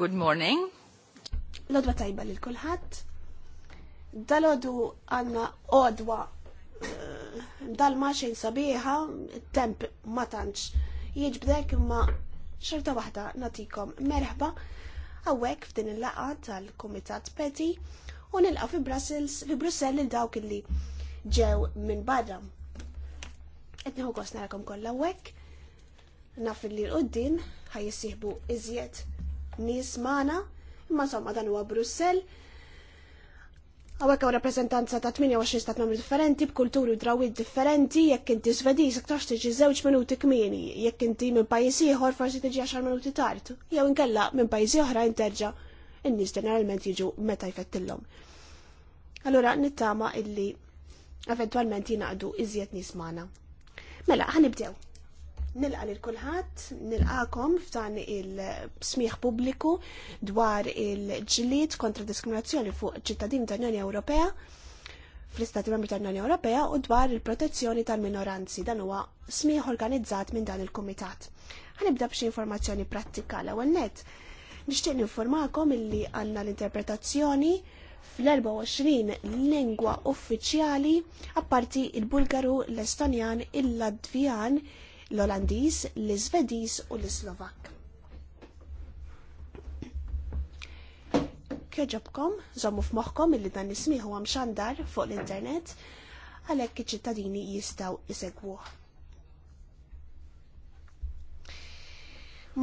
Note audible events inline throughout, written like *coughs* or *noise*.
Good morning. L-odwa tajba lil kulħadd. odu għanna odwa eh, dal maċin xejn sabiħa, temp ma tantx ma imma xorta waħda natikom merħba għawek f'din il-laqa tal-Kumitat Peti u nilqa fi Brussels, fi Brussell il dawk li ġew minn barra. Etniħu kost narakom kollha għawek, naf li l-qoddin ħajjissieħbu iżjed nies maħna, imma somma dan huwa Brussell. Għawek għaw rappresentanza ta' 28 stat membri differenti, b'kulturi u drawid differenti, jekk inti svediż iktarx tiġi żewġ minuti kmieni, jekk inti minn pajjiż ieħor forsi tiġi 10 minuti tard, jew inkella minn pajisi oħra interġa' in-nies ġeneralment jiġu meta jfettillom. Allura nittama illi eventwalment jinaqdu iżjed nies Mela, ħanibdew nilqa lil kulħadd, nilqakom f'dan il smiħ pubbliku dwar il ġlid kontra diskriminazzjoni fuq ċittadini tal-Unjoni Ewropea fl-Istati Membri ta' unjoni Ewropea u dwar il-protezzjoni tal-minoranzi dan huwa smieħ organizzat minn dan il-Kumitat. Ħanibda b'xi informazzjoni prattika l-ewwel nett. Nixtieq ninformakom illi għandna l-interpretazzjoni fl-24 lingwa uffiċjali apparti il-Bulgaru, l-Estonjan, il-Latvjan, il bulgaru l estonjan il latvjan il bulgaru l estonjan il l-Olandiż, l-Iżvediż u l-Slovak. Kjoġobkom, żommu f'moħħkom illi dan nismiħu għam x'andar fuq l-internet għalhekk iċ-ċittadini jistgħu isegwuh.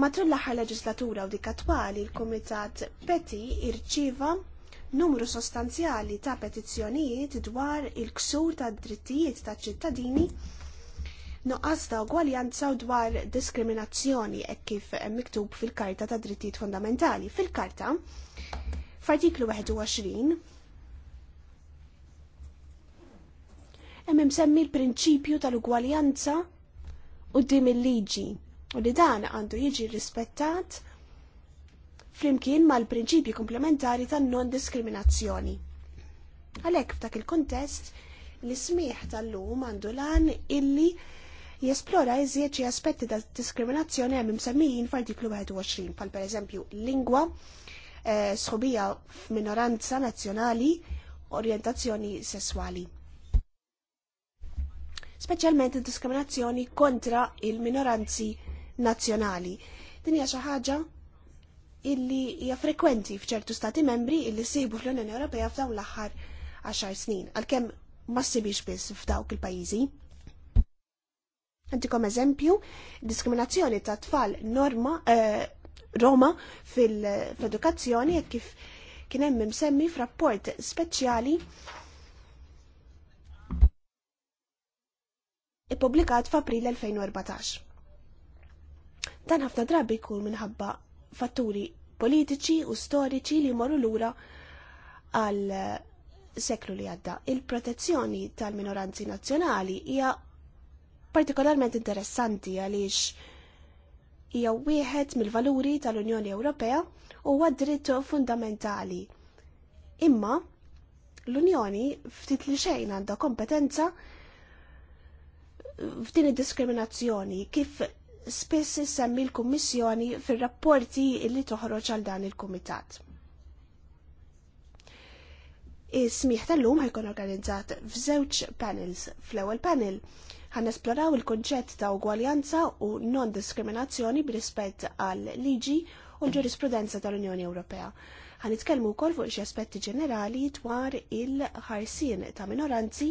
Matul l-aħħar leġislatura u dik attwali l-Kumitat Peti irċiva numru sostanzjali ta' petizzjonijiet dwar il-ksur ta' drittijiet ta' ċittadini noqqas ta' ugwaljanza dwar diskriminazzjoni e kif miktub fil-Karta ta' Drittijiet Fundamentali. Fil-Karta, f'artiklu 21, hemm semmi l-prinċipju tal-ugwaljanza d-dim il-liġi u li dan għandu jiġi rispettat flimkien mal prinċipju komplementari tan non diskriminazzjoni. Għalhekk f'dak il-kontest l ismiħ tal-lum għandu lan illi jesplora iżjed aspetti ta' diskriminazzjoni hemm msemmijin f'artiklu 21 pal pereżempju lingwa, eh, sħobija f'minoranza nazzjonali, orjentazzjoni sesswali. Speċjalment diskriminazzjoni kontra il-minoranzi nazzjonali. Din hija xi ħaġa illi hija frekwenti f'ċertu stati membri illi sibu fl-Unjoni Ewropea f'dawn l-aħħar 10 snin, għalkemm ma ssibix biss f'dawk il-pajjiżi. Għantikom eżempju, diskriminazzjoni ta' tfal norma, eh, Roma fil-edukazzjoni e kif kien hemm semmi f'rapport speċjali ippubblikat f'April 2014. Dan ħafna drabi jkun minħabba fatturi politiċi u storiċi li moru lura għal seklu li għadda. Il-protezzjoni tal-minoranzi nazzjonali hija partikolarment interessanti għaliex hija wieħed mill-valuri tal-Unjoni Ewropea u huwa dritt fundamentali. Imma l-Unjoni ftit li xejn għandha kompetenza f'din id-diskriminazzjoni kif spiss semmi l-Kummissjoni fir-rapporti li toħroġ għal dan il-Kumitat. is smiħ tal-lum ħajkun organizzat f'żewġ panels. Fl-ewwel panel Għan esploraw il-konċett ta' ugwaljanza u non-diskriminazzjoni b'rispett għal liġi u l-ġurisprudenza tal-Unjoni Ewropea. Għan itkelmu wkoll fuq xi aspetti ġenerali dwar il-ħarsien ta' minoranzi,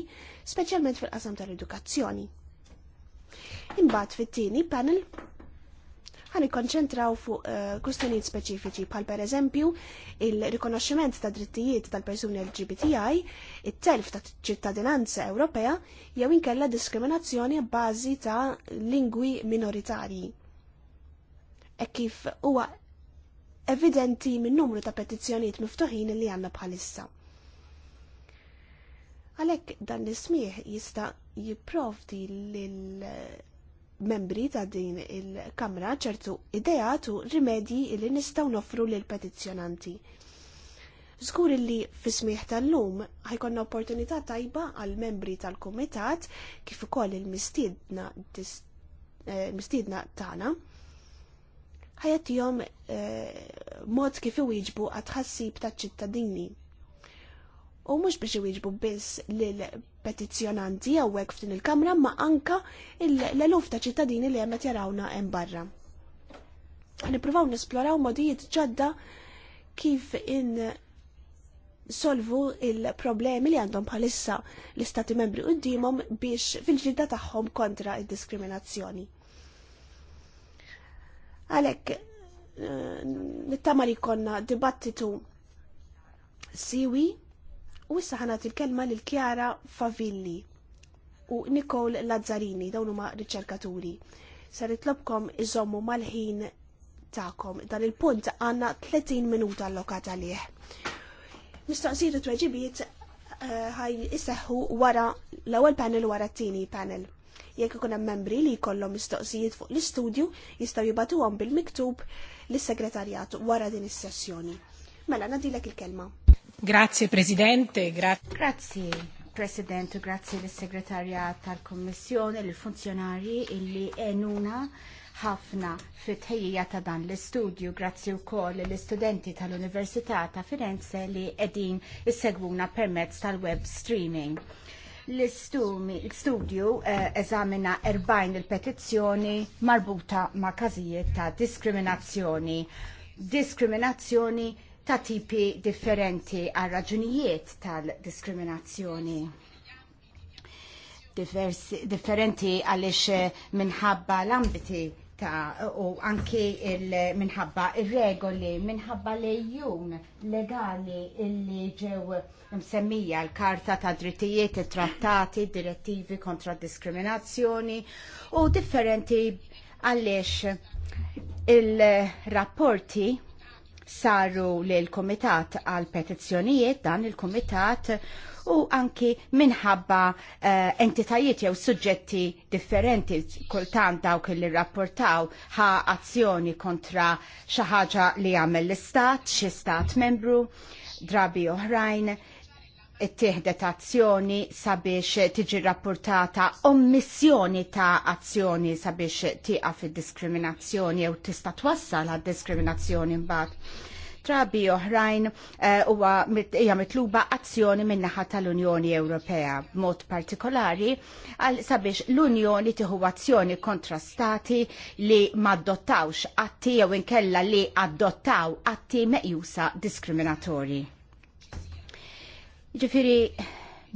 speċjalment fil-qasam tal-edukazzjoni. Imbagħad fit-tieni panel ħani konċentraw fuq uh, speċifiċi bħal per eżempju il-rikonoxximent ta' drittijiet tal-persuni LGBTI, it-telf ta' ċittadinanza Ewropea jew inkella diskriminazzjoni bbażi ta' lingwi minoritarji. E kif huwa evidenti minn numru ta' petizzjonijiet miftuħin li għandna bħalissa. Għalhekk dan l-ismieħ jista' jipprovdi lil membri ta' din il-Kamra ċertu idejatu rimedji li nistaw nofru lil petizzjonanti. Żgur li fismiħ tal-lum ħajkonna opportunità tajba għal membri tal-Kumitat kif ukoll il-mistiedna eh, mistiedna tagħna ħajatihom eh, mod kif iwieġbu għat ħassib taċ-ċittadini u mhux biex iwieġbu biss lill-petizzjonanti hawnhekk f'din il-Kamra ma anka l-eluf ta' ċittadini li għemet jarawna hemm barra. Nippruvaw nisploraw modijiet ġodda kif in solvu il-problemi li għandhom bħalissa l-istati membri d-dimom biex fil-ġidda tagħhom kontra il diskriminazzjoni Għalhekk eh, nittamari li konna dibattitu siwi U issa ħanat il-kelma lil kjara Favilli u Nicole Lazzarini, dawn huma riċerkaturi. Ser itlobkom iżommu mal-ħin ta'kom. Dan il-punt għanna 30 minuta liħ. għalih. Mistoqsiru tweġibiet eh, ħaj isseħħu wara l-ewwel panel wara t-tieni panel. Jekk ikun hemm membri li jkollhom mistoqsijiet fuq l-istudju jistgħu jibatuhom bil-miktub lis-segretarjat wara din is-sessjoni. Mela nadilek il-kelma. Grazie Presidente, gra grazie President, grazie l-Segretarja tal-Kommissjoni, l-funzjonari illi enuna ħafna fit-ħejja ta' dan l-istudju grazzi u koll l-istudenti tal-Università ta' Firenze li edin issegwuna permezz tal-web streaming. l eh, eżamina 40 il-petizzjoni marbuta ma' kazijiet ta' diskriminazzjoni. Diskriminazzjoni ta' tipi differenti għal raġunijiet tal-diskriminazzjoni differenti għalix minħabba l-ambiti ta' u anki minħabba il-regoli, minħabba lejjun legali illi ġew msemmija l-karta ta' drittijiet, trattati, direttivi kontra diskriminazzjoni u differenti għalix il-rapporti saru lil komitat għal petizzjonijiet dan il-komitat u anki minħabba uh, entitajiet jew suġġetti differenti kultant dawk li rapportaw ħa azzjoni kontra xi ħaġa li għamel l-istat, xi stat membru, drabi oħrajn ittieħdet azzjoni sabiex tiġi rapportata omissjoni ta' azzjoni sabiex tiqa fi diskriminazzjoni jew tista' twassal għad-diskriminazzjoni mbagħad trabi oħrajn eh, huwa hija mitluba azzjoni min-naħa tal-Unjoni Ewropea b'mod partikolari għal sabiex l-Unjoni tieħu azzjoni kontrastati li m'adottawx atti jew inkella li adottaw atti meqjusa diskriminatorji. Ġifiri,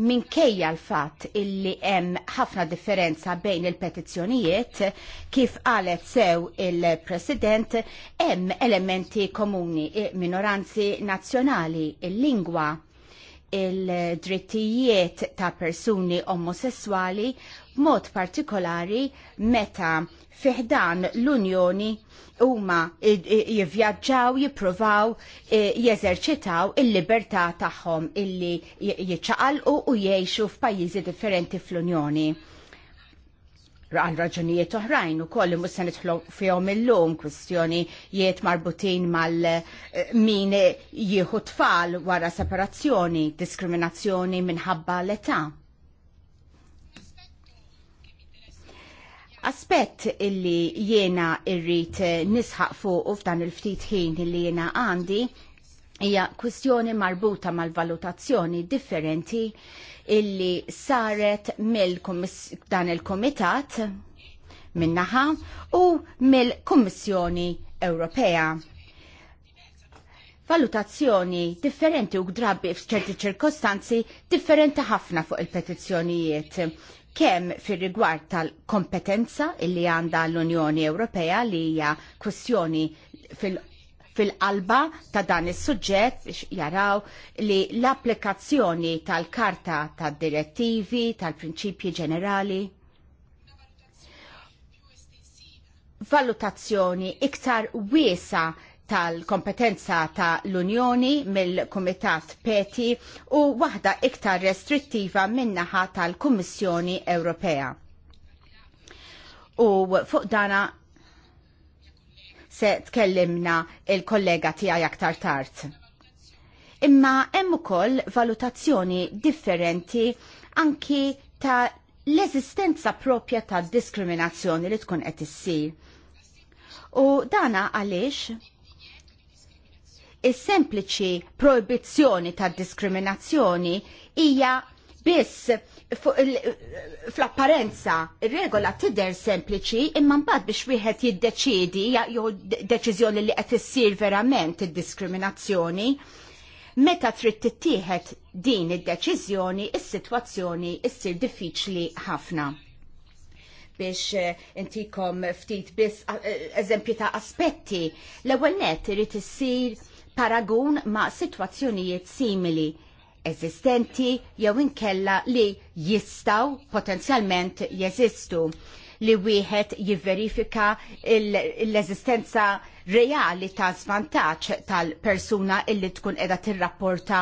minkejja l-fat illi hemm ħafna differenza bejn il-petizzjonijiet, kif qalet sew il-President, hemm elementi komuni, e, minoranzi nazzjonali, il-lingwa, il-drittijiet ta' persuni omosessuali b'mod partikolari meta fiħdan l-Unjoni huma jivvjaġġaw, jippruvaw, e, jeżerċitaw il-libertà tagħhom illi jiċċaqalqu u jgħixu f'pajjiżi differenti fl-Unjoni. Għal raġunijiet oħrajn u koll mus se nidħlu fihom illum kwistjoni jiet marbutin mal e, min jieħu tfal wara separazzjoni, diskriminazzjoni minħabba l-età. Aspett illi jiena irrit eh, nisħaq fuq u f'dan il-ftit ħin illi jiena għandi hija kwistjoni marbuta mal-valutazzjoni differenti illi saret mill dan il-komitat minnaħa u mill-Kummissjoni Ewropea. Valutazzjoni differenti u drabi f'ċerti ċirkostanzi differenti ħafna fuq il-petizzjonijiet kemm fir rigward tal-kompetenza illi għandha l-Unjoni Ewropea li hija kwestjoni fil- fil-qalba ta' dan is-suġġett jaraw li l-applikazzjoni tal-karta tad-direttivi tal-prinċipji ġenerali valutazzjoni iktar wiesa tal-kompetenza ta' l-Unjoni mill-Kumitat Peti u waħda iktar restrittiva minnaħa tal-Kummissjoni Ewropea. U fuq dana se tkellimna il-kollega tiegħi aktar tard. Imma hemm ukoll valutazzjoni differenti anki ta' l-eżistenza propja ta' diskriminazzjoni li tkun qed issir. U dana għaliex is-sempliċi proibizzjoni ta' diskriminazzjoni hija biss fl-apparenza ir-regola tidher sempliċi imma mbagħad biex wieħed jiddeċiedi jew deċiżjoni li qed issir verament id-diskriminazzjoni meta trid tittieħed din id-deċiżjoni is-sitwazzjoni issir diffiċli ħafna biex eh, intikom ftit biss eh, eżempji ta' aspetti l-ewwel nett irid issir paragun ma' situazzjonijiet simili eżistenti jew inkella li jistaw potenzjalment jeżistu li wieħed jivverifika l-eżistenza reali ta' svantaġġ tal-persuna illi tkun qiegħda tirrapporta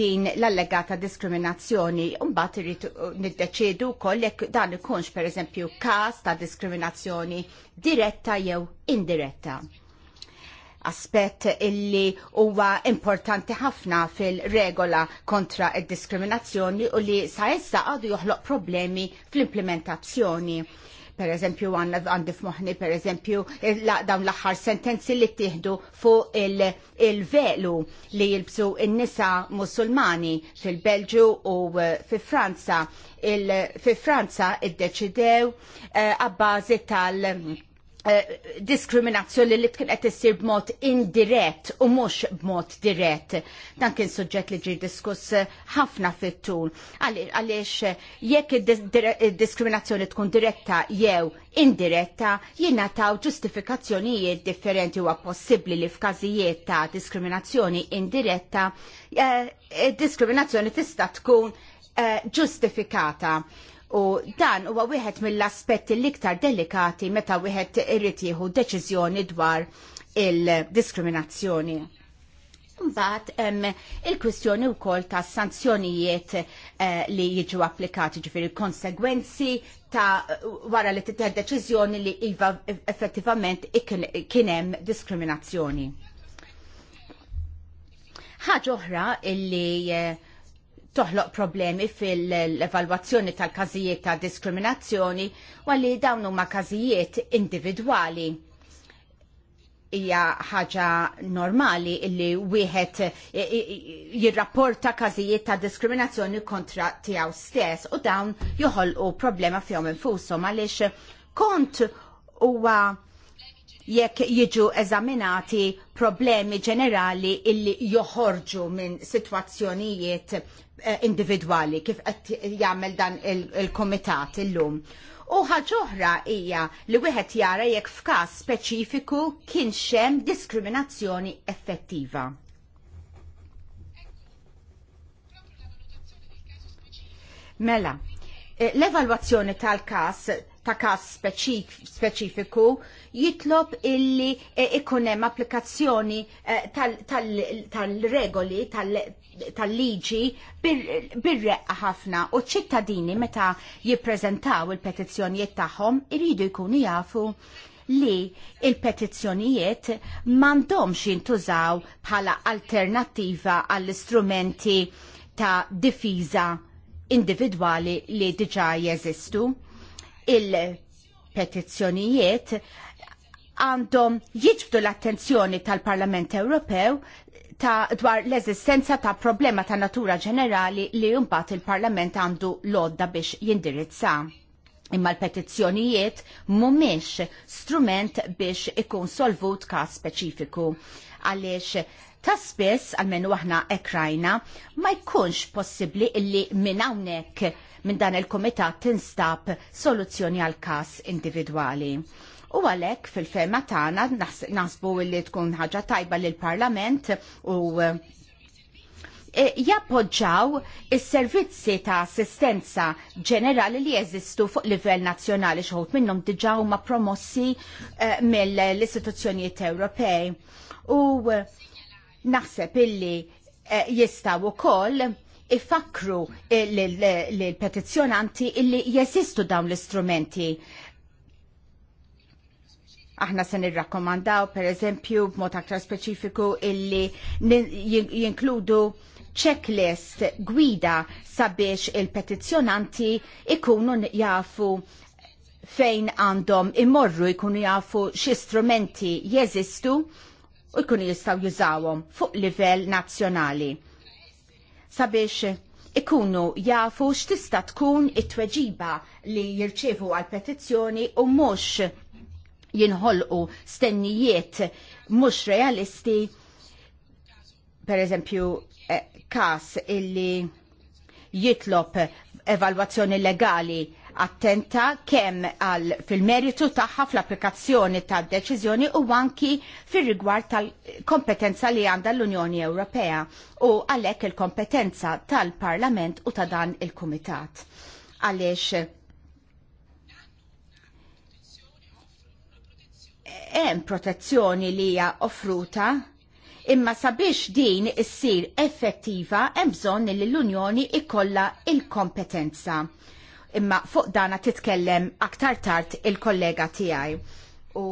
din l-allegata diskriminazzjoni. Mbagħad irid uh, niddeċiedu wkoll jekk dan ikunx pereżempju każ ta' diskriminazzjoni diretta jew indiretta aspett illi huwa importanti ħafna fil-regola kontra id-diskriminazzjoni u li sa issa għadu joħloq problemi fl-implementazzjoni. Per eżempju, għanna għandi f'moħni, per eżempju, dawn l-axħar sentenzi li tieħdu fuq il-velu li jilbsu n nisa musulmani fil-Belġu u eh, fi Franza. fi Franza id-deċidew eh, għabbażi tal- Eh, diskriminazzjoni li tkun qed issir b'mod indirett u mhux b'mod dirett. Dan kien suġġett li ġie diskuss ħafna fit-tul. Għaliex jekk id-diskriminazzjoni tkun diretta jew indiretta jingħataw ġustifikazzjonijiet differenti huwa possibbli li f'każijiet ta' diskriminazzjoni indiretta id eh, diskriminazzjoni tista' tkun eh, ġustifikata. U dan huwa wieħed mill-aspetti l-iktar delikati meta wieħed irrid jieħu deċiżjoni dwar il-diskriminazzjoni. Mbagħad hemm il-kwistjoni wkoll ta' sanzjonijiet eh, li jiġu applikati ġifieri konsegwenzi ta' wara li titeħ deċiżjoni li iva effettivament kien hemm diskriminazzjoni. Ħaġa oħra illi eh, toħloq problemi fil-evalwazzjoni tal-każijiet ta' diskriminazzjoni u għalli dawn huma każijiet individwali. Hija ħaġa normali illi wieħed jirrapporta każijiet ta' diskriminazzjoni kontra tiegħu stess u dawn joħolqu problema fihom infushom għaliex kont huwa jekk jiġu eżaminati problemi ġenerali illi joħorġu minn situazzjonijiet eh, individwali kif qed jagħmel dan il-komitat il illum. U ħaġoħra hija li wieħed jara jekk f'każ speċifiku kien xem diskriminazzjoni effettiva. Mela, eh, l-evalwazzjoni tal-każ ta' kas speċifiku jitlob illi e, ikunem applikazzjoni e, tal-regoli, tal-liġi bir-reqqa ħafna u ċittadini meta jippreżentaw il-petizzjonijiet tagħhom iridu jkunu jafu li il-petizzjonijiet mandomx jintużaw bħala alternativa għall-istrumenti ta' difiża individwali li diġa jeżistu il-petizzjonijiet għandhom jiġbdu l-attenzjoni tal-Parlament Ewropew ta' dwar l-eżistenza ta' problema ta' natura ġenerali li jumbat il-Parlament għandu lodda biex jindirizza. Imma l-petizzjonijiet mumiex strument biex ikun solvut ka' speċifiku. Għaliex ta' spess, għalmenu aħna ekrajna, ma jkunx possibli illi minn hawnhekk minn dan il-komitat tinstab soluzzjoni għal kas individwali. U għalek fil-ferma tagħna nasbu li tkun ħaġa tajba l parlament u e, jappoġġaw is-servizzi ta' assistenza ġenerali li jeżistu fuq livell nazzjonali xħut minnhom diġà huma promossi uh, mill-istituzzjonijiet Ewropej. U e, naħseb illi uh, jistaw koll ifakru l-petizjonanti illi jeżistu dawn l-istrumenti aħna se nirrakkomandaw per eżempju b'mod aktar speċifiku illi jinkludu checklist gwida sabiex il-petizzjonanti ikunu jafu fejn għandhom imorru jkunu jafu x-istrumenti jeżistu u jkunu jistaw jużawhom fuq livell nazzjonali sabiex ikunu jafu x'tista' tkun it-tweġiba li jirċevu għal petizzjoni u mhux jinħolqu stennijiet mhux realisti per eżempju eh, kas illi jitlob evalwazzjoni legali attenta kemm għal fil-meritu tagħha fl-applikazzjoni tad deċiżjoni u anki fir-rigward tal-kompetenza li għandha l-Unjoni Ewropea u għalhekk il-kompetenza tal-Parlament u ta' dan il-Kumitat. Għaliex hemm protezzjoni li hija offruta imma sabiex din issir effettiva hemm bżonn li l-Unjoni ikollha il-kompetenza. il kompetenza imma fuq dana titkellem aktar tard il-kollega tiegħi. U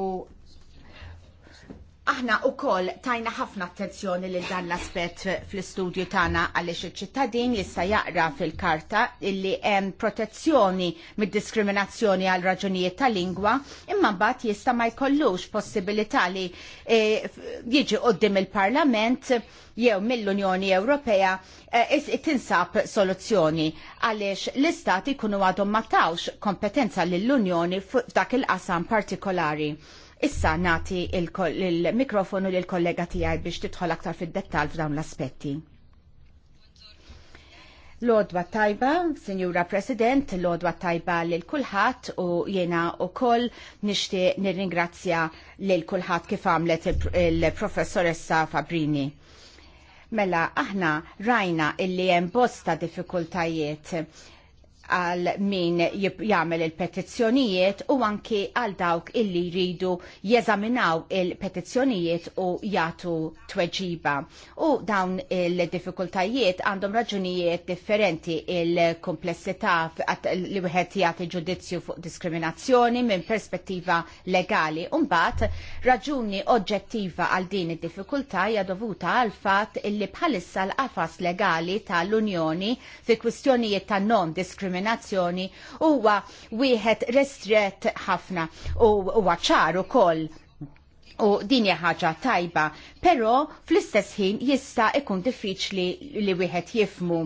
Aħna u koll tajna ħafna attenzjoni li dan l-aspet fl-istudju tana għalix il-ċittadin jista jaqra fil-karta illi hemm protezzjoni mid diskriminazzjoni għal raġunijiet ta' lingwa imma bat jista ma jkollux possibilità li e, jiġi qoddim il-Parlament jew mill-Unjoni Ewropea e, tinsab soluzzjoni għalix l-istati kunu għadhom ma kompetenza lill-Unjoni f'dak il-qasam partikolari Issa nati il-mikrofonu il lill-kollega tiegħi biex tidħol aktar fid-dettal f'dawn l-aspetti. Lodwa tajba, Sinjura President, lodwa tajba lil kulħadd u jena u koll nishti nirringrazzja lil kulħadd kif għamlet il-professoressa Fabrini. Mela, aħna rajna illi hemm bosta diffikultajiet għal min jagħmel il-petizzjonijiet u anki għal dawk illi jridu jeżaminaw il-petizzjonijiet u jagħtu tweġiba. U dawn il-diffikultajiet għandhom raġunijiet differenti il-komplessità li wieħed jagħti ġudizzju fuq diskriminazzjoni minn perspettiva legali. Umbat, raġuni oġġettiva għal din id-diffikultà hija dovuta għal fatt illi bħalissa l-qafas legali tal-Unjoni fi kwistjonijiet ta' non-diskriminazzjoni diskriminazzjoni huwa wieħed restret ħafna u huwa ċar ukoll u din hija ħaġa tajba, però fl-istess ħin jista' ikun diffiċli li wieħed jifmu.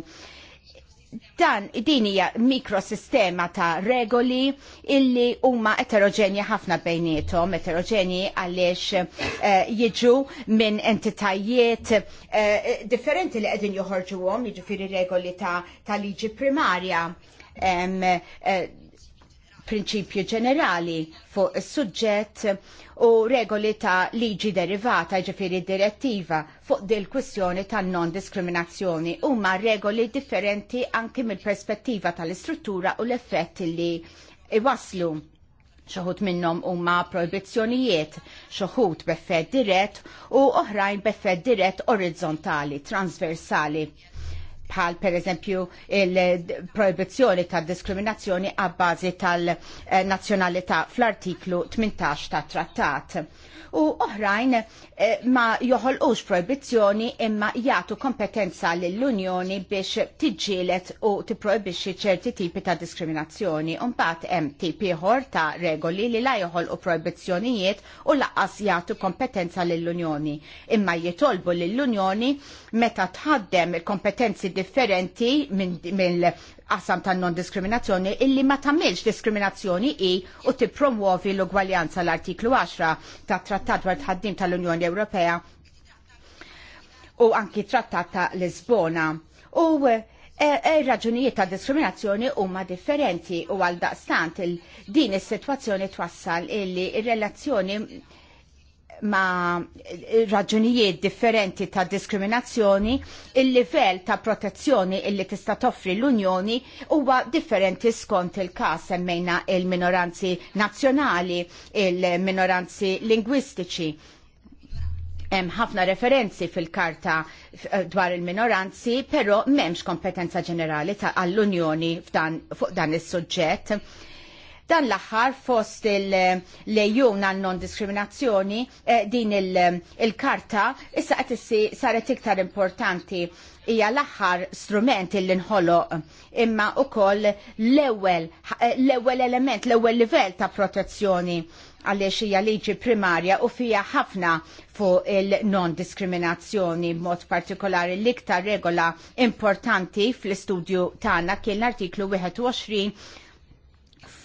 Dan din hija mikrosistema ta' regoli illi huma eterogenji ħafna bejnietom, eterogenji għaliex uh, jiġu minn entitajiet uh, differenti li qegħdin joħorġuhom, jiġifieri regoli ta', ta liġi primarja Eh, prinċipju ġenerali fuq is-suġġett u regoli ta' liġi derivata ġifiri direttiva fuq dil kwistjoni ta' non-diskriminazzjoni huma regoli differenti anki mill-perspettiva tal-istruttura u l-effett li iwaslu. Xoħut minnom huma proibizzjonijiet, xoħut beffed dirett u oħrajn beffed dirett orizzontali, transversali bħal per eżempju il-proibizzjoni ta' diskriminazzjoni għabbażi tal-nazzjonalità eh, fl-artiklu 18 ta' trattat u oħrajn eh, ma joħolqux proibizzjoni imma jagħtu kompetenza lill-Unjoni biex tiġġielet u tipprojbixxi ċerti tipi ta' diskriminazzjoni. Imbagħad hemm tip ieħor ta' regoli li la joħolqu proibizzjonijiet u laqas jagħtu kompetenza lill-Unjoni. Imma jitolbu lill-Unjoni meta tħaddem kompetenzi differenti minn fil-qasam tan non-diskriminazzjoni illi ma tagħmilx diskriminazzjoni i u tippromuovi l-ugwaljanza l-artiklu 10 tat trattat għal tħaddim tal-Unjoni Ewropea u anki trattat ta' Lisbona. U e, e, raġunijiet ta' diskriminazzjoni huma differenti u għal daqstant din is-sitwazzjoni twassal illi ir-relazzjoni ma raġunijiet differenti ta' diskriminazzjoni, il-livell ta' protezzjoni illi tista' toffri l-Unjoni huwa differenti skont il-każ semmejna il-minoranzi nazzjonali, il-minoranzi lingwistiċi. Hemm ħafna referenzi fil-karta eh, dwar il-minoranzi, però m'hemmx kompetenza ġenerali għall-Unjoni fuq dan is-suġġett Dan l-aħħar fost il-lejun għal non-diskriminazzjoni eh, din il-karta issa qed saret iktar importanti hija l-aħħar strument il nħoloq imma ukoll l-ewwel eh, l-ewwel element, l-ewwel livell ta' protezzjoni għaliex hija liġi primarja u fija ħafna fuq il-non-diskriminazzjoni b'mod partikolari l-iktar regola importanti fl-istudju tagħna kien l-artiklu 21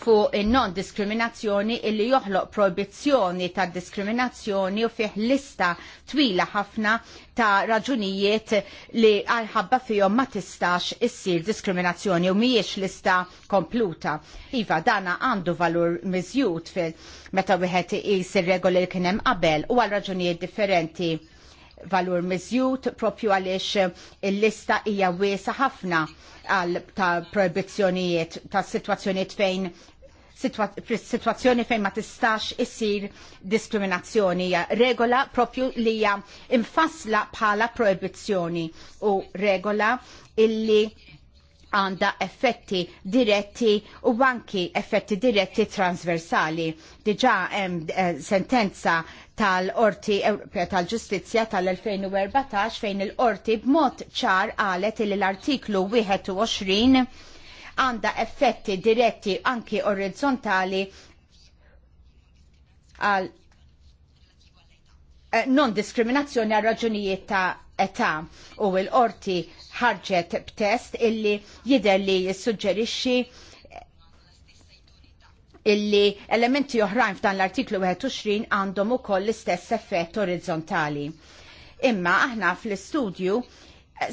fuq non diskriminazzjoni illi joħloq proibizzjoni ta' diskriminazzjoni u fih lista twila ħafna ta' raġunijiet li għalħabba fihom ma tistax issir diskriminazzjoni u mhijiex lista kompluta. Iva dana għandu valur miżjud fil meta wieħed is regoli li kien hemm qabel u għal raġunijiet differenti valur miżjud propju għaliex il-lista hija wiesa ħafna għal ta' proibizzjonijiet ta' situazzjonijiet fejn situazzjoni fejn ma tistax isir diskriminazzjoni. Regola propju li hija infasla bħala proibizzjoni u regola illi għanda effetti diretti u anki effetti diretti transversali. Diġa hemm eh, sentenza tal-Orti Ewropea tal-Ġustizzja tal-2014 fejn il-Orti b'mod ċar qalet li l-artiklu 21 għandha effetti diretti anki orizzontali għal eh, non diskriminazzjoni għal raġunijiet ta' età u l-qorti ħarġet b'test illi jidher li jissuġġerixxi illi elementi oħrajn f'dan l-artiklu 21 għandhom ukoll l-istess effett orizzontali. Imma aħna fl-istudju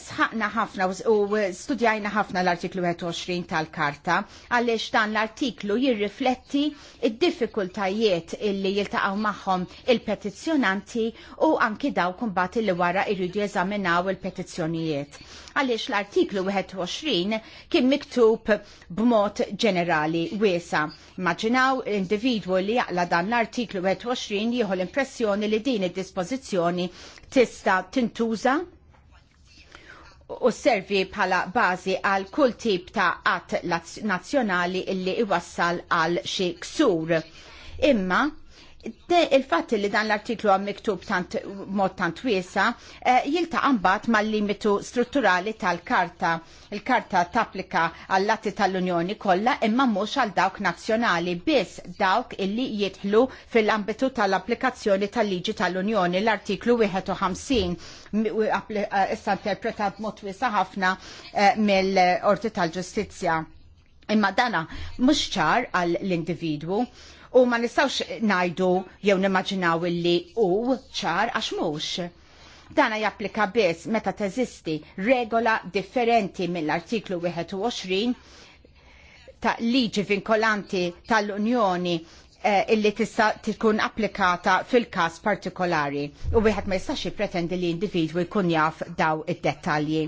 sħaqna ħafna u studjajna ħafna l-artiklu 21 tal-karta għaliex dan l-artiklu jirrifletti id-diffikultajiet illi jiltaqgħu magħhom il-petizzjonanti u anki daw kumbat li wara jridu jeżaminaw il-petizzjonijiet. Għaliex l-artiklu 21 kien miktub b'mod ġenerali wiesa. Immaġinaw individwu li jaqla dan l-artiklu 21 jieħu l-impressjoni li din id-dispożizzjoni tista' tintuża u servi bħala bażi għal kull tip ta' att nazzjonali illi iwassal għal xi ksur. Imma il-fatt li dan l-artiklu għam miktub tant, mod tant wiesa eh, jilta għambat mal-limitu strutturali tal-karta. Il-karta tapplika għall latti tal-Unjoni kollha imma mhux għal dawk nazzjonali biss dawk illi jidħlu fil-ambitu tal-applikazzjoni tal-liġi tal-Unjoni l-artiklu 51 eh, issa interpretat mod wiesa ħafna eh, mill-Orti tal-Ġustizzja. Imma dana mhux ċar għall individwu u ma nistawx najdu jew nimmaġinaw illi u ċar għax mhux. Dana japplika biss meta teżisti regola differenti mill-artiklu 21 ta' liġi vinkolanti tal-Unjoni eh, illi tista' tkun applikata fil-każ partikolari u wieħed ma jistax jippretendi li individwi jkun jaf daw id-dettalji.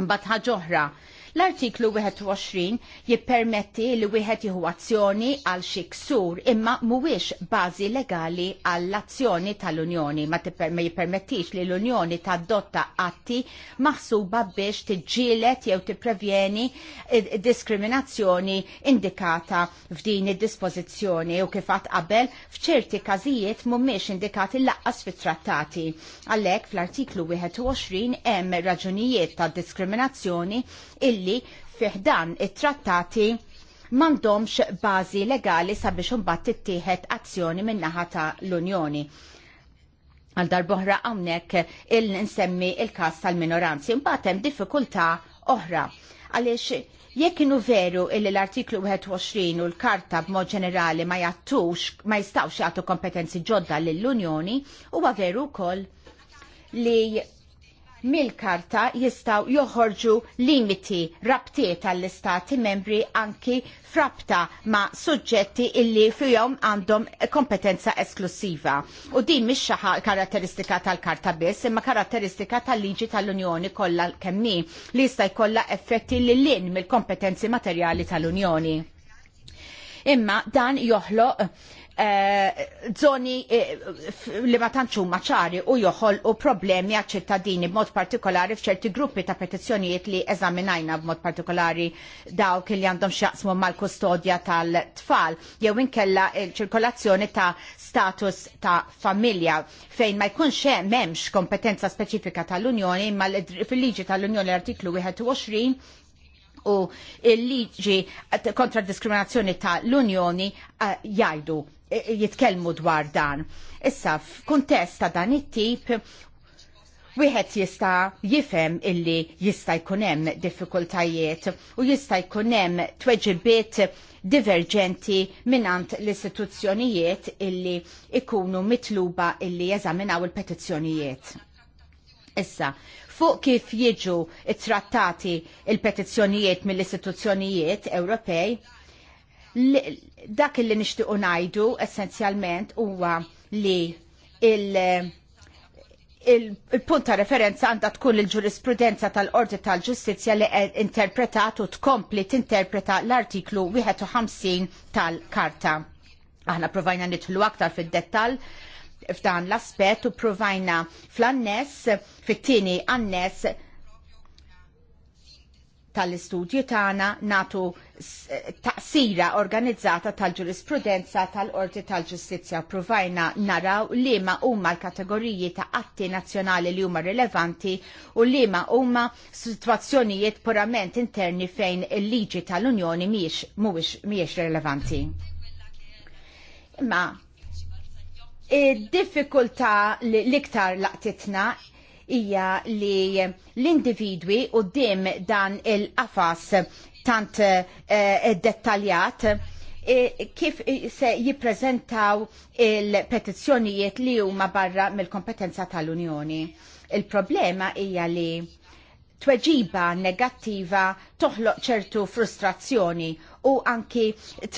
Mbagħad ħaġa oħra L-artiklu 21 jippermetti li wieħed jieħu azzjoni għal xi imma mhuwiex bażi legali għall-azzjoni tal-Unjoni ma jippermettix li l-Unjoni tadotta atti maħsuba biex tiġġielet jew tipprevjeni diskriminazzjoni indikata f'din id-dispożizzjoni u kif qabel f'ċerti każijiet mhumiex indikati laqqas fit-trattati. Għalhekk fl-artiklu 21 hemm raġunijiet ta' diskriminazzjoni il illi fiħdan it-trattati mandomx bazi legali sabiex unbat tittieħed azzjoni minnaħa ta' l-Unjoni. Għal darboħra għamnek il-nsemmi il-kas tal-minoranzi, mbatem diffikulta oħra. Għalix jekk inu veru illi l-artiklu 21 u l-karta b'mod ġenerali ma jattux, ma jistawx jgħatu kompetenzi ġodda l-Unjoni, huwa veru kol li mill-karta jistaw joħorġu limiti rabtiet għall-istati membri anki frabta ma suġġetti illi fihom għandhom kompetenza esklusiva. U din mhix xaħa karatteristika tal-karta biss, imma karatteristika tal-liġi tal-Unjoni kollha kemmi li jista' jkollha effetti li lin mill-kompetenzi materjali tal-Unjoni imma dan joħloq Eh, zoni eh, li ma tantxu maċari u joħol u problemi għal ċittadini b'mod partikolari f'ċerti gruppi ta' petizzjonijiet li eżaminajna b'mod partikolari dawk li għandhom xaqsmu mal-kustodja tal-tfal jew inkella ċirkolazzjoni ta' status ta' familja fejn ma jkunx hemm kompetenza speċifika tal-Unjoni imma fil-liġi tal-Unjoni l-artiklu 21 u il-liġi kontra diskriminazzjoni ta' l-Unjoni eh, jajdu E, e, jitkellmu dwar dan. Issa, f'kuntest ta' dan it-tip, wieħed jista' jifhem illi jista' jkun hemm diffikultajiet u jista' jkun hemm tweġibiet diverġenti minant l-istituzzjonijiet illi ikunu mitluba illi jeżaminaw il-petizzjonijiet. Issa, fuq kif jiġu it-trattati il-petizzjonijiet mill-istituzzjonijiet Ewropej, dak li nixtiequ ngħidu essenzjalment huwa li il- il-punt ta' referenza għandha tkun il-ġurisprudenza tal-Qorti tal-Ġustizzja li e- interpretat u tkompli tinterpreta l-artiklu 51 tal-Karta. Aħna provajna nidħlu aktar fid-dettall f'dan l-aspett u provajna fl-annes, fit-tieni annes, fit tal-istudju tagħna natu taqsira organizzata tal-ġurisprudenza tal-Qorti tal-Ġustizzja u provajna naraw liema huma l-kategoriji ta' atti nazzjonali li huma rilevanti u liema huma sitwazzjonijiet purament interni fejn il-liġi tal-Unjoni mhuwiex mhijiex rilevanti. Imma id-diffikultà eh, li l-iktar laqtitna hija li l-individwi u dim dan il-qafas tant eh, dettaljat eh, kif se jippreżentaw il-petizzjonijiet li huma barra mill-kompetenza tal-Unjoni. Il-problema hija li tweġiba negattiva toħloq ċertu frustrazzjoni u anki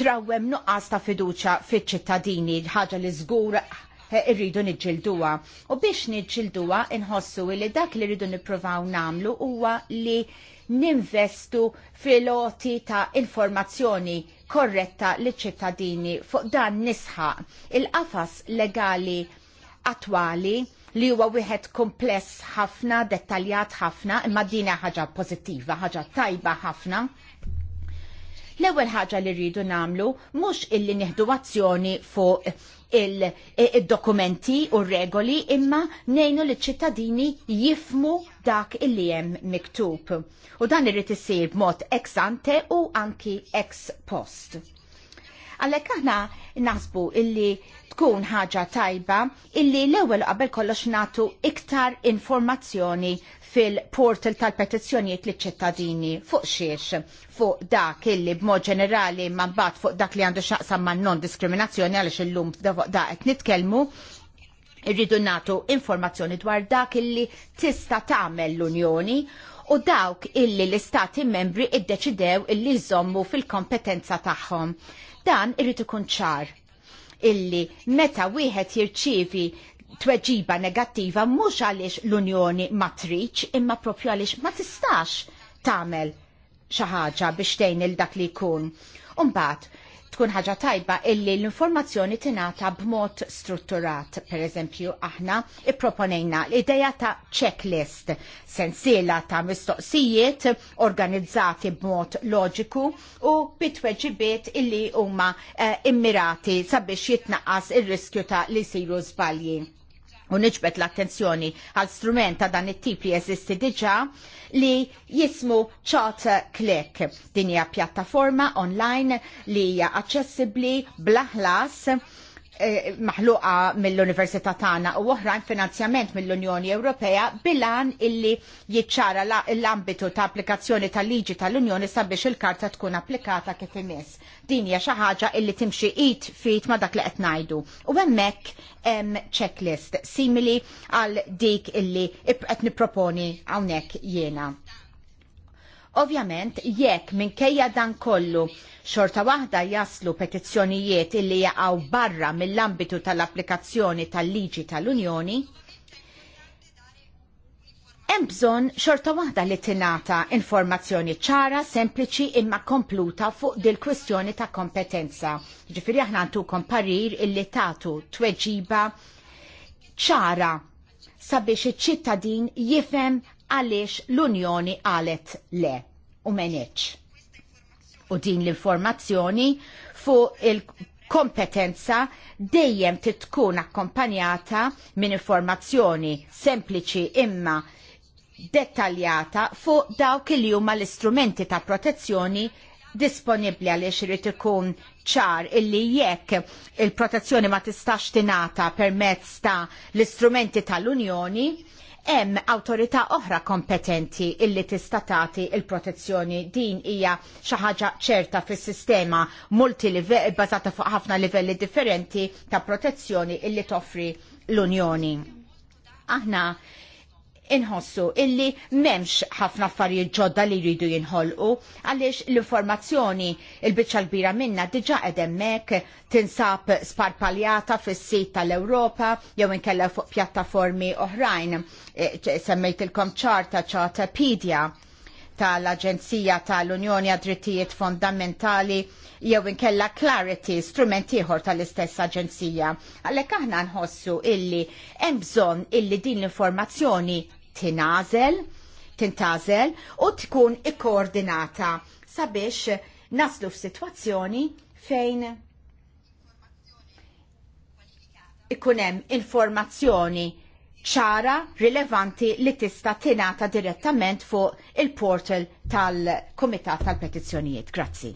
trawem nuqqas ta' fiduċa fiċ ċittadini ħaġa li żgur Eh, irridu niġġilduha. U biex niġġilduha inħossu li dak li rridu nippruvaw namlu huwa li ninvestu fil-loti ta' informazzjoni korretta li ċittadini fuq dan nisħaq il-qafas legali attwali li huwa wieħed kompless ħafna, dettaljat ħafna, imma hija ħaġa pożittiva, ħaġa tajba ħafna. L-ewwel ħaġa li rridu nagħmlu mhux illi nieħdu azzjoni fuq il-dokumenti u regoli imma nejnu li ċittadini jifmu dak illi hemm miktub. U dan irrid isir b'mod ex ante u anki ex post. Għalhekk aħna naħsbu illi tkun ħaġa tajba illi l-ewwel qabel kollox nagħtu iktar informazzjoni fil-portal tal-petizzjonijiet li ċittadini fuq xiex, fuq dak illi b'mod ġenerali ma mbagħad fuq dak li għandu xaqsam ma' non-diskriminazzjoni għaliex illum da qed nitkellmu irridu nagħtu informazzjoni dwar dak illi tista' tagħmel l-Unjoni u dawk illi l-istati membri iddeċidew illi jżommu fil-kompetenza tagħhom. Dan irrid ikun ċar illi meta wieħed jirċievi tweġiba negattiva mhux għaliex l-Unjoni ma triċ imma propju għaliex ma tistax tagħmel xi ħaġa biex tgħin il dak li jkun. Umbagħad tkun ħaġa tajba illi l-informazzjoni tingħata b'mod strutturat. Per eżempju, aħna ipproponejna l-ideja ta' checklist, sensiela ta' mistoqsijiet organizzati b'mod loġiku u bitweġibiet illi huma eh, immirati sabiex jitnaqqas ir-riskju ta' li siru żbalji u nġbet l-attenzjoni għal strument ta' dan it-tip li jeżisti diġa li jismu Charter Click. Din hija pjattaforma online li hija aċċessibbli bla ħlas Eh, maħluqa mill-Università tagħna u oħrajn finanzjament mill-Unjoni Ewropea bilan illi jiċċara l-ambitu ta' applikazzjoni tal-liġi tal-Unjoni sabiex il-karta tkun applikata kif imiss. Din hija xi ħaġa illi timxi it fit ma' dak li qed ngħidu. U hemmhekk hemm checklist simili għal dik illi qed nipproponi hawnhekk jiena. Ovjament, jekk minkejja dan kollu xorta waħda jaslu petizzjonijiet illi jaqgħu barra mill-ambitu tal-applikazzjoni tal-liġi tal-Unjoni, hemm bżonn xorta waħda li tinata informazzjoni ċara, sempliċi imma kompluta fuq dil-kwistjoni ta' kompetenza. Ġifieri aħna għantu komparir illi tagħtu tweġiba ċara sabiex iċ-ċittadin jifhem għaliex l-Unjoni għalet le u menieċ. U din l-informazzjoni fuq il-kompetenza dejjem titkun akkompanjata minn informazzjoni sempliċi imma dettaljata fuq dawk li huma l-istrumenti ta' protezzjoni disponibli għaliex irid ikun ċar illi jekk il-protezzjoni ma tistax tingħata permezz ta' l-istrumenti tal-Unjoni, hemm awtorità oħra kompetenti illi tista' tagħti il-protezzjoni din hija xi ħaġa ċerta fis-sistema multilivell bbażata fuq ħafna livelli differenti ta' protezzjoni illi toffri l-Unjoni. Aħna inħossu illi memx ħafna affarijiet ġodda li jridu jinħolqu għaliex l-informazzjoni il-biċċa kbira minna diġa edemmek tinsab sparpaljata fis sit tal-Ewropa jew inkella fuq pjattaformi oħrajn e, semmejtilkom ċarta ċartapedia tal-Aġenzija tal-Unjoni għad-Drittijiet Fondamentali jew inkella Clarity, strument ieħor tal-istess aġenzija. Għalhekk aħna nħossu illi hemm bżonn illi din l-informazzjoni tinazel, tintażel u tkun ikkoordinata sabiex naslu f'sitwazzjoni fejn ikun hemm informazzjoni ċara, rilevanti li tista' tingħata direttament fuq il-portal tal-Kumitat tal-Petizzjonijiet. Grazzi.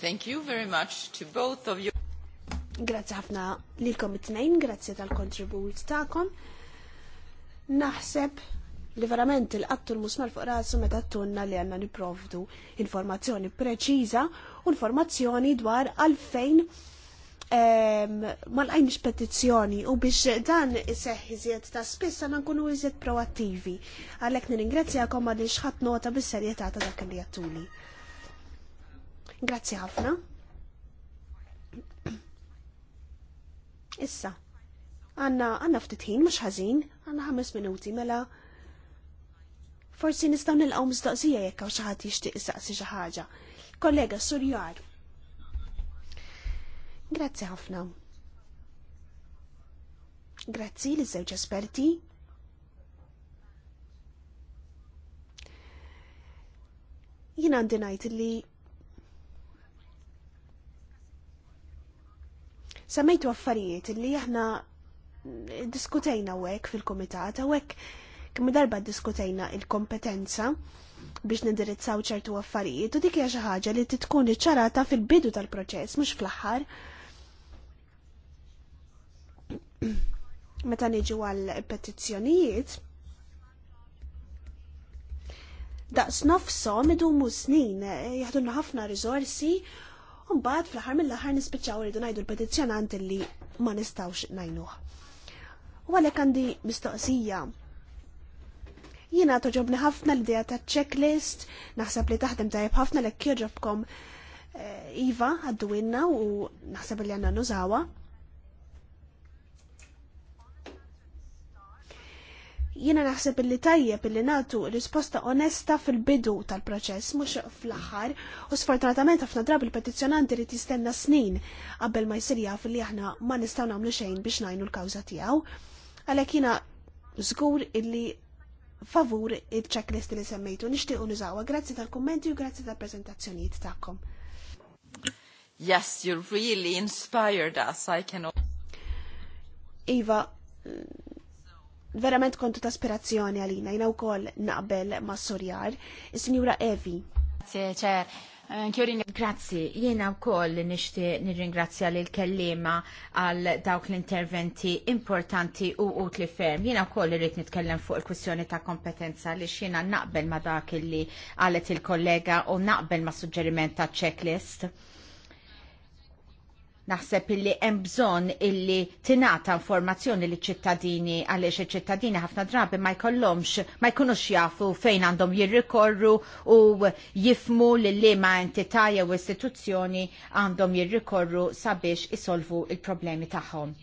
Thank you very much to both of you. Grazzi ħafna lilkom it-tnejn, grazzi tal-kontribut tagħkom. Naħseb li verament il-qattu l-musmal fuq rasu meta tunna li għanna niprovdu informazzjoni preċiża u informazzjoni dwar għalfejn ehm, ma lqajniex petizzjoni u biex dan iseħħ iżjed ta' spiss għandna nkunu iżjed proattivi. Għalhekk nirringrazzjakom għal xħat nota bis serjetata dak li għattuli. Grazzi ħafna. Issa, għanna għanna ftitħin mux ħazin, għanna ħames minuti mela. Forsi nistaw nil-għom mistoqsija jekk għaw xaħat jishtiq saqsi xi ħaġa. Kollega Surjar. Grazzi ħafna. Grazzi li żewġ esperti. Jina għandi li Semmejtu affarijiet li aħna diskutejna għek fil komitata għek kemm darba diskutejna il-kompetenza biex nindirizzaw ċertu affarijiet u dik hija xi ħaġa li titkun iċċarata fil-bidu tal-proċess mhux fl-aħħar. *clears throat* Meta niġu għal petizzjonijiet, daqs nofsom idumu snin, eh, jaħdunna ħafna riżorsi Mbagħad fl-aħħar mill-aħħar nispiċaw irridu ngħidu l petizjonant li ma nistgħux najnuħ. U għalhekk għandi mistoqsija. Jina toġobni ħafna l dija ta' checklist, naħseb li taħdem tajjeb ħafna l jogħġobkom eh, Iva għaddu u naħseb li għandna nużawha. Jiena naħseb illi tajjeb illi nagħtu risposta onesta fil-bidu tal-proċess, mhux fl-aħħar, u sfortunatament ħafna drabi il-petizzjonanti li tistenna snin qabel ma jisir jaf li aħna ma nistgħu nagħmlu xejn biex najnu l-kawża tiegħu. għalek jina żgur illi favur il-checklist li semmejtu nixtiequ nużawha. Grazzi tal-kummenti u grazzi tal-preżentazzjonijiet tagħkom. Yes, you really inspired us. I can. Iva, verament kontu ta' aspirazzjoni għalina, jina u koll naqbel ma' Sorjar, il Evi. Grazie, ċer. Grazzi, jiena u koll nishti nirringrazzja li l-kellima għal dawk l-interventi importanti u utli ferm. Jiena u koll irrit nitkellem fuq il-kwissjoni ta' kompetenza li xina naqbel ma dak li għalet il-kollega u naqbel ma suġġeriment ta' checklist Naħseb illi hemm bżonn illi tingħata informazzjoni li ċittadini għaliex iċ-ċittadini ħafna drabi ma jkollhomx ma jkunux jafu fejn għandhom jirrikorru u jifmu li liema entità jew istituzzjoni għandhom jirrikorru sabiex isolvu il-problemi tagħhom.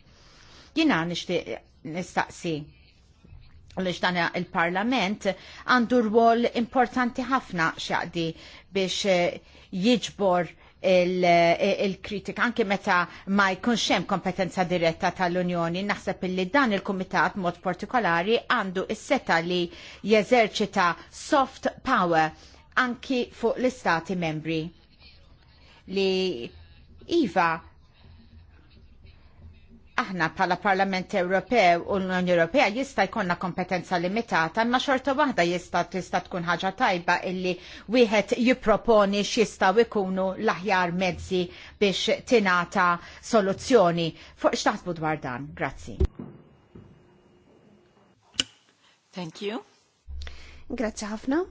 Jina nixtieq nistaqsi għaliex dan il-parlament għandu rwol importanti ħafna xaqdi biex jiġbor il-kritika il anke meta ma jkunx hemm kompetenza diretta tal-Unjoni. Naħseb illi dan il-Kumitat mod partikolari għandu is-seta li jeżerċita soft power anki fuq l-Istati membri li Iva aħna pala Parlament Ewropew u l-Unjoni Ewropea jista' jkollna kompetenza limitata, imma xorta waħda jista' tista' tkun ħaġa tajba illi wieħed jipproponi x'jistgħu jkunu l-aħjar mezzi biex tingħata soluzzjoni. Fuq x'taħsbu dwar dan? Grazzi. Thank you. Grazzi ħafna.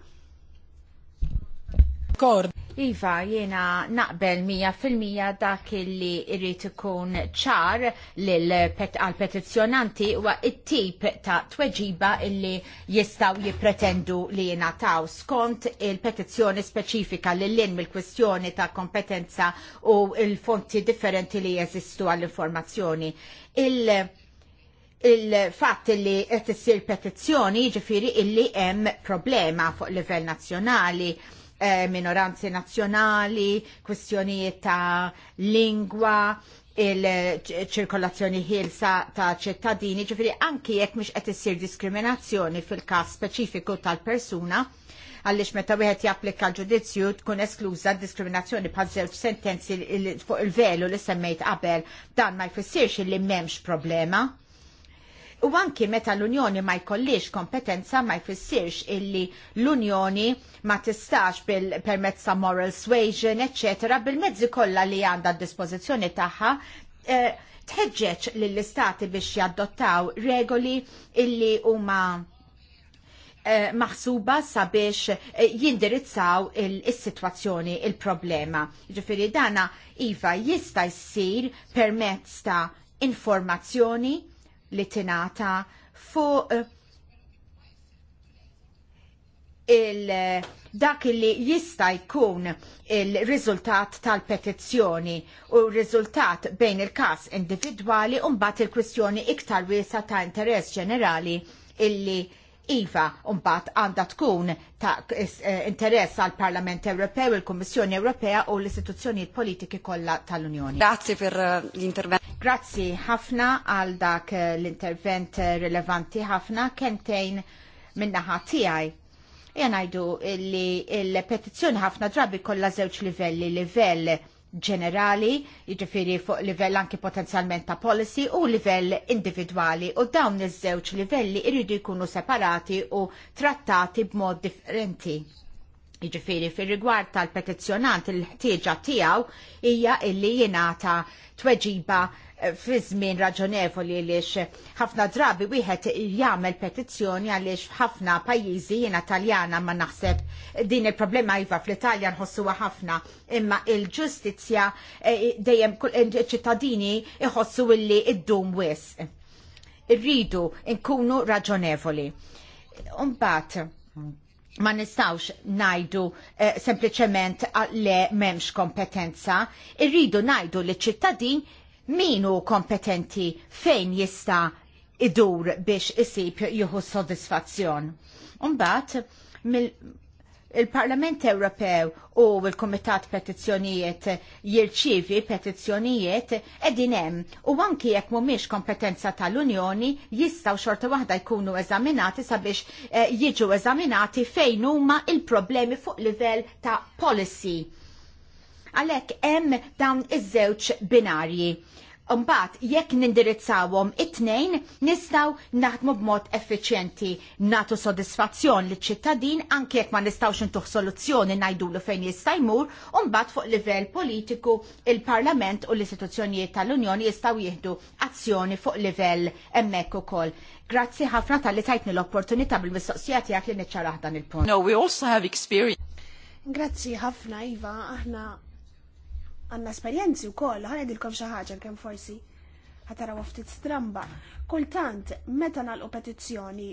Kord. Iva, jena naqbel 100% dak li irrit ikun ċar għal-petizjonanti wa it-tip ta' tweġiba illi jistaw jipretendu li jena taw skont il-petizjoni speċifika li l-in mil kwestjoni ta' kompetenza u il-fonti differenti li jeżistu għall-informazzjoni. il il-fatt li qed issir petizzjoni jiġifieri illi hemm problema fuq livell nazzjonali Eh, minoranzi nazzjonali, kwestjonijiet ta' lingwa, il-ċirkolazzjoni ħilsa ta' ċittadini, ġifiri anki jekk mhux qed issir diskriminazzjoni fil-każ speċifiku tal-persuna, għaliex meta wieħed japplika l-ġudizzju tkun eskluża diskriminazzjoni bħal żewġ sentenzi fuq il-velu li semmejt qabel dan ma jfissirx li m'hemmx problema U anki meta l-Unjoni ma jkollix kompetenza ma jfissirx illi l-Unjoni ma tistax bil-permezz ta' moral suasion, eccetera, bil-mezzi kollha li għandha d-dispożizzjoni tagħha eh, tħeġġeġ lill-istati biex jaddottaw regoli illi huma eh, maħsuba sabiex eh, jindirizzaw il-situazzjoni, il il-problema. Ġifiri dana, Iva, jista' jsir permezz ta' informazzjoni li tingħata fuq il dak li jista jkun il-riżultat tal-petizzjoni u r-riżultat bejn il-kas individwali u mbagħad il-kwistjoni iktar wiesa ta' interess ġenerali illi Iva, mbagħad għandha tkun ta' eh, interess għal Parlament Ewropew, il-Kummissjoni Ewropea u l istituzzjoni politiki kollha tal-Unjoni. Grazzi per eh, l-intervent. Grazzi ħafna għal dak eh, l-intervent rilevanti ħafna kentejn minnaħa tiegħi. Jena ngħidu li l-petizzjoni ħafna drabi kollha żewġ livelli, livell ġenerali, jiġifieri fuq livell anki potenzjalment ta' policy u livell individwali u dawn iż-żewġ livelli jridu jkunu separati u trattati b'mod differenti. Jiġifieri fir rigward tal-petizzjonant il-ħtieġa tiegħu hija illi jingħata tweġiba fi żmien raġonevoli għaliex ħafna drabi wieħed jagħmel petizzjoni għaliex ħafna pajjiżi jiena Taljana ma naħseb din il-problema iva fl-Italja nħossuha ħafna imma il-ġustizzja eh, dejjem kull eh, ċittadini iħossu illi id-dum wisq. Irridu nkunu raġonevoli. Umbat, ma nistawx najdu sempliċement eh, sempliciment ah, le memx kompetenza, irridu najdu li ċittadin minu kompetenti fejn jista idur biex isib juhu sodisfazzjon. Umbat, il-Parlament Ewropew u l-Komitat Petizzjonijiet jirċivi petizzjonijiet edin hemm u anki jekk mhumiex kompetenza tal-Unjoni jistgħu xorta waħda jkunu eżaminati sabiex eh, jiġu eżaminati fejn huma il-problemi fuq livell ta' policy Għalhekk hemm dawn iż-żewġ binarji. Mbagħad jekk nindirizzawhom it-tnejn nistgħu naħdmu b'mod effiċjenti nagħtu sodisfazzjon liċ ċittadin anke jekk ma nistgħux intuħ soluzzjoni ngħidulu fejn jista' jmur, u mbagħad fuq livell politiku il-Parlament u l-istituzzjonijiet tal-Unjoni jistgħu jieħdu azzjoni fuq livell hemmhekk ukoll. Grazzi ħafna talli tajtni l-opportunità bil-mistoqsija jak li niċċaraħ dan il-punt. No, we also have experience. Grazzi ħafna Iva, aħna għanna esperienzi u koll, għan edilkom xaħġa kem forsi ħataraw ftit stramba. Kultant, meta nal petizzjoni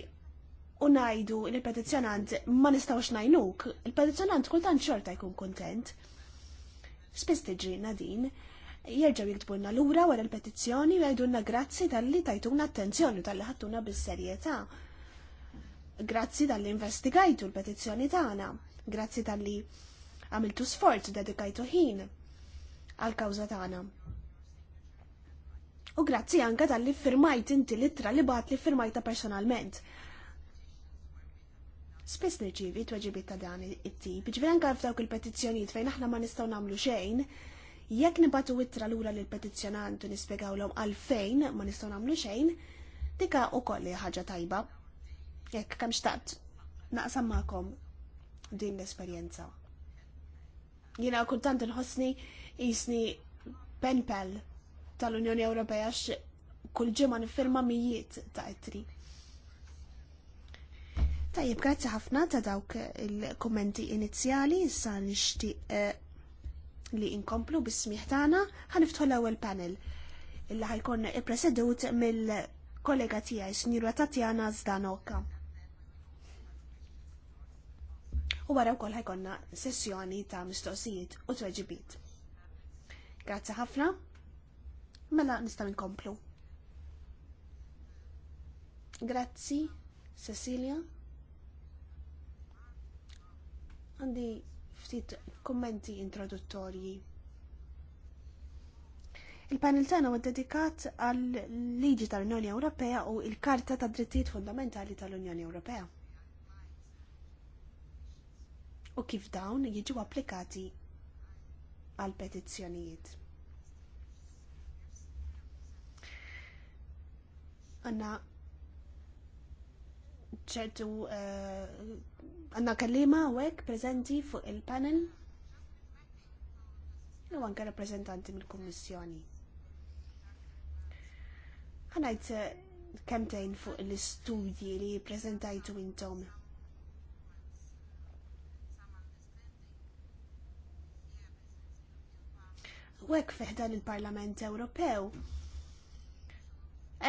u najdu il-petizjonant ma nistawx najnuk, il-petizjonant kultant xorta jkun kontent. Spess tiġri nadin, jirġaw jiktbunna l-ura wara l-petizzjoni u grazzi tal-li tajtuna attenzjoni tal-li ħattuna bis-serjetà. Grazzi tal-li investigajtu l-petizzjoni tagħna, grazzi tal-li għamiltu sforzu dedikajtu ħin għal-kawza tagħna. U grazzi anka tal-li firmajt inti litra li bat li firmajta personalment. Spess nirċivi tweġibiet ta' dan it-tip, ġveri anka f'dawk il-petizzjonijiet fejn aħna ma nistgħu nagħmlu xejn, jekk nibatu ittra lura lill nispiegaw l nispjegawlhom għalfejn ma nistgħu nagħmlu xejn, dika kolli ħaġa tajba. Jekk kam xtaqt naqsam magħkom din l-esperjenza. Jina kultant inħossni jisni penpel tal-Unjoni Ewropea x kull ġimgħa nifirma mijiet ta' ittri. Tajjeb, grazzi ħafna ta' dawk il-kommenti inizjali, issa nixtieq eh, li inkomplu bis-smieħ tagħna, ħaniftħu l-ewwel panel illi ħajkun ippresedut mill-kollega tiegħi Sinjura Tatjana Zdanoka. U wara wkoll ħajkonna sessjoni ta' mistoqsijiet u tweġibit. Grazzi ħafna. Mela nista' nkomplu. Grazzi, Cecilia. Għandi ftit kommenti introduttorji. Il-panel tagħna huwa dedikat għal liġi tal-Unjoni Ewropea u l karta ta' Drittijiet Fundamentali tal-Unjoni Ewropea. U kif dawn jiġu applikati għal petizzjonijiet. Għanna ċertu eh, għanna uh, kallima għek prezenti fuq il-panel u għanka rappresentanti mill-Kommissjoni. Għanajt eh, kemtejn fuq l-istudji li prezentajtu intom u hekk fiħdan il-Parlament Ewropew.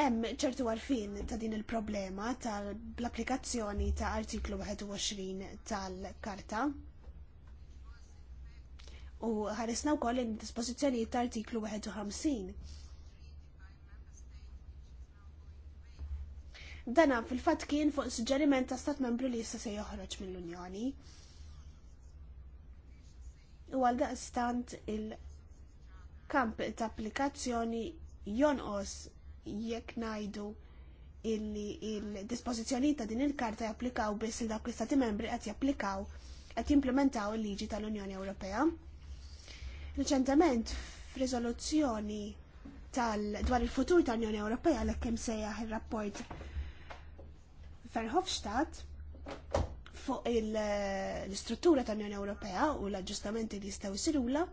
Hemm ċertu għarfien ta' din il-problema tal-applikazzjoni ta' artiklu 21 tal-Karta. U ħarisna wkoll il-dispożizzjonijiet ta' artiklu 51. Dana fil-fat kien fuq suġġeriment ta' stat membru li jista' se joħroġ mill-Unjoni. U għal daqstant il kamp ta' applikazzjoni jonqos jekk ngħidu illi il-dispożizzjoni ta' din il-karta japplikaw biss il dawk l-istati membri qed japplikaw qed jimplementaw il-liġi tal-Unjoni Ewropea. Riċentement f'riżoluzzjoni tal dwar il-futur tal-Unjoni Ewropea l kemm sejjaħ ir-rapport Verhofstadt fuq l-istruttura tal-Unjoni Ewropea u l-aġġustamenti li jistgħu jsirula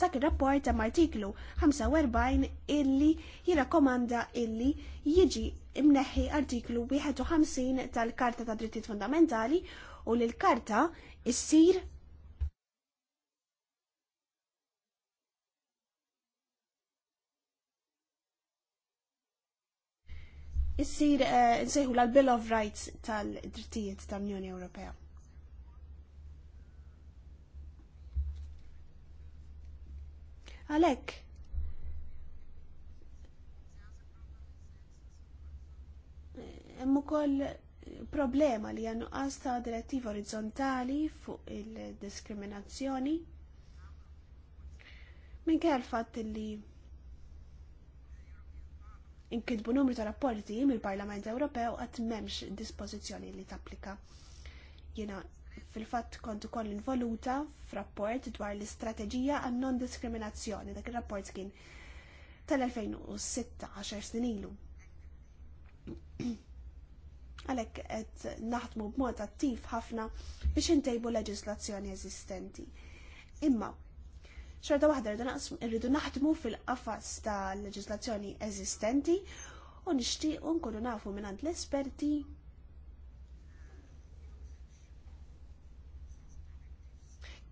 dak ir-rapport hemm artiklu 45 illi jirrakkomanda illi jiġi imneħħi artiklu 51 tal-Karta ta' Drittijiet Fundamentali u li l-Karta issir issir eh, nsejħu l-Bill of Rights tal-Drittijiet tal-Unjoni Ewropea. Għalhekk hemm ukoll problema li għannu għasta direttiva orizzontali fuq il-diskriminazzjoni minn kell fatt li inkidbu numru ta' rapporti mill-Parlament Ewropew għat memx dispożizzjoni li tapplika. Jena fil-fatt kont ukoll involuta f'rapport dwar l-istrateġija għan non diskriminazzjoni dak ir-rapport kien tal-2016 snin ilu. *clears throat* Għalhekk qed naħdmu b'mod attiv ħafna biex intejbu leġislazzjoni eżistenti. Imma xorta waħda rridu naħdmu fil-qafas ta' leġislazzjoni eżistenti u nixtiequ nkunu nafu minn għand l-esperti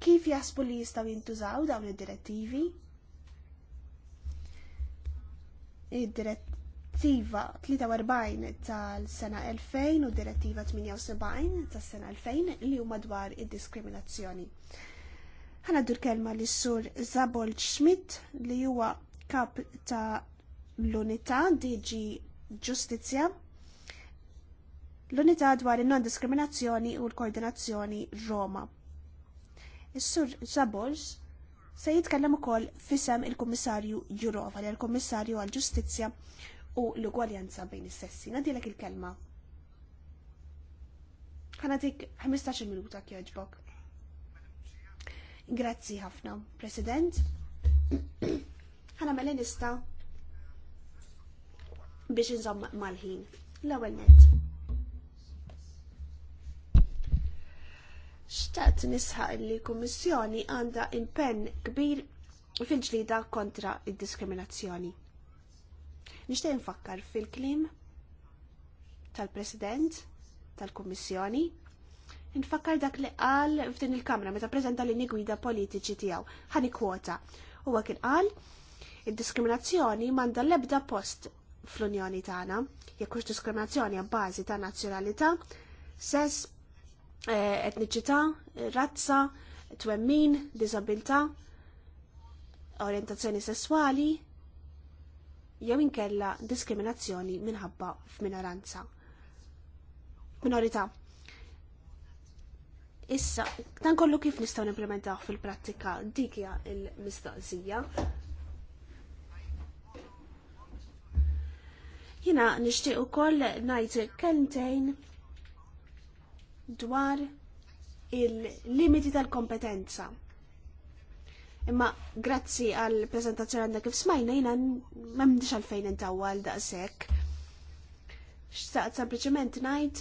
kif jasbu li jistaw jintużaw dawn id-direttivi. Id-direttiva 43 tal-sena 2000 u direttiva 78 tal-sena 2000 li huma dwar id-diskriminazzjoni. Ħanaddu dur kelma li sur Zabol Schmidt li huwa kap ta' l-unità DG Ġustizzja l-unità dwar in-non-diskriminazzjoni u l-koordinazzjoni Roma. Is-sur Zabors se jitkellem ukoll fisem il-Kummissarju Jurova li l-Kummissarju għall-Ġustizzja u l-ugwaljanza bejn is-sessi. Nadilek il-kelma. Ħanatik 15 minuta kjoġbok. Grazzi ħafna, President. Ħana mele nista biex nżomm mal-ħin. L-ewwel net. Xtaqt nisħaq li l-Kummissjoni għandha impenn kbir fil-ġlida kontra id-diskriminazzjoni. Nixtieq nfakkar fil-klim tal-President tal-Kummissjoni Nfakkar dak li qal f'din il-kamra meta prezenta l gwida politiċi tiegħu. Ħani kwota. Huwa kien qal id-diskriminazzjoni m'għandha l-ebda post fl-Unjoni tagħna. Jekk hux diskriminazzjoni għabbażi ta' nazzjonalità, sess, Eh, etniċità, razza, twemmin, disabilità, orientazzjoni sessuali, jew inkella diskriminazzjoni minħabba f'minoranza. Minorità. Issa, dan kollu kif nistgħu nimplementaw fil-prattika dik hija l-mistoqsija. Jina nixtieq ukoll ngħid kelmtejn dwar il-limiti tal-kompetenza. Imma grazzi għal prezentazzjoni għandha kif smajna jina m'għandix għalfejn intawa għal daqshekk. Xtaqt sempliċement ngħid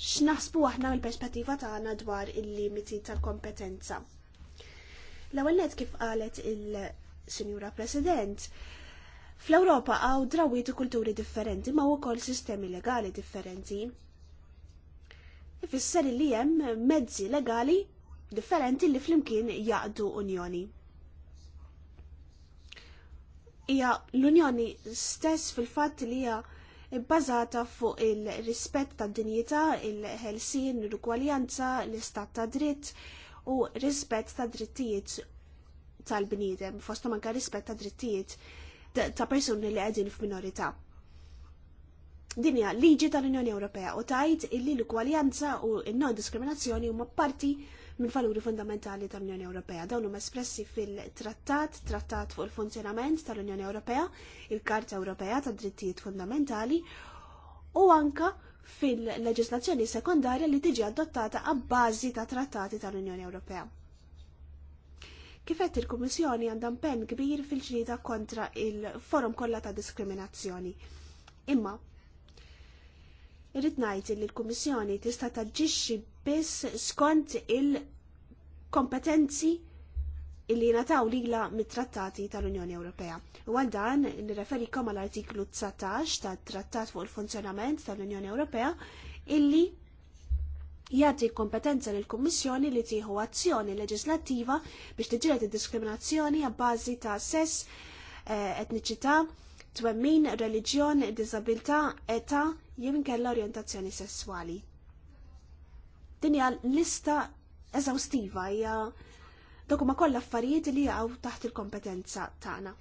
x'naħsbu aħna mill-perspettiva tagħna dwar il-limiti tal-kompetenza. L-ewwel kif qalet il-Sinjura President, fl-Ewropa għaw drawit u kulturi differenti ma' wkoll sistemi legali differenti ifisser li hemm mezzi legali differenti li flimkien jaqdu unjoni. Ija l-unjoni stess fil-fatt li hija bbażata fuq il-rispett tad-dinjità, il-ħelsien, l-ugwaljanza, l-istat ta' dritt u rispett ta' drittijiet tal-bniedem, fostu manka rispett ta' drittijiet ta' persuni li għedin f'minorità dinja liġi tal-Unjoni Ewropea u tajt illi l-kwaljanza u non diskriminazzjoni huma parti minn valuri fundamentali tal-Unjoni Ewropea. Dawn huma espressi fil-Trattat, Trattat fuq il-funzjonament tal-Unjoni Ewropea, il-Karta Ewropea tad drittijiet fundamentali u anka fil-leġislazzjoni sekondarja li tiġi adottata għabbażi ta' trattati tal-Unjoni Ewropea. qed il-Kummissjoni għandha pen kbir fil-ġrida kontra il-forum kollha ta' diskriminazzjoni. Imma Irrid ngħid li l-Kummissjoni tista' taġġixxi biss skont il-kompetenzi illi nataw lila mit-trattati tal-Unjoni Ewropea. U għaldan dan nirreferikom għal artiklu 19 tat-Trattat fuq il-Funzjonament tal-Unjoni Ewropea illi jgħati kompetenza lill kummissjoni li tieħu azzjoni leġislattiva biex tiġilet id-diskriminazzjoni għabbażi ta' sess, eh, etniċità, twemmin, reliġjon, disabilità, età, jew kella orjentazzjoni sessuali. Din hija lista eżawstiva hija dok ma affarijiet li jgħu taħt il-kompetenza tagħna.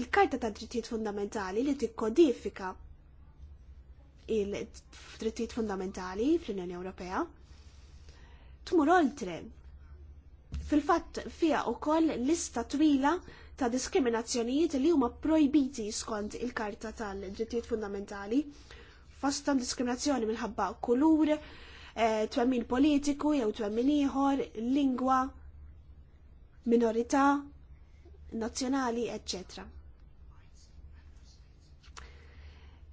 Il-Karta ta' Drittijiet Fundamentali li tikkodifika il-drittijiet fundamentali fl-Unjoni Ewropea tmur oltre fil-fatt fija u koll lista twila ta' diskriminazzjonijiet li huma projbiti skont il-Karta tal-Drittijiet Fundamentali fostom diskriminazzjoni minħabba kulur, eh, twemmin politiku jew twemmin ieħor, lingwa, minorità, nazzjonali, eccetera.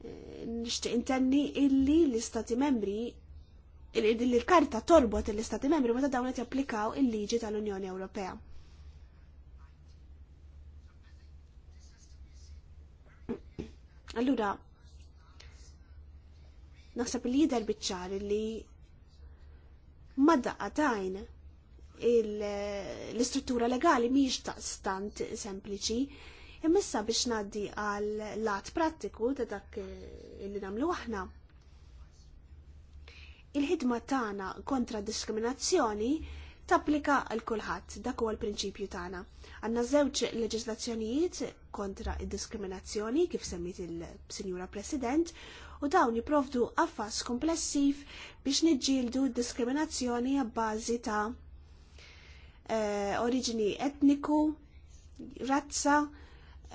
Eh, nishtiq intenni illi l-istati membri il-karta torbot l-istati membri meta dawn qed japplikaw il-liġi tal-Unjoni Ewropea. Allura, Naħseb li jidher biċċar li ma daqatajn l-istruttura legali miex ta' stant sempliċi, imissa biex naddi għal lat prattiku ta' dak eh, li namlu aħna. Il-ħidma tagħna kontra diskriminazzjoni tapplika għal kulħadd dak huwa l-prinċipju tagħna. Għandna żewġ leġislazzjonijiet kontra id-diskriminazzjoni kif semmit il-Sinjura President u dawn jiprovdu affas komplessiv biex niġġieldu diskriminazzjoni għabbażi ta' eh, oriġini etniku, razza,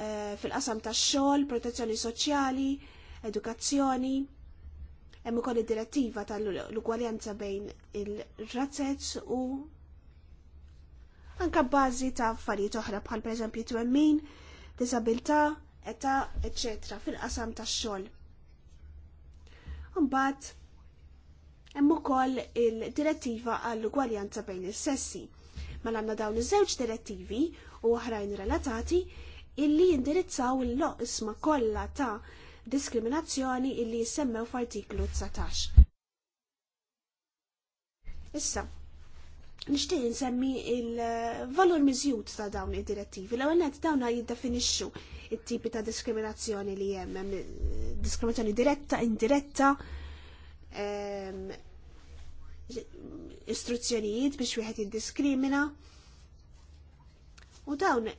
eh, fil-qasam ta' xogħol, protezzjoni soċjali, edukazzjoni, hemm ukoll id-direttiva tal-ugwaljanza bejn il-razzezz u anka bażi ta' affarijiet oħra bħal pereżempju twemmin, disabilità, età, eccetera fil-qasam tax-xogħol. Mbagħad hemm ukoll il-direttiva għall-ugwaljanza bejn is-sessi. Mela għandna dawn iż-żewġ direttivi u oħrajn relatati illi jindirizzaw il isma' kollha ta' diskriminazzjoni illi jissemmew f'artiklu 19. Issa, Nixtieq insemmi il-valur miżjud ta' dawn id-direttivi. L-ewwel net dawn jiddefinixxu il tipi ta' diskriminazzjoni li hemm diskriminazzjoni diretta, indiretta, ehm, istruzzjonijiet biex wieħed jiddiskrimina. U dawn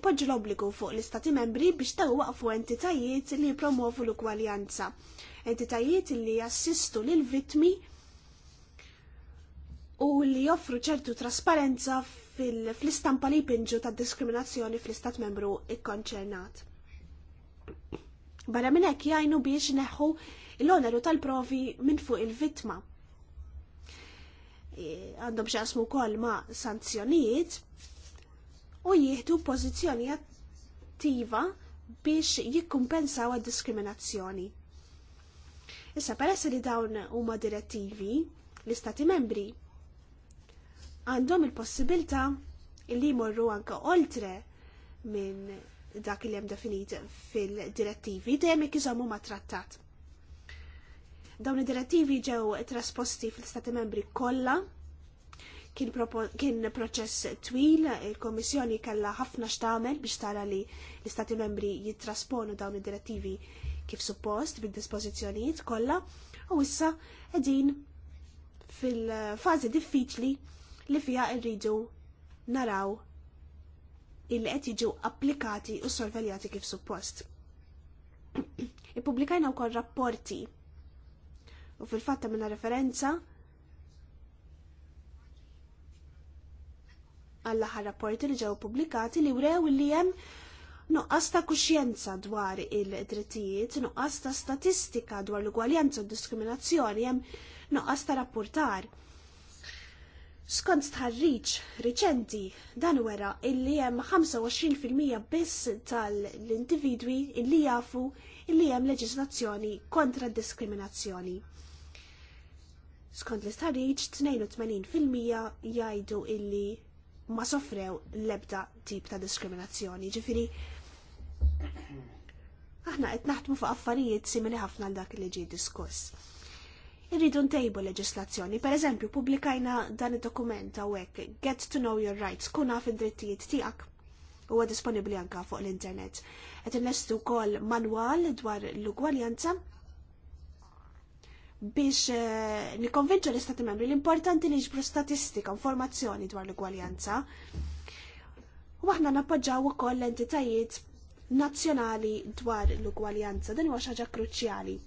ipoġġu l-obbligu fuq l-istati membri biex daw waqfu entitajiet li jipromovu l-ugwaljanza. Entitajiet li jassistu lil vittmi u li joffru ċertu trasparenza fl-istampa li jpinġu ta' diskriminazzjoni fl-istat membru ikkonċernat. Barra minn hekk biex neħħu l-oneru tal-provi minn fuq il-vittma. E, għandhom xasmu kol ma' sanzjonijiet u jieħdu pozizjoni attiva biex jikkumpensaw għad-diskriminazzjoni. Issa peress li dawn huma direttivi, l-Istati membri għandhom il-possibilità li jmorru anka oltre minn dak li hemm definit fil-direttivi dejjem iżommu ma' trattat. Dawn id-direttivi ġew trasposti fil-Stati membri kollha kien, kien proċess twil, il-Komissjoni kellha ħafna x'tagħmel biex tara li l-Istati membri jittrasponu dawn id-direttivi kif suppost bid-dispożizzjonijiet kollha u issa qegħdin fil-fażi diffiċli li fiha rridu naraw illi qed jiġu applikati u sorveljati kif suppost. *clears throat* Ippubblikajna wkoll rapporti u fil-fatt minna referenza għall aħħar rapporti li ġew pubblikati li wrew li hemm nuqqas ta' kuxjenza dwar il-drittijiet, nuqqas ta' statistika dwar l-ugwaljanza u diskriminazzjoni, hemm nuqqas ta' rapportar. Skont tħarriċ riċenti dan wera illi hemm 25% biss tal-individwi illi jafu illi hemm leġislazzjoni kontra d diskriminazzjoni. Skont l-istħarriċ 82% jgħidu illi ma sofrew l-ebda tip ta' diskriminazzjoni. Ġifiri, aħna qed naħdmu fuq affarijiet simili ħafna l dak li ġie diskuss irridu ntejbu leġislazzjoni. Per eżempju, publikajna dan id-dokument għawek, Get to know your rights, kun għaf id-drittijiet tijak. Huwa disponibli anka fuq l-internet. Qed innestu wkoll manual dwar l-ugwaljanza biex eh, nikonvinċu l-Istati membri l-importanti li ġbru statistika, informazzjoni dwar l-ugwaljanza. U aħna nappoġġaw ukoll l-entitajiet nazzjonali dwar l-ugwaljanza. Dan huwa xaġa kruċjali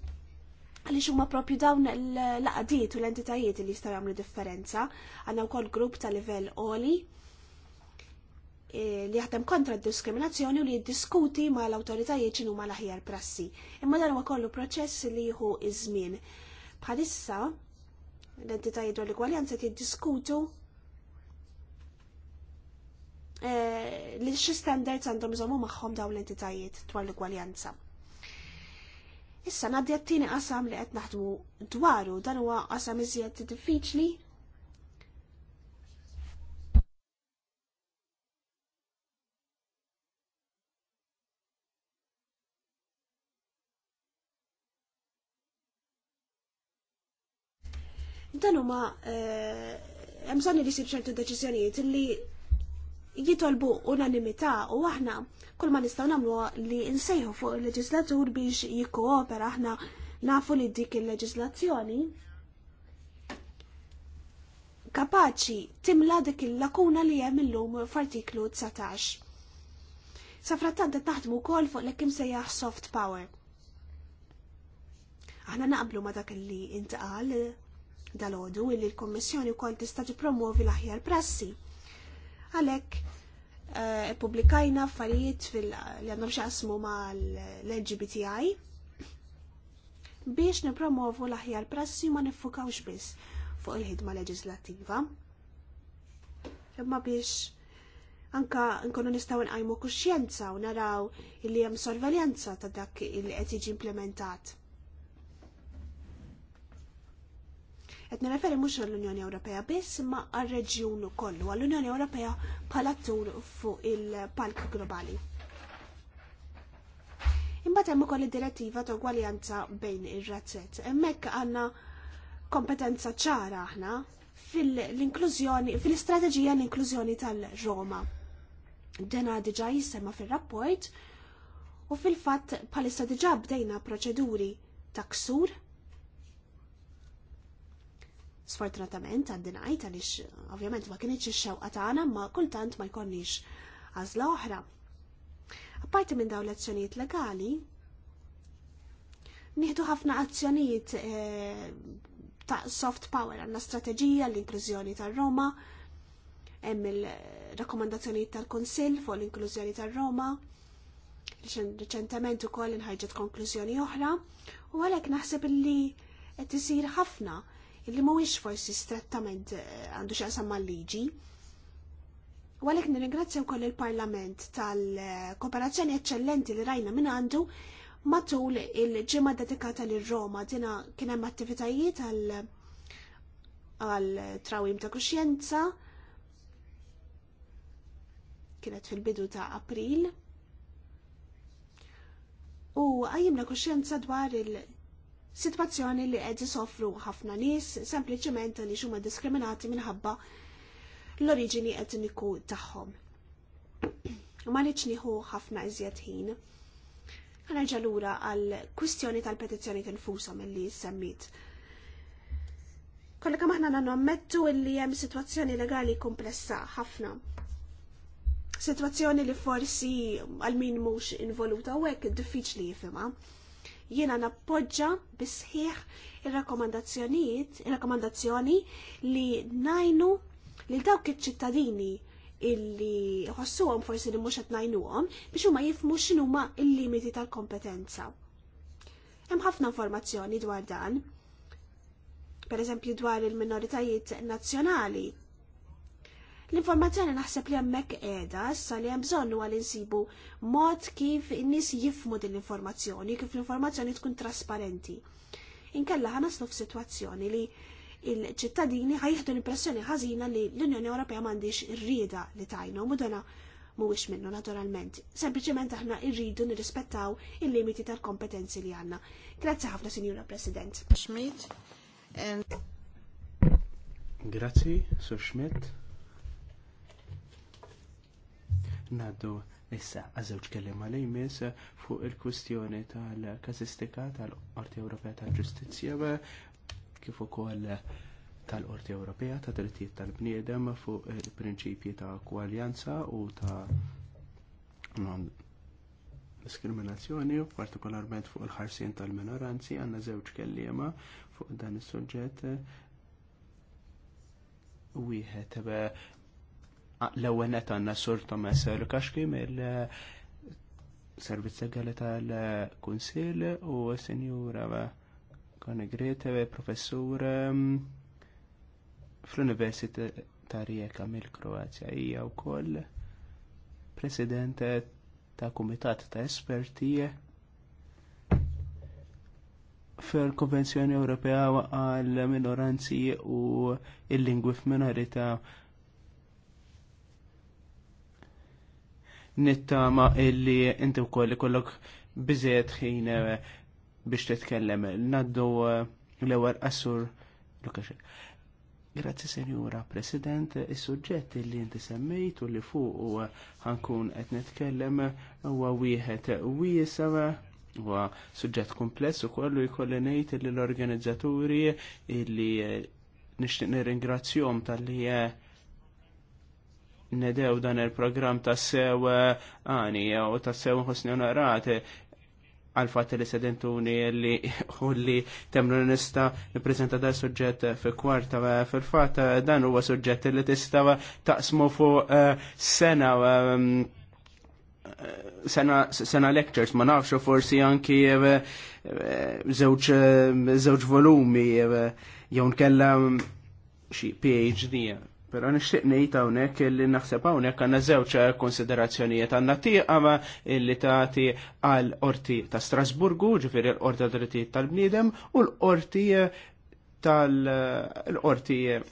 għaliex huma propju dawn l-laqdiet u l-entitajiet li jistgħu jagħmlu differenza. Għandna wkoll grupp ta' livell oli eh, li jaħdem kontra d-diskriminazzjoni u li jiddiskuti ma l-autoritajiet ċinu ma l-aħjar prassi. Imma dan huwa kollu proċess li jieħu iż-żmien. Bħalissa l-entitajiet u l-igwaljanza jiddiskutu eh, li xi standards għandhom iżommu magħhom dawn l-entitajiet dwar l-igwaljanza. Issa naddi għattini qasam li qed naħdmu dwaru dan huwa qasam iżjed diffiċli. Dan huma eh, hemm bżonn li jsir ċertu deċiżjonijiet illi jitolbu unanimità u aħna kull ma nistgħu nagħmlu li nsejħu fuq il-leġislatur biex jikkoopera aħna nafu li dik il-leġislazzjoni kapaċi timla dik il-lakuna li hemm illum f'artiklu 19. frattant qed naħdmu wkoll fuq li kim sejjaħ soft power. Aħna naqblu ma dak li intqal dal-ħodu illi l-Kommissjoni wkoll tista' tippromuvi l-aħjar prassi għalhekk uh, eh, publikajna affarijiet li għandhom xasmu ma' l-LGBTI biex nipromovu l-aħjar prassi ma nifukawx biss fuq il-ħidma leġislattiva. Imma biex anka nkunu nistgħu nqajmu kuxjenza u naraw li hemm sorveljanza ta' dak li qed jiġi implementat. Et nirreferi mhux għall-Unjoni Ewropea biss ma għar-reġjun kollu, għall-Unjoni Ewropea bħala tur fuq il-palk globali. Imbagħad hemm ukoll id-direttiva ta' ugwaljanza bejn ir-razzett. Hemmhekk għandna kompetenza ċara aħna fil-inklużjoni, fil-istrateġija l-inklużjoni tal-Roma. Dena diġa jissema fil-rapport u fil-fatt bħalissa diġà bdejna proċeduri ta' ksur Sfortunatament għandi ngħid għaliex uh, ovvjament ma kienieċ ix-xewqa tagħna ma kultant ma jkollniex għażla oħra. Apparti minn dawn l-azzjonijiet legali, nieħdu ħafna azzjonijiet eh, ta' soft power għandna strateġija l-inklużjoni tar-Roma, hemm il-rakkomandazzjonijiet tal-Kunsill fuq l-inklużjoni tar-Roma, reċentement ukoll inħarġet konklużjoni oħra, u għalhekk naħseb li qed isir ħafna illi mhuwiex forsi strettament eh, għandu x'jaqsam mal-liġi. U għalhekk nirringrazzja wkoll il-Parlament tal-kooperazzjoni eċċellenti li rajna minn għandu matul il-ġimgħa dedikata lil Roma dina kien hemm attivitajiet għal għal trawim ta' kuxjenza kienet fil-bidu ta' April u għajimna kuxjenza dwar il- Situazzjoni li qed soffru ħafna nies sempliċement li huma diskriminati minħabba l-oriġini etniku tagħhom. Ma rridx nieħu ħafna iżjed ħin. Għana lura għal kwistjoni tal-petizzjoni tinfushom illi semmit. Kollega maħna ammettu illi hemm sitwazzjoni legali komplessa ħafna situazzjoni li forsi għal min mhux involuta u hekk li jifima jiena nappoġġa bisħiħ ir-rakkomandazzjonijiet, ir-rakkomandazzjoni li najnu li dawk iċ-ċittadini illi ħossuhom forsi li mhux qed ngħinuhom biex huma jifhmu x'inhuma il limiti tal-kompetenza. Hemm ħafna informazzjoni dwar dan. Per eżempju dwar il-minoritajiet nazzjonali L-informazzjoni naħseb li hemmhekk qiegħda, issa li hemm bżonn huwa li nsibu mod kif in-nies jifmu din l-informazzjoni, kif l-informazzjoni tkun trasparenti. Inkella naslu f'sitwazzjoni li il-ċittadini ħajħdu l-impressjoni ħażina li l-Unjoni Ewropea m'għandix rieda li tajnu u mhuwiex minnu naturalment. Sempliċement aħna rridu nirrispettaw il-limiti tal-kompetenzi li għandna. Grazzi ħafna, Sinjura President. Schmidt. Grazzi, Sur Schmidt. Naddu issa għazewġ kellim għalej mis fuq il-kwistjoni tal-kazistika tal-Qorti Ewropea tal-Ġustizzja kif ukoll tal-Qorti Ewropea ta' drittijiet tal-bniedem fuq il-prinċipji ta' kwaljanza u ta' diskriminazzjoni partikolarment fuq il-ħarsien tal-minoranzi għandna żewġ kelliema fuq dan is-suġġett wieħed l-ewwel net għandna sur Thomas Lukaxki mill-Servizz Legali tal-Kunsill u Sinjura Konegrete, professur mm, fl-Università ta' Rijeka mill-Kroazja hija wkoll president ta' kumitat ta' esperti fil-Konvenzjoni Ewropea għal minoranzi u il lingwi f'minorità nittama illi inti wkoll kollok biżiet ħin eh, biex titkellem. Naddu eh, l-ewwel qassur Lukasek. Grazzi Senjura President, is-suġġett li inti semmejt u li fuq u eh, ħankun qed nitkellem huwa wieħed wiesa huwa suġġett kompless ukoll u jkolli ngħid lill l-organizzaturi illi nixtieq nirringrazzjahom talli nedew dan il-programm ta' sew eh, għani u ta' sew għusni unarati eh, għal-fat li sedentuni li għulli *laughs* temnu nista niprezenta da' suġġett fi kwarta eh, fil-fat dan huwa suġġett li tista' taqsmu fu sena sena, sena lectures, ma nafxu forsi anki zewċ volumi, jew nkella mm, xi PhD. Pero nixtieq ngħid hawnhekk li naħseb hawnhekk għandna żewġ eh, konsiderazzjonijiet għandna tieqama illi tagħti għal qorti ta' Strasburgu, ġifieri l-qorti ta' drittijiet tal-bniedem u l-qorti eh, tal-qorti eh,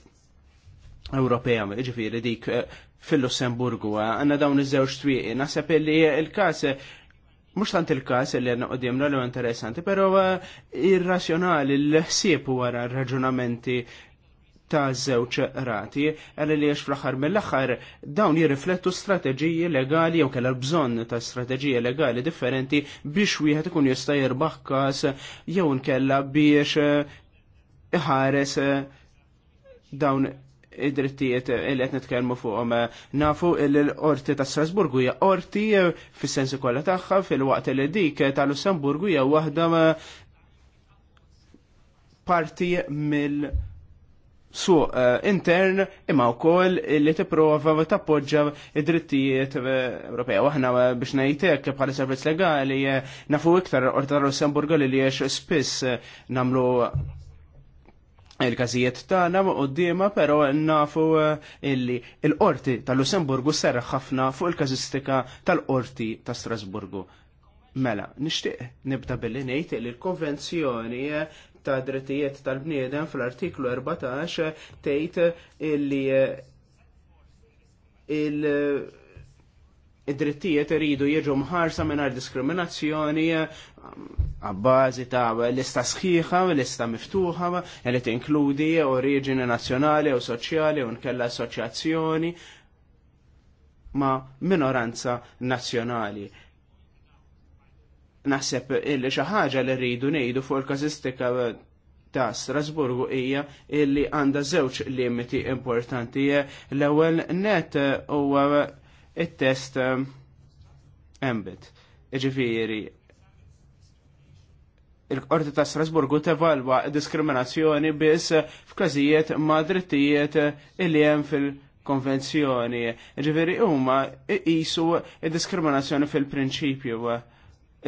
Ewropea, ġifieri dik fil-Lussemburgu. Għandna dawn iż-żewġ twieqi. Naħseb li l-każ mux tant il-kas li għanna qoddim l interessanti, pero razzjonali l-ħsieb wara raġunamenti ta' żewġ rati, għal li għax fl-axar mill-axar dawn jirriflettu strateġiji legali jew kellha bżonn ta' strateġiji legali differenti biex wieħed ikun jista' jirbaħ kas jew nkella biex iħares dawn id-drittijiet li qed nitkellmu fuqhom nafu l-orti ta' Strasburgu hija orti fis-sensi kollha tagħha fil-waqt li dik ta' Lussemburgu hija waħda parti mill- su eh, intern imma wkoll li tipprova u tappoġġa id-drittijiet eh, Ewropea. Waħna eh, biex ngħidlek bħal servizz legali nafu iktar Orta Lussemburga li jiex spiss nagħmlu il-każijiet tagħna dima però nafu illi il-qorti tal-Lussemburgu serra ħafna fuq il-każistika tal-qorti ta' Strasburgu. Mela, nixtieq nibda billi ngħid li l-konvenzjoni ta' drittijiet tal-bniedem fl-artiklu 14 tgħid illi il id-drittijiet iridu jiġu mħarsa mingħajr diskriminazzjoni um, għabbażi ta' lista sħiħa, lista miftuħa, li tinkludi oriġini nazzjonali u soċjali u nkella assoċjazzjoni ma' minoranza nazzjonali. Naħseb illi xi ħaġa li rridu ngħidu fuq il-każistika ta' Strasburgu hija illi għandha żewġ limiti importanti. L-ewwel net huwa it-test embed. Eh, Ġifieri, il-Qorti ta' Strasburgu tevalwa diskriminazzjoni biss f'każijiet ma' drittijiet illi hemm fil-konvenzjoni. Ġifieri huma jqisu diskriminazzjoni fil-prinċipju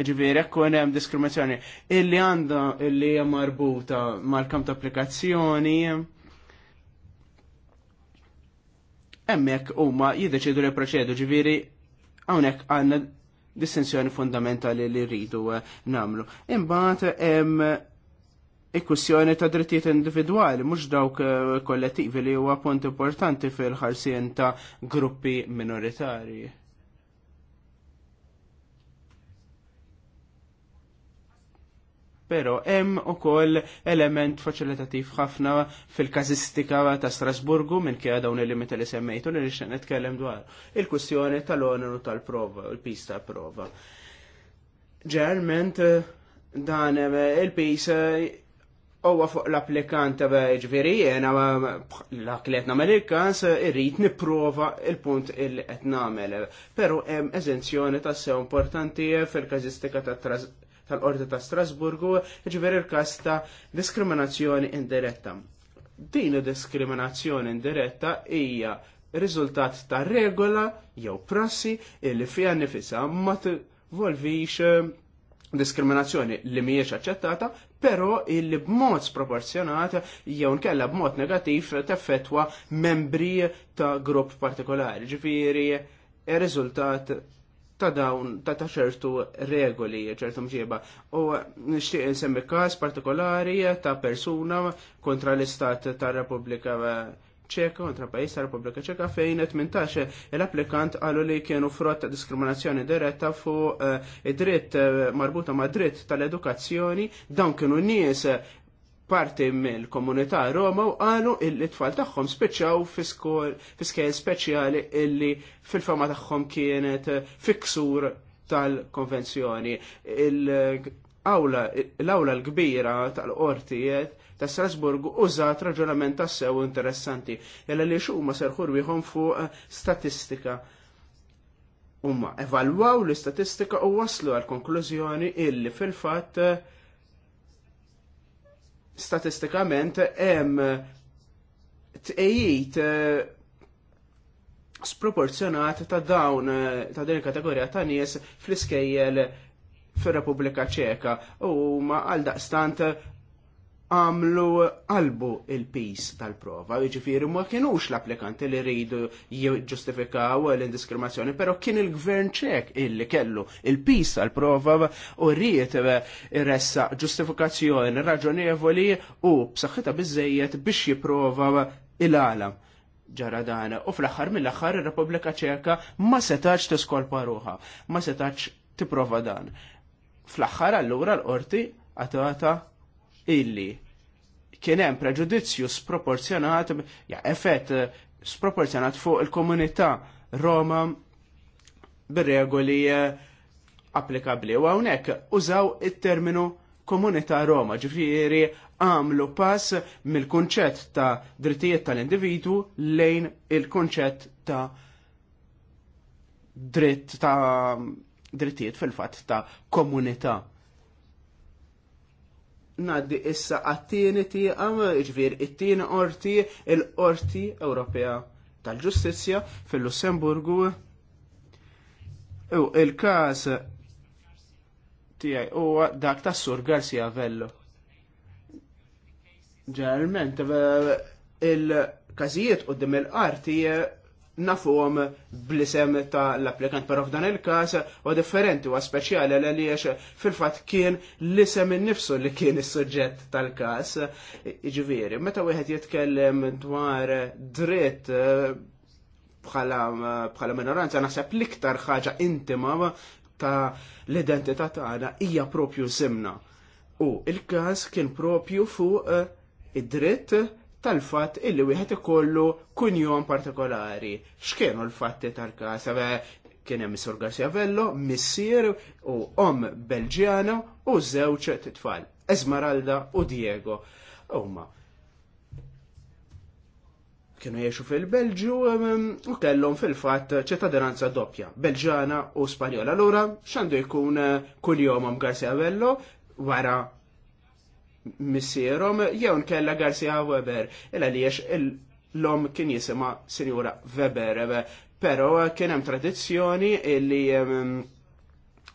ġiviri, kun hemm diskriminazzjoni. Illi għanda, illi hija marbuta mal-kamp ta' applikazzjoni, emmek huma jiddeċidu li proċedu ġiviri, hawnhekk għandna distinzjoni fundamentali li rridu eh, namlu. Imbagħad hemm ikkussjoni ta' drittijiet individwali, mhux dawk eh, kollettivi li huwa punt importanti fil-ħarsien ta' gruppi minoritarji. pero hemm ukoll element faċilitattiv ħafna fil-kazistika ta' Strasburgu minn kja dawn il-limita li semmejtu li nixtieq nitkellem dwar il-kwistjoni tal onru tal-prova, il-pista prova. Ġerment dan eh, il pisa Owa eh, fuq l-applikant ta' eh, ġveri, jena l kletna namel il-kas, irrit niprofa il-punt il-qed Pero hemm eżenzjoni ta' se importanti fil-kazistika ta' tal-Qorti ta' Strasburgu, ġifieri r każ ta' diskriminazzjoni indiretta. Din diskriminazzjoni indiretta hija riżultat ta' regola jew prassi illi fiha nifisa ma tivolvix eh, diskriminazzjoni li mhijiex aċċettata, però illi b'mod sproporzjonat jew nkella b'mod negattiv teffettwa membri ta' grupp partikolari. Ġifieri, ir-riżultat ta' dawn ta' ta' ċertu regoli, ċertu mġieba. U nixtieq insemmi każ partikolari ta' persuna kontra l-Istat ta' Repubblika ċeka kontra pajis ta' Repubblika ċeka fejn 18 l-applikant għallu li kienu frott ta' diskriminazzjoni diretta fuq eh, id-dritt eh, marbuta ma' dritt tal-edukazzjoni dawn kienu nies parti mill-komunità Roma u għalu illi tfal tagħhom spiċċaw fi skel speċjali illi fil-fama tagħhom kienet fiksur tal-konvenzjoni. L-awla l-kbira tal-qortijiet ta' Strasburgu użat raġunament ta' sew interessanti, jella li ma serħur biħom fuq statistika. Umma evalwaw l-istatistika u waslu għal konklużjoni illi fil-fatt statistikament hemm tqejjid eh, sproporzjonat ta' dawn eh, ta' din kategorija ta' nies fl-iskejjel fir-Repubblika Ċeka u ma għal daqstant għamlu qalbu il-pis tal-prova, ġifiri ma kienux l-applikanti li rridu jġustifikaw l-indiskriminazzjoni, pero kien il-gvern ċek illi kellu il-pis tal-prova u rriet ressa ġustifikazzjoni raġonevoli u b'saħħitha bizzejiet biex jiprova il-għalam ġaradana. U fl-axar mill-axar il-Repubblika ċeka ma setax tiskolpa ruħa, ma setax t-prova dan. Fl-axar allura l-qorti għatata illi kien hemm preġudizzju sproporzjonat, ja effett eh, sproporzjonat fuq il-komunità Roma bir-regoli eh, applikabli. U hawnhekk użaw it-terminu komunità Roma, ġifieri għamlu pass mill-kunċett ta' drittijiet tal-individu lejn il-kunċett ta' dritt ta' drittijiet fil-fatt ta' komunità. Naddi issa għattini tiqam, ġvir, it-tini orti, il-orti Ewropea tal-ġustizja fil-Lussemburgu. U il-kas tiegħi huwa dak ta' Sur Garcia Vello. Ġeneralment, eh, il każijiet quddiem il qarti nafuhom blisem ta' l-applikant, però f'dan il-każ u differenti u speċjali għaliex fil-fatt kien l-isem innifsu li kien is-suġġett tal-każ. Jiġifieri, meta wieħed jitkellem dwar dritt eh, eh, bħala minoranza naħseb l-iktar ħaġa intima ta' l-identità tagħna hija propju simna. U il-każ kien propju fuq eh, id-dritt tal-fatt illi wieħed ikollu kunjon partikolari. X'kienu l-fatti tal-każ? Kien hemm Missur Garcia Vello, missier u om Belġjana u żewġ titfal, Esmeralda u Diego. Huma kienu jiexu fil-Belġu ehm, u kellhom fil-fatt ċittadinanza doppja, Belġana u Spanjola. Allura x'għandu jkun kuljom om Garcia Vello wara missierhom jew nkella Garcia Weber illa li l-om kien jisima Sinjura Weber eh, pero kien hemm tradizzjoni li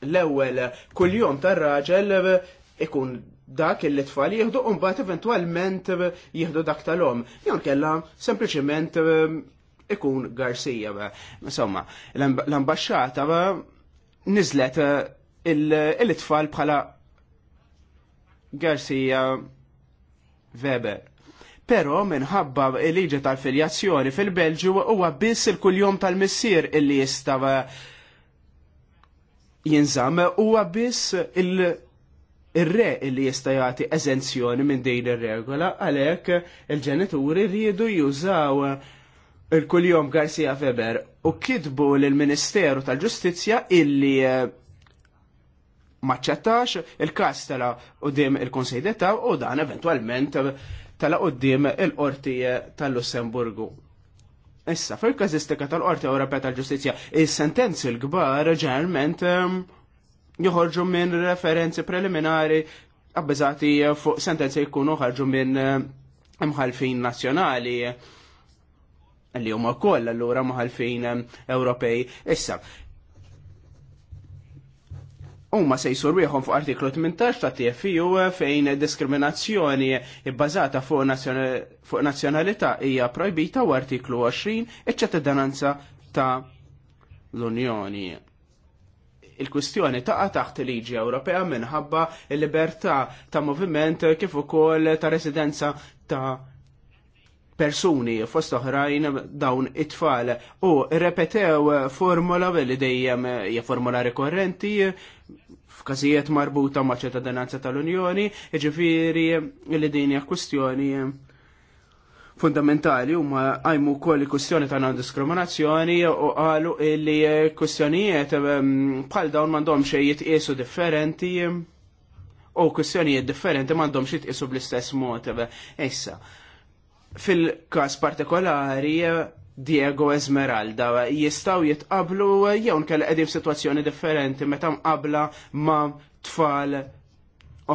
l-ewwel kuljum tar-raġel eh, ikun dak il tfal jieħdu u bat eventwalment eh, jieħdu dak tal-om. jewn kella sempliċement ikun Garcia. Insomma, l-ambasċata nizlet il-tfal bħala Garcia Weber. Pero minħabba il-liġi tal-filjazzjoni fil-Belġu huwa biss il-kuljum tal-missier illi jistava jinżam huwa biss il-re illi jista' jagħti eżenzjoni minn din ir-regola għalhekk il-ġenituri rridu jużaw il-kuljum Garcia Weber u kitbu lill-Ministeru tal-Ġustizzja illi eh, maċċettax il-kas tala dim il-Konsej d'Età u dan eventwalment tala dim il-Qorti tal-Lussemburgu. Issa, fil-kazistika tal-Qorti Ewropea tal-Ġustizzja, il sentenzi l-kbar ġeneralment ehm, joħorġu minn referenzi preliminari abbeżati fuq sentenzi jkunu ħarġu minn ehm, mħalfin nazzjonali li huma wkoll allura mħalfin ehm, Ewropej. Issa, Umma se jisurwieħom fuq artiklu 18 ta' TFU fejn diskriminazzjoni bbażata fuq nazzjonalità hija projbita u artiklu 20 iċ-ċittadinanza ta' l-Unjoni. Il-kwistjoni taqa' taħt liġi Ewropea minħabba l libertà ta' moviment kif ukoll ta' residenza ta' persuni fost oħrajn dawn it-tfal u repetew formula li dejjem hija formula rekorrenti f'każijiet marbuta ma' ċittadinanza tal-Unjoni, jiġifieri li din hija kwistjoni fundamentali u ma għajmu wkoll kustjoni ta' non-diskriminazzjoni u għalu illi kustjonijiet ehm, bħal dawn mandom xejiet jitqisu differenti u kustjonijiet differenti mandom xejiet bl-istess mod. Issa, Fil-kas partikolari, Diego Esmeralda jistaw jitqablu jew nkella qegħdin situazzjoni differenti meta mqabla ma' tfal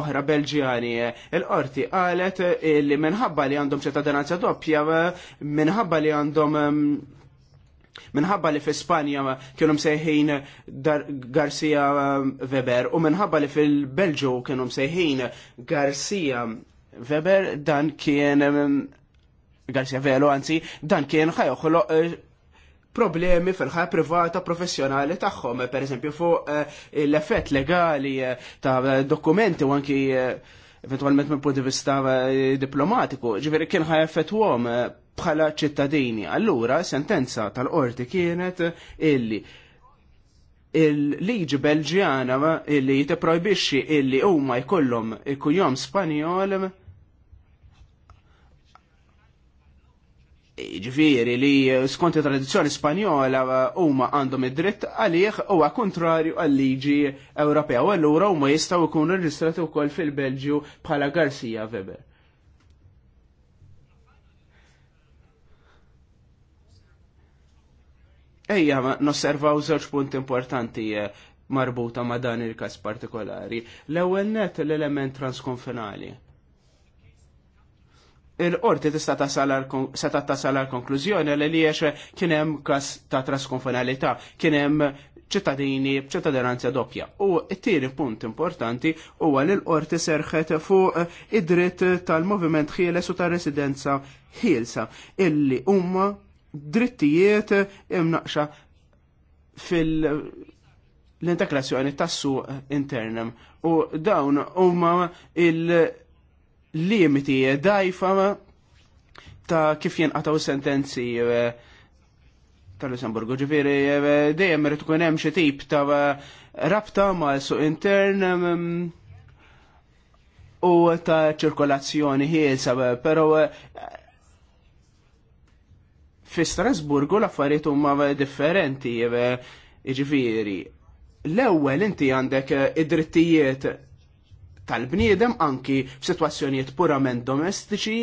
oħra Belġjani. Il-qorti qalet li minħabba li għandhom ċittadinanza doppja, minħabba li għandhom Minħabba li fil Spanja kienu msejħin Garcia Weber u minħabba li fil-Belġu kienu msejħin Garcia Weber dan kien Garcia Velo, anzi, dan kien ħajoħlo eh, problemi fil-ħajja privata professjonali tagħhom, eh, per eżempju fuq eh, l-effett legali ta' dokumenti u anki eventualment minn punt di vista diplomatiku, ġifieri kien ħajja effettwhom bħala ċittadini. Allura sentenza tal-qorti kienet illi il-liġi belġjana illi jiteprojbixxi illi huma jkollhom ikun jom Spanjol ġifiri li eh, skont tradizzjoni spanjola eh, huma għandhom id-dritt għalih huwa kontrarju għal-liġi Ewropea u allura huma jistgħu jkunu u wkoll fil-Belġju bħala Garcia Weber. Ejja, nosservaw żewġ punt importanti eh, marbuta ma' dan il-każ partikolari. L-ewwel net l-element transkonfinali il-qorti tista' tasal għal konklużjoni li liex kien hemm każ ta' trasconfinalità, kien hemm ċittadini b'ċittadinanza doppja. U t-tieni punt importanti huwa li l-qorti serħet fuq id-dritt tal-moviment ħieles u tar-residenza ħielsa illi huma drittijiet imnaqxa fil l-integrazzjoni tas-suq Internem. U dawn huma il- limiti dajfa ta' kif jenqataw sentenzi eh, tal-Lussemburgu. Ġifiri, eh, dejjem rrit kun hemm xi tip ta' rabta ma' su intern mm, u ta' ċirkolazzjoni ħielsa, però eh, fi Strasburgu l-affarijiet huma differenti, ġifiri. L-ewwel inti għandek id-drittijiet tal-bniedem anki f'sitwazzjonijiet purament domestiċi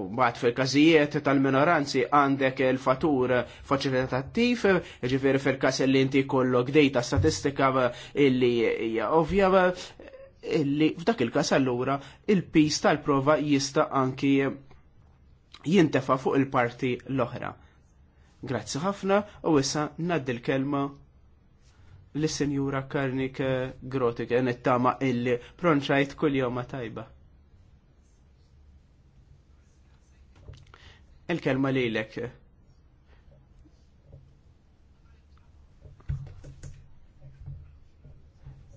u bat fil-kazijiet tal-minoranzi għandek il-fatur faċilitattiv, ġifir fil-kas li inti kollok data statistika illi hija ovvja illi f'dak il-kas allura il-pis tal-prova jista' anki jintefa' fuq il-parti l-oħra. Grazzi ħafna u issa naddi l-kelma l-Senjura Karnik eh, Grotik, it-tama illi pronċajt kull joma tajba. Il-kelma li l-ek.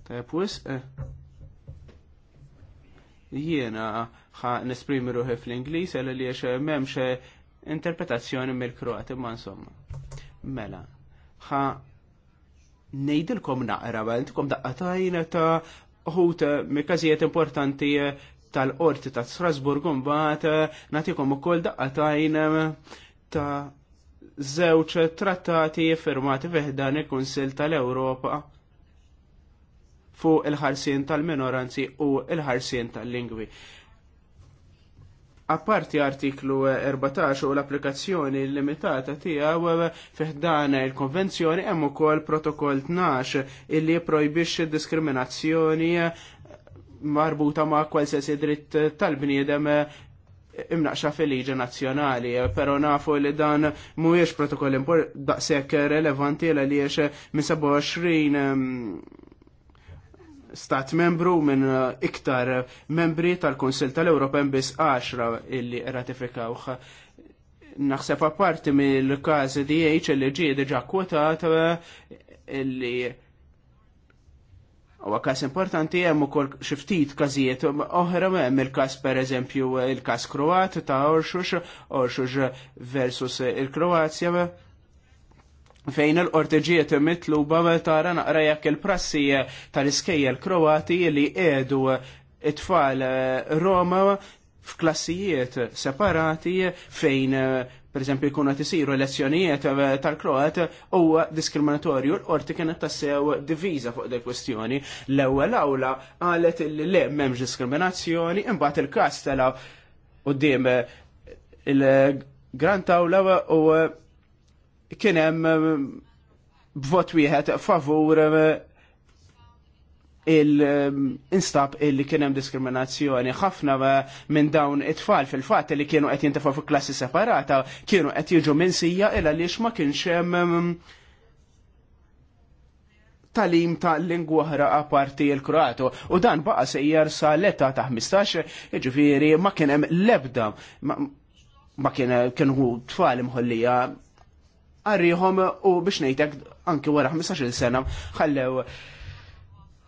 Tajpus? Eh. Jiena ħa nesprimi ruħi fl-Inglis, għal li għax memx interpretazzjoni mill-Kroati, ma insomma. Mela, ħa nejdilkom naqra, għaltkom daqqa tajna ta' uħut eh, mikkażijiet importanti eh, tal-qorti ta' Strasburg mbagħad eh, nagħtikom ukoll daqqa tajna ta' żewġ trattati firmati fiħdan il-Kunsill tal-Ewropa fuq il-ħarsien tal-minoranzi u il-ħarsien tal-lingwi apparti artiklu 14 u l-applikazzjoni limitata tiegħu fiħdana il-konvenzjoni hemm ukoll protokoll 12 illi jipprojbixxi diskriminazzjoni marbuta ma' kwalsiasi dritt tal-bniedem imnaqxa fil-liġi nazzjonali, pero nafu li dan mhuwiex protokoll daqshekk relevanti għaliex minn 27 stat membru minn eh, iktar eh, membri tal-Konsil tal-Europa biss 10 illi ratifikawħ. Naħseb apparti mill-każ DH li ġie diġà kwotat eh, illi u każ importanti hemm ukoll xi ftit każijiet oħra hemm il-każ pereżempju il-każ Kroat ta' Orxux, Orxux versus il-Kroazja fejn il-qortiġiet mitluba tara naqra jekk il-prassi tal-iskejjel Kroati li edu it-tfal eh, Roma f'klassijiet separati fejn eh, per eżempju jkunu qed isiru elezzjonijiet eh, tal-Kroat huwa diskriminatorju l-qorti kienet tassew diviża fuq dil kwestjoni. L-ewwel awla qalet li le m'hemmx diskriminazzjoni, imbagħad il-każ tela quddiem il-Grand Awla u kien hemm eh, b'vot wieħed favur il-instab eh, il eh, kien hemm diskriminazzjoni ħafna minn dawn it-tfal fil fat li kienu qed jintefgħu fuq klassi separata kienu qed jiġu sija illa għaliex ma kienx hemm talim ta' lingwa ħra parti l kroato u dan baqa sejjer sa l età ta' 15 jiġifieri ma kien hemm l-ebda ma kienu tfal imħollija għarriħom u biex nejtek anki wara 15 sena ħallew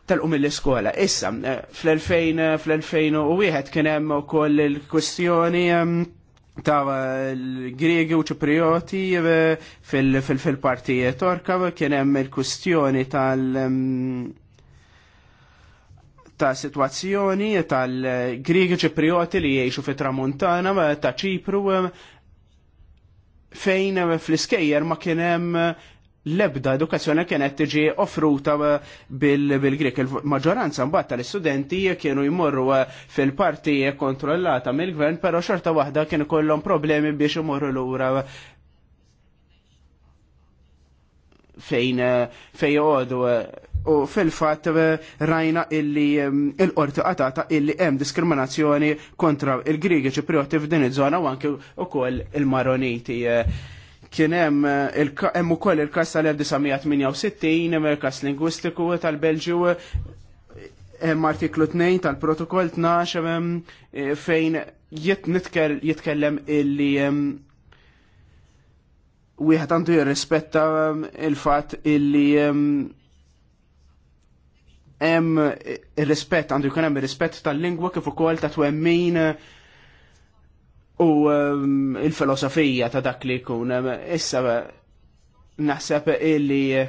tal-qum l-iskola. Issa, fl-2000, eh, fl-2001 eh, kien hemm ukoll il-kwestjoni ehm, ta' l-Griegi u Ċiprioti eh, fil partijiet Torka kien hemm il-kwestjoni tal- ehm, ta' situazzjoni tal-Griegi Ċiprioti li jgħixu fit tramuntana ta' Ċipru fejn eh, fl-iskejjer ma kien hemm eh, l-ebda edukazzjoni kienet tiġi offruta eh, bil-Grek. Il-maġġoranza mbagħad tal-istudenti kienu jmorru fil-parti kontrollata mill-gvern, però xorta waħda kien kollhom problemi biex imorru lura fejn fejn joqogħdu u fil-fat eh, rajna illi ehm, il-qorti qatata illi hemm diskriminazzjoni kontra il-Grigi ċiprioti f'din iż-żona u anke ukoll il-Maroniti. Eh. Kien hemm eh, hemm ukoll il-każ tal-1968 il-każ lingwistiku tal-Belġju hemm artiklu 2 tal-protokoll 12 fejn jitkellem illi ehm, wieħed għandu jirrispetta ehm, il-fatt illi hemm ir-rispett eh, għandu jkun hemm ir-rispett tal-lingwa kif ukoll ta' twemmin eh, u eh, il-filosofija ta' dak li jkun issa naħseb illi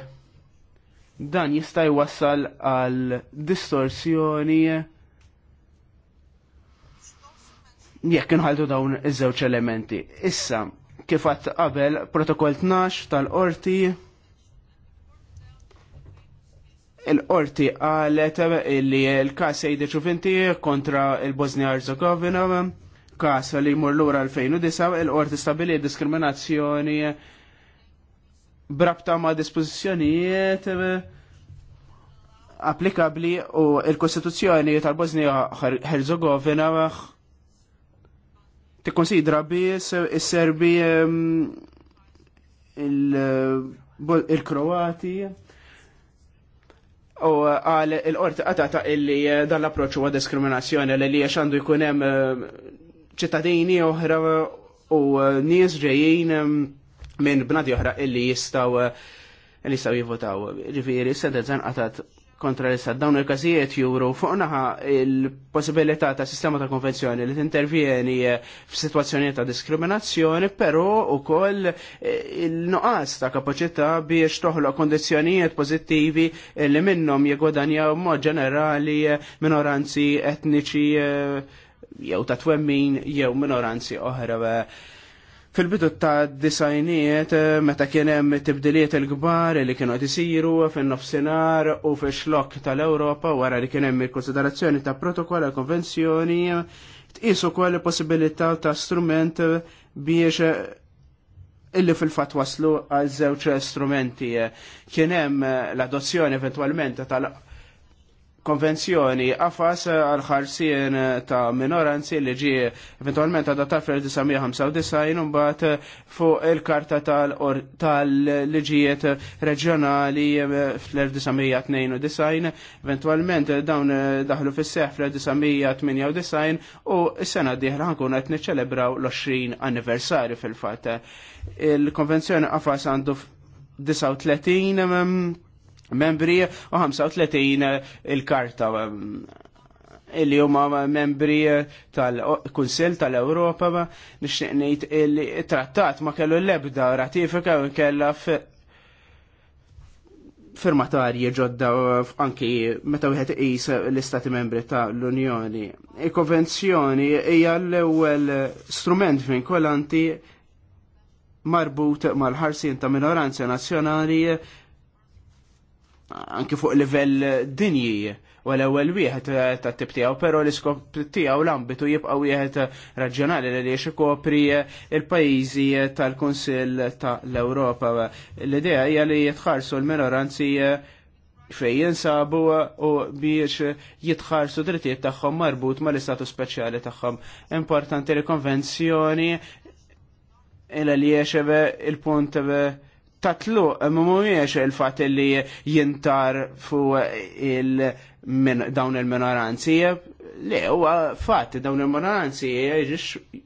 dan jista' jwassal għal distorsjoni jekk inħaltu dawn iż-żewġ elementi. Issa, kif qabel protokoll 12 tal-qorti il-qorti għalet li l-kas Sejdi Ċufinti kontra il-Bosnia Herzegovina kas li jmur l-ura 2009 il-qorti stabili diskriminazzjoni brabta ma' dispozizjonijiet applikabli u il-Kostituzzjoni tal-Bosnia Herzegovina tikkonsidra bi is-Serbi mm, il-Kroati il kroati u uh, għal il-qorti għatata illi uh, dan l-approċ huwa diskriminazzjoni li li għandu jkun hemm uh, ċittadini oħra u nies ġejjin um, minn bnadi oħra illi jistaw illi jistaw jivvotaw. Ġifieri, sentenza nqatat kontra l-istat. Dawn il-każijiet juru fuq naħa il-possibilità ta' sistema ta' konvenzjoni li tintervjeni eh, f'sitwazzjonijiet ta' diskriminazzjoni, però ukoll eh, il-nuqqas ta' kapaċità biex toħloq kondizjonijiet pożittivi li minnhom jigwadanjaw mod ġenerali eh, minoranzi etniċi jew ta' twemmin jew minoranzi oħra. Fil-bidu ta' disajniet eh, meta kien hemm tibdiliet il-kbar li kienu qed isiru fin-nofsinhar u fix xlokk tal-Ewropa wara li kien hemm il-konsiderazzjoni ta' protokoll u konvenzjoni tqisu wkoll possibilità ta' strument biex eh, illi fil-fatt waslu għal żewġ strumenti. Eh, kien hemm l-adozzjoni eventwalment tal- konvenzjoni għafas għal-ħarsien ta' minoranzi li ġi eventualment adattat fl-1995 bat fuq il-karta tal-liġijiet reġjonali fl-1992 eventualment dawn daħlu fis-seħ fl-1998 u s-sena diħra ħankun qed niċċelebraw l-20 anniversari fil-fatt. Il-konvenzjoni għafas għandu 39 membri u 35 eh, il-karta eh, illi huma membri eh, tal-Kunsill tal-Ewropa nixtieq ngħid il-trattat ma kellu l-ebda ratifika u nkella firmatarji ġodda anki meta wieħed qis l-Istati Membri ta' l-Unjoni. Il-konvenzjoni hija l-ewwel strument vinkolanti marbut mal-ħarsien ta' minoranza nazzjonali anki fuq livell dinji u l-ewwel wieħed ta' tip tiegħu, però l-iskop tiegħu l-ambitu jibqa' wieħed raġjonali li ikopri il-pajjiżi tal-Kunsill tal-Ewropa. L-idea hija li jitħarsu l-minoranzi fejn jinsabu u biex jitħarsu drittijiet tagħhom marbut mal-istatu speċjali tagħhom. Importanti li konvenzjoni il-għaliex il-punt tatlu eh, mumiex il-fat li jintar fu il dawn il-minoranzi le huwa fatt dawn il-minoranzi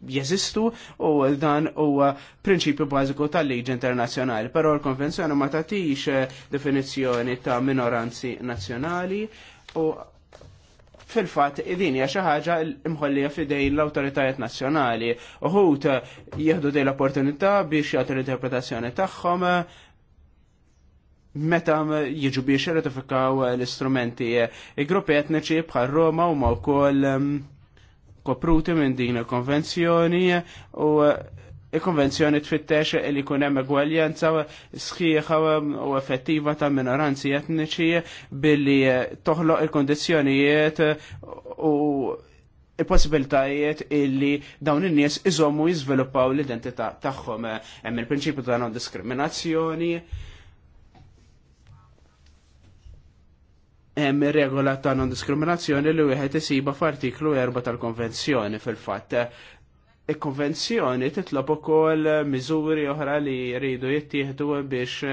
jeżistu u dan huwa prinċipju bażiku tal-liġi internazzjonali, però l-konvenzjoni ma tagħtix eh, definizzjoni ta' minoranzi nazzjonali u fil-fat din hija xi ħaġa imħollija f'idej l-awtoritajiet nazzjonali. Uħut jieħdu dej l-opportunità biex jagħtu l-interpretazzjoni tagħhom meta jieġu biex jirratifikaw l-istrumenti. Il-gruppi etniċi bħal Roma huma wkoll um, kopruti minn din il-konvenzjoni u il-konvenzjoni tfittex li kun hemm egwaljenza sħiħa u effettiva ta' minoranzi etniċi billi toħloq il kondizjonijiet u il-possibilitajiet illi dawn in-nies iżommu jiżviluppaw l-identità tagħhom hemm il-prinċipju ta' non-diskriminazzjoni. hemm ir-regola ta' non-diskriminazzjoni li wieħed isiba f'artiklu 4 tal-Konvenzjoni fil-fatt il-konvenzjoni titlob ukoll miżuri oħra li jridu jittieħdu biex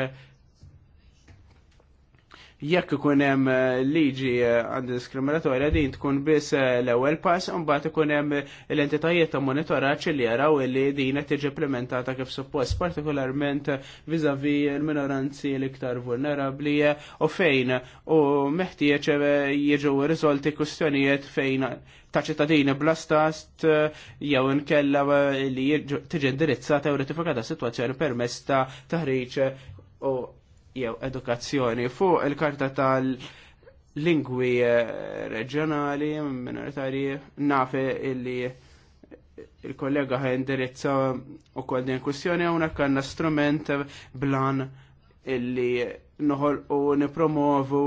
jekk ikun hemm liġi għandiskriminatorja din tkun biss l-ewwel pass u mbagħad ikun hemm l-entitajiet ta' monitoraġġ li jaraw li din qed tiġi implementata kif suppost, partikolarment viżavi l-minoranzi l-iktar vulnerabbli u fejn u meħtieġ jiġu riżolti kwistjonijiet fejn ta' ċittadini bla stast eh, jew inkella eh, li tiġi indirizzata u ratifikata situazzjoni permess ta' taħriġ eh, u jew edukazzjoni fuq il-karta tal- lingwi reġjonali minoritarji nafe illi il-kollega ħaj indirizza u kol din kwestjoni hawnhekk għandna strument blan illi noħol u nipromovu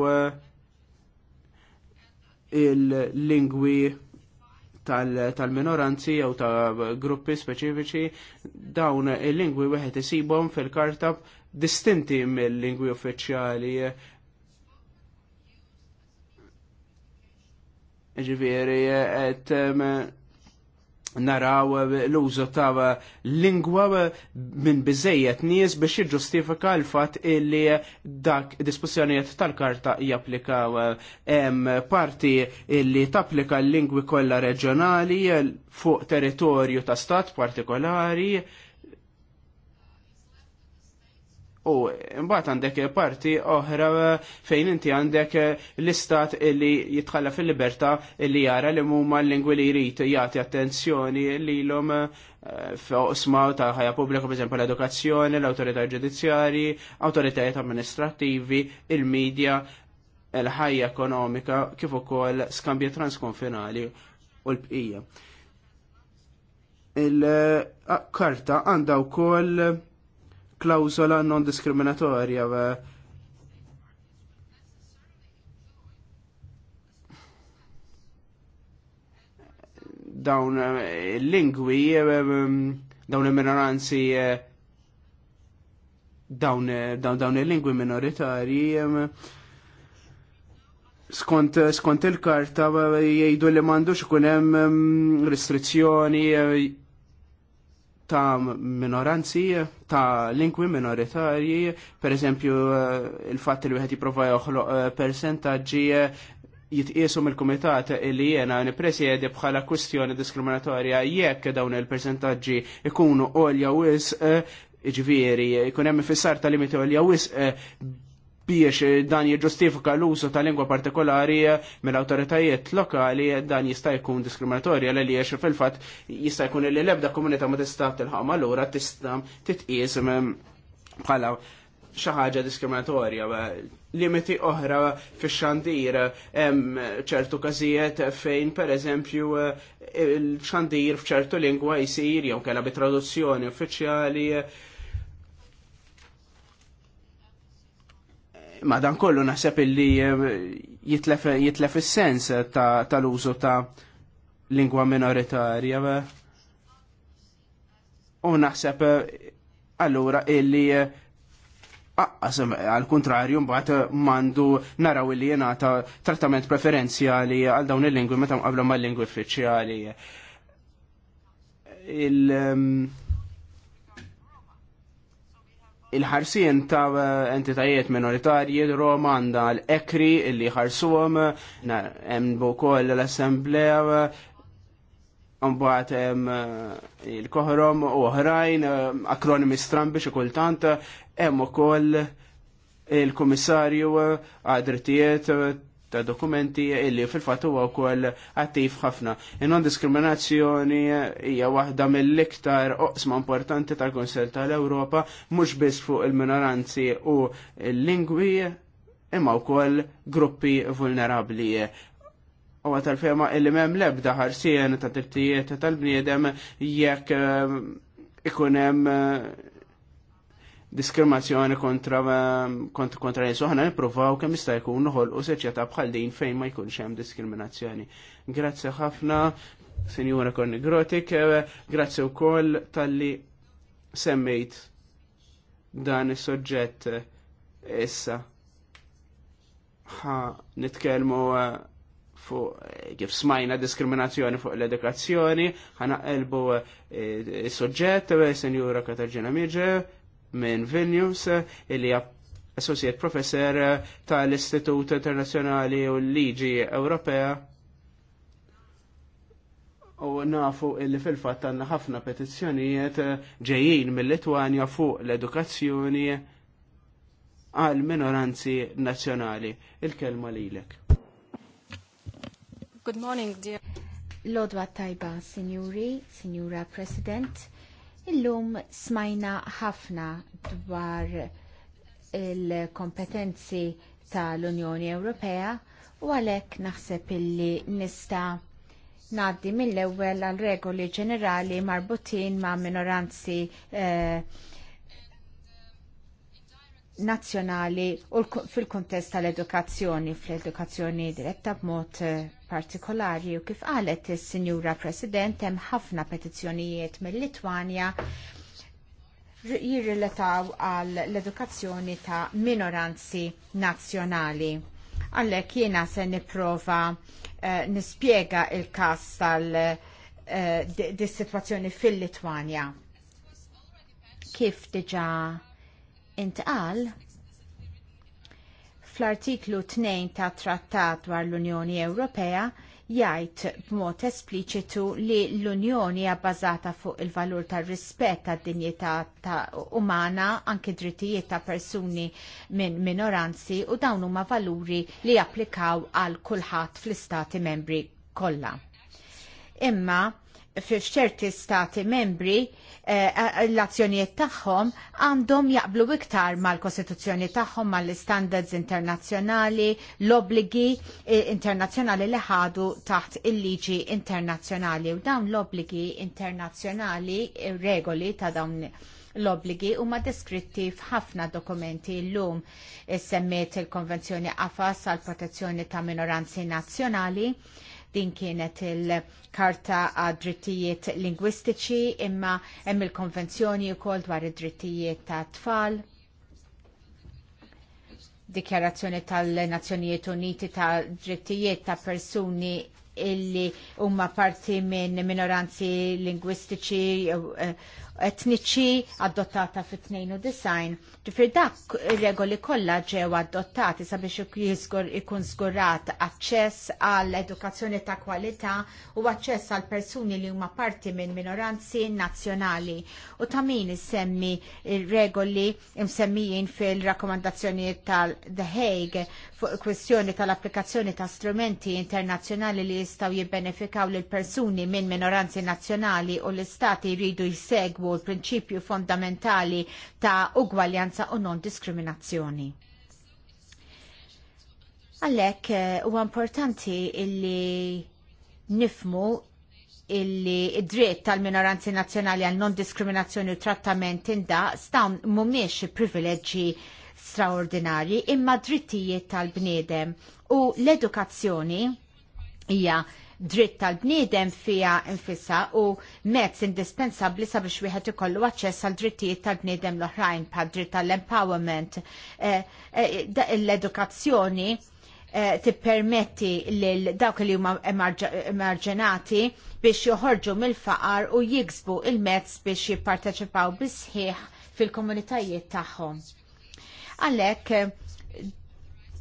il-lingwi tal-minoranzi jew ta' gruppi speċifiċi dawn il-lingwi wieħed isibhom fil-karta distinti mill-lingwi uffiċjali. Ġifieri qed naraw eh, l-użu ta' lingwa eh, minn biżejjed nies biex jiġġustifika l-fatt illi eh, dak diskussjonijiet tal-karta japplikaw hemm parti illi tapplika l-lingwi kollha reġjonali fuq territorju ta' stat partikolari U mbagħad għandek parti oħra fejn inti għandek l-istat li jitħalla fil-libertà li jara li huma l-lingwi li jrid jagħti attenzjoni lilhom eh, f'oqsma ta' ħajja pubblika pereżempju l-edukazzjoni, l-awtorità ġudizzjarji, awtoritajiet amministrattivi, il-medja, l-ħajja ekonomika kif ukoll skambji transkonfinali u l-bqija. Il-karta għandha wkoll klausola non diskriminatorja. Dawn eh, il-lingwi, eh, eh, mm, dawn il-minoranzi, dawn, dawn il-lingwi minoritarji, mm. skont, skont il-karta jgħidu li m'għandux ikun hemm mm, restrizzjoni ta' minoranzi, ta' lingwi minoritarji, per eżempju eh, il fat li wieħed jipprova joħloq eh, persentaġġi eh, jitqiesu mill-kumitat li jena nipresjedi bħala kustjoni diskriminatorja jekk dawn il-persentaġġi ikunu olja wis ġviri, ikun hemm ifissar ta' limiti olja wis biex eh, dan jiġustifika l-użu ta' lingwa partikolari eh, mill-autoritajiet lokali eh, dan jista' jkun diskriminatorja l għaliex fil-fatt jista' jkun li l-ebda komunità ma tista' tilħam allura ura tista' titqies bħala xi ħaġa diskriminatorja limiti oħra fix xandir hemm ċertu każijiet fejn pereżempju il-xandir f'ċertu lingwa jsir jew kellha bi traduzzjoni uffiċjali Ma dan kollu naħseb illi eh, jitlef is-sens tal-użu ta' lingwa minoritarja. Eh. U naħseb eh, allura illi għal kontrarju mbagħad mandu naraw illi jingħata trattament preferenzjali għal dawn il-lingwi meta mqablu mal-lingwi uffiċjali. Il- ehm, il-ħarsien ta' entitajiet minoritarji Roma għanda l-ekri li ħarsuhom, hemm wkoll l-assemblea mbagħad hemm eh, il koħrom u oħrajn eh, akronimi strambi xi kultant hemm ukoll il-Kummissarju eh, għad drittijiet ta' dokumenti illi fil fat huwa wkoll attiv ħafna. Non-diskriminazzjoni hija waħda mill-iktar oqsma importanti tal-Kunsell tal-Ewropa mhux biss fuq il-minoranzi u l-lingwi imma wkoll gruppi vulnerabbli. U tal-fema illi mem lebda ħarsien ta' tirtijiet tal-bniedem jekk eh, ikun hemm eh, diskriminazzjoni kontra ehm, kontra kontra nisu ħana nippruvaw kemm jista' jkun noħolqu soċjetà bħal din fejn ma jkunx hemm diskriminazzjoni. Grazzi ħafna, Sinjura Korni Grotik, eh, grazzi wkoll talli semmejt dan is-soġġett eh, issa. ħa nitkellmu eh, fuq kif smajna diskriminazzjoni fuq l-edukazzjoni, ħana elbu s-soġġett, senjura Katarġina Mirġe, minn Vilnius illi associate professor tal-Istitut Internazzjonali u l-Liġi Ewropea u nafu illi fil-fat għanna ħafna petizzjonijiet ġejjin mill-Litwanja fuq l-edukazzjoni għal minoranzi nazzjonali. Il-kelma lilek. Good morning, dear. Lodwa tajba, signori, signora President. Illum smajna ħafna dwar il-kompetenzi tal-Unjoni Ewropea u għalhekk naħseb illi nista' ngħaddi mill-ewwel għal regoli ġenerali marbutin ma' minoranzi eh, nazzjonali u fil-kontest tal-edukazzjoni, fl-edukazzjoni diretta b'mod eh, partikolari u kif qalet is-Sinjura President hemm ħafna petizzjonijiet mill-Litwanja jirrelataw għal l-edukazzjoni ta' minoranzi nazzjonali għallek jiena se niprofa uh, eh, nispiega il-kas tal uh, di, di situazzjoni fil-Litwanja. Kif diġa intqal fl-artiklu 2 ta' trattat dwar l-Unjoni Ewropea jgħid b'mod espliċitu li l-Unjoni hija bbażata fuq il-valur tar rispett tad dinjità ta' umana anki drittijiet ta' persuni minn minoranzi u dawn huma valuri li japplikaw għal kulħadd fl-istati membri kollha. Imma fi f'ċerti stati membri eh, eh, l-azzjonijiet tagħhom għandhom jaqblu iktar mal-Kostituzzjoni tagħhom mal-standards internazzjonali, l-obligi eh, internazzjonali li ħadu taħt il-liġi internazzjonali u dawn l-obligi internazzjonali regoli ta' dawn l-obligi huma deskritti f'ħafna dokumenti l-lum semmiet il-Konvenzjoni Afas għal protezzjoni ta' minoranzi nazzjonali Din kienet il-Karta għad drittijiet lingwistiċi imma hemm il-Konvenzjoni wkoll dwar id-drittijiet ta' tfal. Dikjarazzjoni tal-Nazzjonijiet Uniti ta' drittijiet ta' persuni illi huma parti minn minoranzi lingwistiċi eh, etniċi adottata fit-92. ġifir dak regoli kollha ġew adottati sabiex ikun żgurat aċċess għall edukazzjoni ta' kwalità u aċċess għal persuni li huma parti minn minoranzi nazzjonali. U ta' min semmi regoli msemmijin fil-rakkomandazzjonijiet tal-The Hague fuq kwestjoni tal-applikazzjoni ta' strumenti internazzjonali li jistgħu jibbenefikaw lil persuni minn minoranzi nazzjonali u l-istati jridu jsegwu insegwu l-prinċipju fondamentali ta' ugwaljanza u non-diskriminazzjoni. Għallek, eh, u importanti illi nifmu illi id-dritt tal-minoranzi nazzjonali għal non-diskriminazzjoni u trattament inda stawn mumiex privileġġi straordinari imma drittijiet tal-bniedem u l-edukazzjoni hija dritt tal-bniedem fija infissa u mezz indispensabli sabiex wieħed ikollu aċċess għal drittijiet tal-bniedem l-oħrajn bħal dritt tal-empowerment, eh, eh, l-edukazzjoni eh, tippermetti lil dawk li huma emarġenati biex joħorġu mill-faqar u jiksbu il-mezz biex jipparteċipaw bisħiħ fil-komunitajiet tagħhom. Għalhekk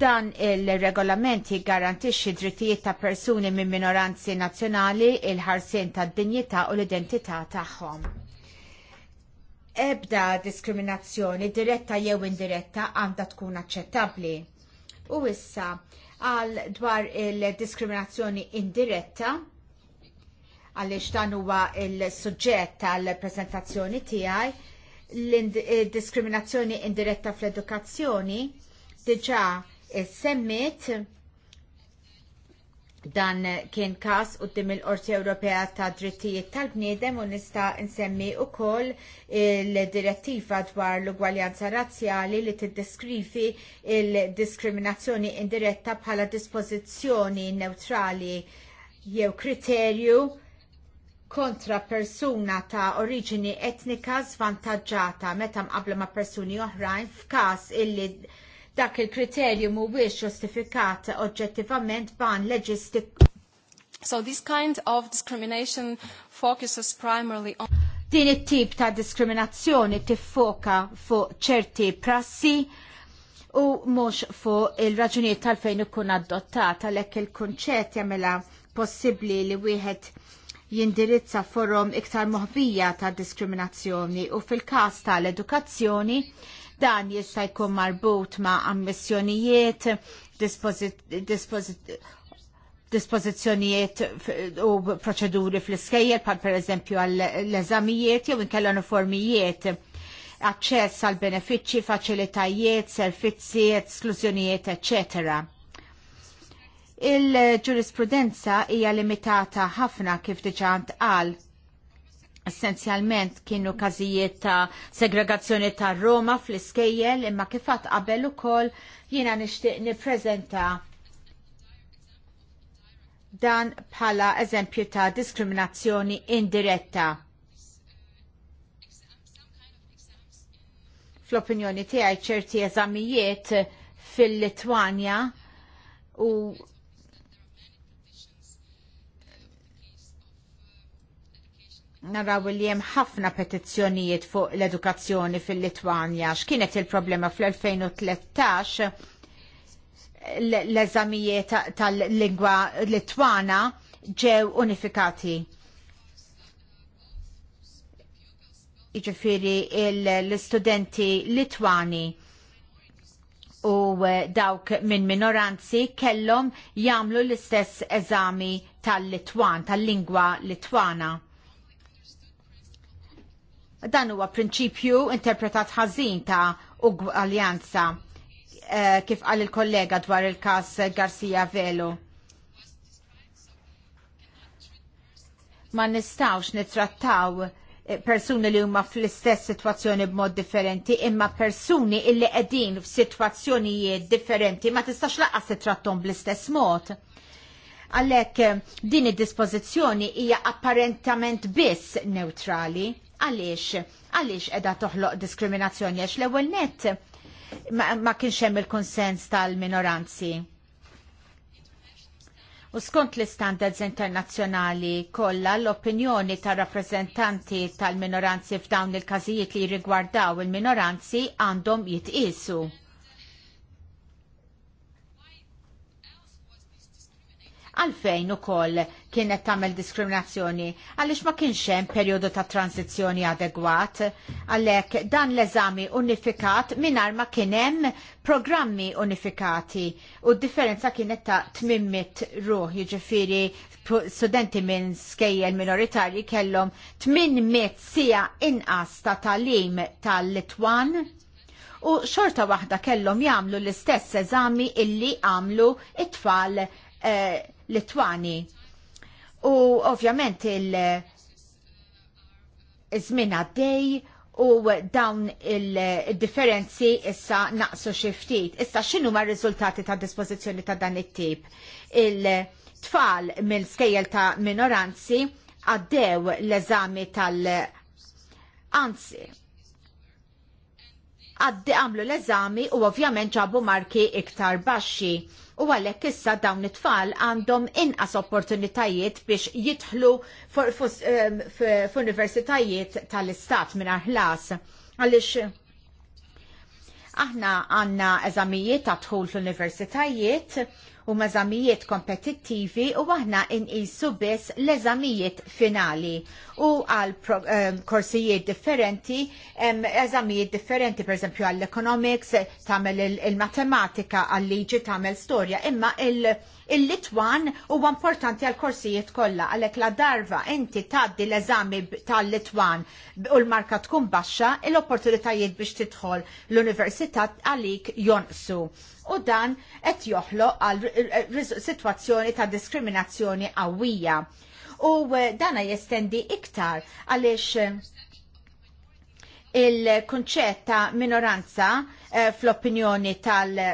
Dan il-regolament jgarantixxi drittijiet ta' persuni minn minoranzi nazzjonali il-ħarsien tad-dinjità u l-identità tagħhom. Ebda diskriminazzjoni diretta jew indiretta għandha tkun aċċettabbli. U issa għal dwar il-diskriminazzjoni indiretta għaliex dan huwa il-suġġett tal-prezentazzjoni tiegħi l-diskriminazzjoni eh, indiretta fl-edukazzjoni diġa semmit dan kien kas u dim il-Qorti Ewropea ta' drittijiet tal-bniedem u nista' nsemmi wkoll il-direttiva dwar l-ugwaljanza razzjali li tiddiskrivi il-diskriminazzjoni indiretta bħala dispożizzjoni neutrali jew kriterju kontra persuna ta' oriġini etnika svantaġġata meta mqabla ma' persuni oħrajn f'każ illi dak il-kriterju mhuwiex justifikat oġġettivament ban leġistiku. So this kind of discrimination focuses primarily on Din it-tip ta' diskriminazzjoni tiffoka fuq ċerti prassi u mhux fuq il-raġunijiet tal-fejn ikun adottata għalhekk il-kunċett jagħmilha possibbli li wieħed jindirizza forum iktar moħbija ta' diskriminazzjoni u fil-każ tal-edukazzjoni Dan jista' jkun marbut ma' ammissjonijiet, dispożizzjonijiet u proċeduri fl-iskejjel, bħal pereżempju għall-eżamijiet jew inkella uniformijiet aċċess għal benefiċċji, faċilitajiet, servizzi, esklużjonijiet, etc. Il-ġurisprudenza hija limitata ħafna kif diġà għal essenzjalment kienu każijiet ta' segregazzjoni ta' Roma fl-iskejjel imma kifat qabel ukoll jiena nixtieq nippreżenta dan bħala eżempju ta' diskriminazzjoni indiretta. Fl-opinjoni tiegħi ċerti eżamijiet fil-Litwanja u naraw li hemm ħafna petizzjonijiet fuq l-edukazzjoni fil-Litwanja. X'kienet il-problema fl-2013 l-eżamijiet tal-lingwa Litwana ġew unifikati. Iġifiri l-istudenti Litwani u eh, dawk minn minoranzi kellhom jagħmlu l-istess eżami tal-Litwan, tal-lingwa Litwana Dan huwa prinċipju interpretat ħażin ta' ugwaljanza eh, kif qal il-kollega dwar il-każ Garcia Velo. Ma nistawx nitrattaw eh, persuni li huma fl-istess situazzjoni b'mod differenti, imma persuni illi qegħdin f'sitwazzjonijiet differenti ma tistax laqas trattom bl-istess mod. Għalhekk eh, din id-dispożizzjoni hija apparentament biss neutrali. Għaliex? Għaliex edha toħloq diskriminazzjoni għax l-ewwel net ma, ma kienx hemm il-konsens tal-minoranzi. U skont l-istandards internazzjonali kollha l-opinjoni tar rappreżentanti tal-minoranzi f'dawn il-każijiet li jirrigwardaw il-minoranzi għandhom jitqisu għalfejn ukoll kienet tagħmel diskriminazzjoni għaliex ma kienx hemm perjodu ta' tranzizzjoni adegwat għalhekk dan l-eżami unifikat mingħajr ma kien hemm programmi unifikati u d-differenza kienet ta' tmimmit ruħ jiġifieri studenti minn skejjel minoritarji kellhom tmimmit sija inqas ta' talim tal-Litwan u xorta waħda kellhom jagħmlu l-istess eżami illi għamlu it-tfal eh, Litwani. U ovvjament il- żmien għaddej u dawn il-differenzi issa naqsu xi ftit. Issa xinu ma' riżultati ta' dispozizjoni ta' dan it-tip? Il-tfal mill-skejjel ta' minoranzi għaddew l-eżami tal- Anzi, għaddi għamlu l-eżami u ovvjament ġabu marki iktar baxxi. U għalhekk issa dawn it-tfal għandhom inqas opportunitajiet biex jidħlu ehm, f'universitajiet tal-istat mingħajr ħlas. Għalix aħna għandna eżamijiet ta' tħul fl-universitajiet u mażamijiet kompetittivi u aħna inqisu biss l-eżamijiet finali u għal ehm, korsijiet differenti, eżamijiet differenti, per esempio għall-economics, tamel il-matematika, għall-liġi, tamel storja, imma il-Litwan u importanti għal korsijiet kollha għalhekk la darba inti taddi l-eżami tal-Litwan u l-marka tkun baxxa, l-opportunitajiet biex tidħol l-università għalik jonqsu u dan qed joħloq għal sitwazzjoni ta' diskriminazzjoni qawwija. U eh, dana jestendi iktar għaliex eh, il kunċett ta' minoranza eh, fl-opinjoni tal-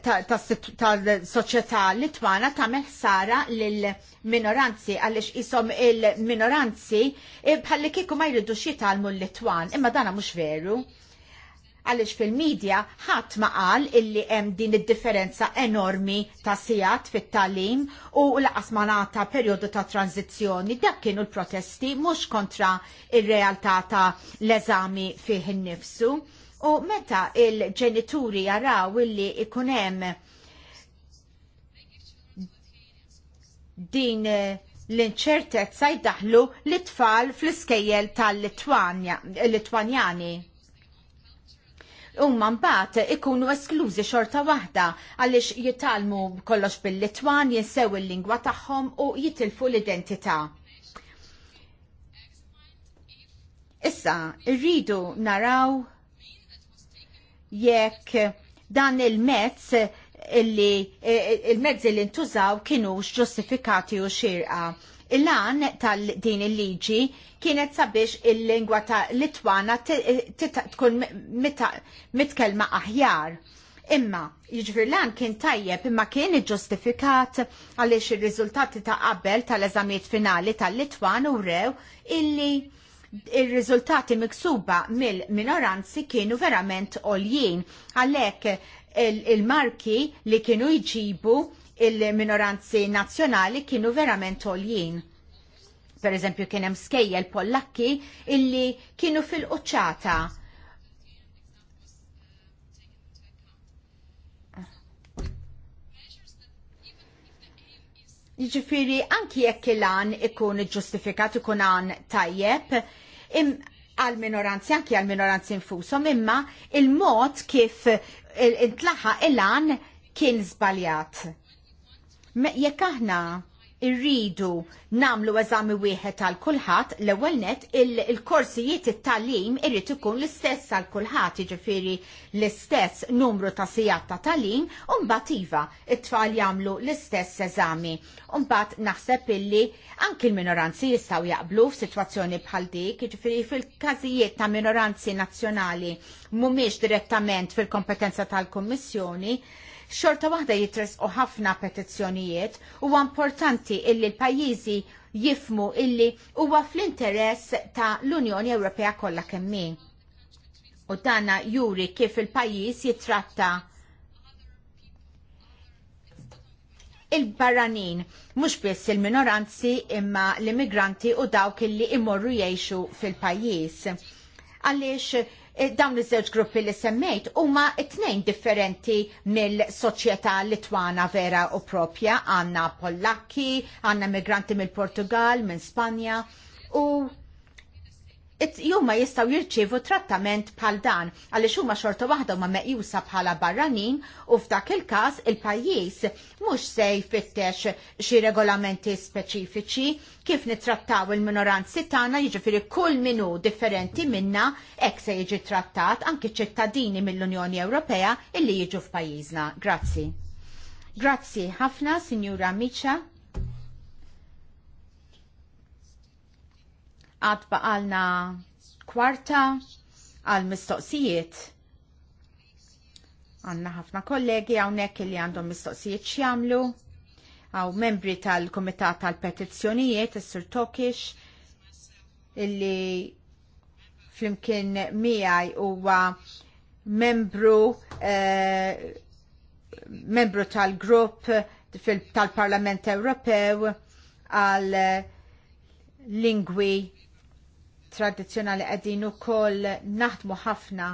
tal-soċjetà Litwana tagħmel meħsara lill-minoranzi għaliex isom il-minoranzi bħalli kieku ma jridux jitalmu l-Litwan, imma dana mhux veru għaliex fil-medja ħadd ma qal illi hemm din id-differenza enormi ta' sigħat fit-talim u l ma nagħta perjodu ta' tranzizzjoni dak kienu l-protesti mhux kontra ir-realtà ta' l-eżami fih innifsu. U meta il-ġenituri jaraw illi ikun hemm din l-inċertezza jdaħlu l-tfal fl-iskejjel tal-Litwanjani huma mbagħad ikunu esklużi xorta waħda għaliex jitalmu kollox bil-Litwan, jinsew il-lingwa tagħhom u jitilfu l-identità. Issa, rridu naraw jekk dan il-mezz il-mezzi li ntużaw kienu ġustifikati u xirqa Il-lan tal-din il-liġi kienet sabiex il-lingwa ta' Litwana tkun mitkelma aħjar. Imma, jiġri lan kien tajjeb imma kien iġġustifikat għaliex ir-riżultati ta' qabel tal-eżamijiet finali tal-Litwan u rew illi il riżultati miksuba mill-minoranzi kienu verament oljien għalhekk il-marki li kienu jġibu il-minoranzi nazzjonali kienu verament oljin. Per eżempju kien hemm skejjel Pollakki illi kienu fil-quċċata Jiġifieri anki jekk il-għan ikun ġustifikat ikun għan tajjeb, għal-minoranzi, anki għal-minoranzi infusom, imma il-mod kif il-tlaħa il-għan kien zbaljat. Jekk aħna irridu namlu eżami wieħed għal kulħadd, l-ewwel net il-korsijiet it tagħlim irrid ikun l-istess għal kulħadd, jiġifieri l-istess numru ta' sigħat ta' tagħlim, u mbagħad iva it-tfal jagħmlu l-istess eżami. U mbagħad naħseb illi anke l-minoranzi jistgħu jaqblu f'sitwazzjoni bħal dik, jiġifieri fil-każijiet ta' minoranzi nazzjonali mhumiex direttament fil-kompetenza tal-Kummissjoni, xorta waħda jitresqu ħafna petizzjonijiet u importanti illi l-pajjiżi jifmu illi huwa fl-interess ta' l-Unjoni Ewropea kollha kemm U dana juri kif il-pajjiż jitratta il-barranin, mhux biss il-minoranzi imma l-immigranti u dawk illi imorru jgħixu fil-pajjiż. Għaliex Eh, dawn iż-żewġ gruppi li semmejt huma t-tnejn differenti mill-soċjetà Litwana vera u propja għandna Pollakki, għandna migranti mill-Portugal, minn Spanja u juma jistaw jirċivu trattament bħal dan għaliex huma xorta waħda ma meqjusa bħala barranin u f'dak il-każ il-pajjiż mhux se jfittex xi regolamenti speċifiċi kif nittrattaw il-minoranzi tagħna jiġifieri kull minu differenti minna hekk se jiġi trattat anki ċittadini mill-Unjoni Ewropea illi jiġu f'pajjiżna. Grazzi. Grazzi ħafna, Sinjura Miċa. għad baqalna kwarta għal mistoqsijiet. Għanna ħafna kollegi għawnek li għandhom mistoqsijiet xjamlu, għaw membri tal-Komitat tal-Petizzjonijiet, s-Sur Tokish, illi flimkien miħaj huwa membru eh, membru tal-grupp tal-Parlament Ewropew għal lingwi tradizjonali għedin u koll naħdmu ħafna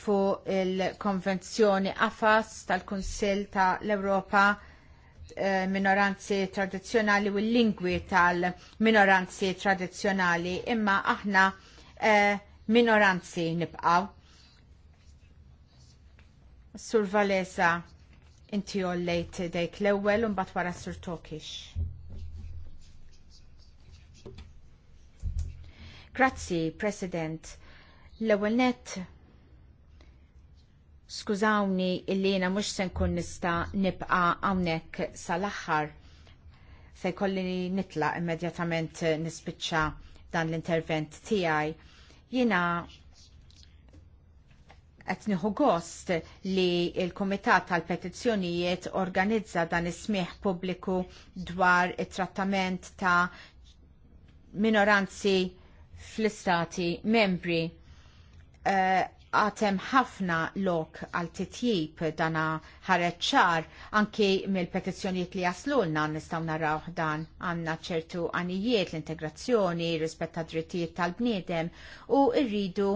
fu il-konvenzjoni AFAS tal-Konsil tal-Europa eh, minoranzi tradizjonali u l-lingwi tal-minoranzi tradizjonali imma aħna eh, minoranzi nibqaw. Sur Valesa, inti jollejt dejk l-ewel un bat wara sur Tokish. Grazzi, President. L-ewwel net skużawni illi jena mux sen kun nista nibqa hawnhekk sal-axħar se kolli nitla immedjatament nispiċċa dan l-intervent tijaj. Jena nieħu gost li il-Komitat tal-Petizzjonijiet organizza dan ismiħ pubbliku dwar it-trattament ta' minoranzi fl-istati membri eh, għatem uh, ħafna lok għal titjib dana ħareċċar anki mill-petizzjoniet li jaslulna nistaw naraw dan għanna ċertu għanijiet l-integrazzjoni, rispetta drittijiet tal-bniedem u irridu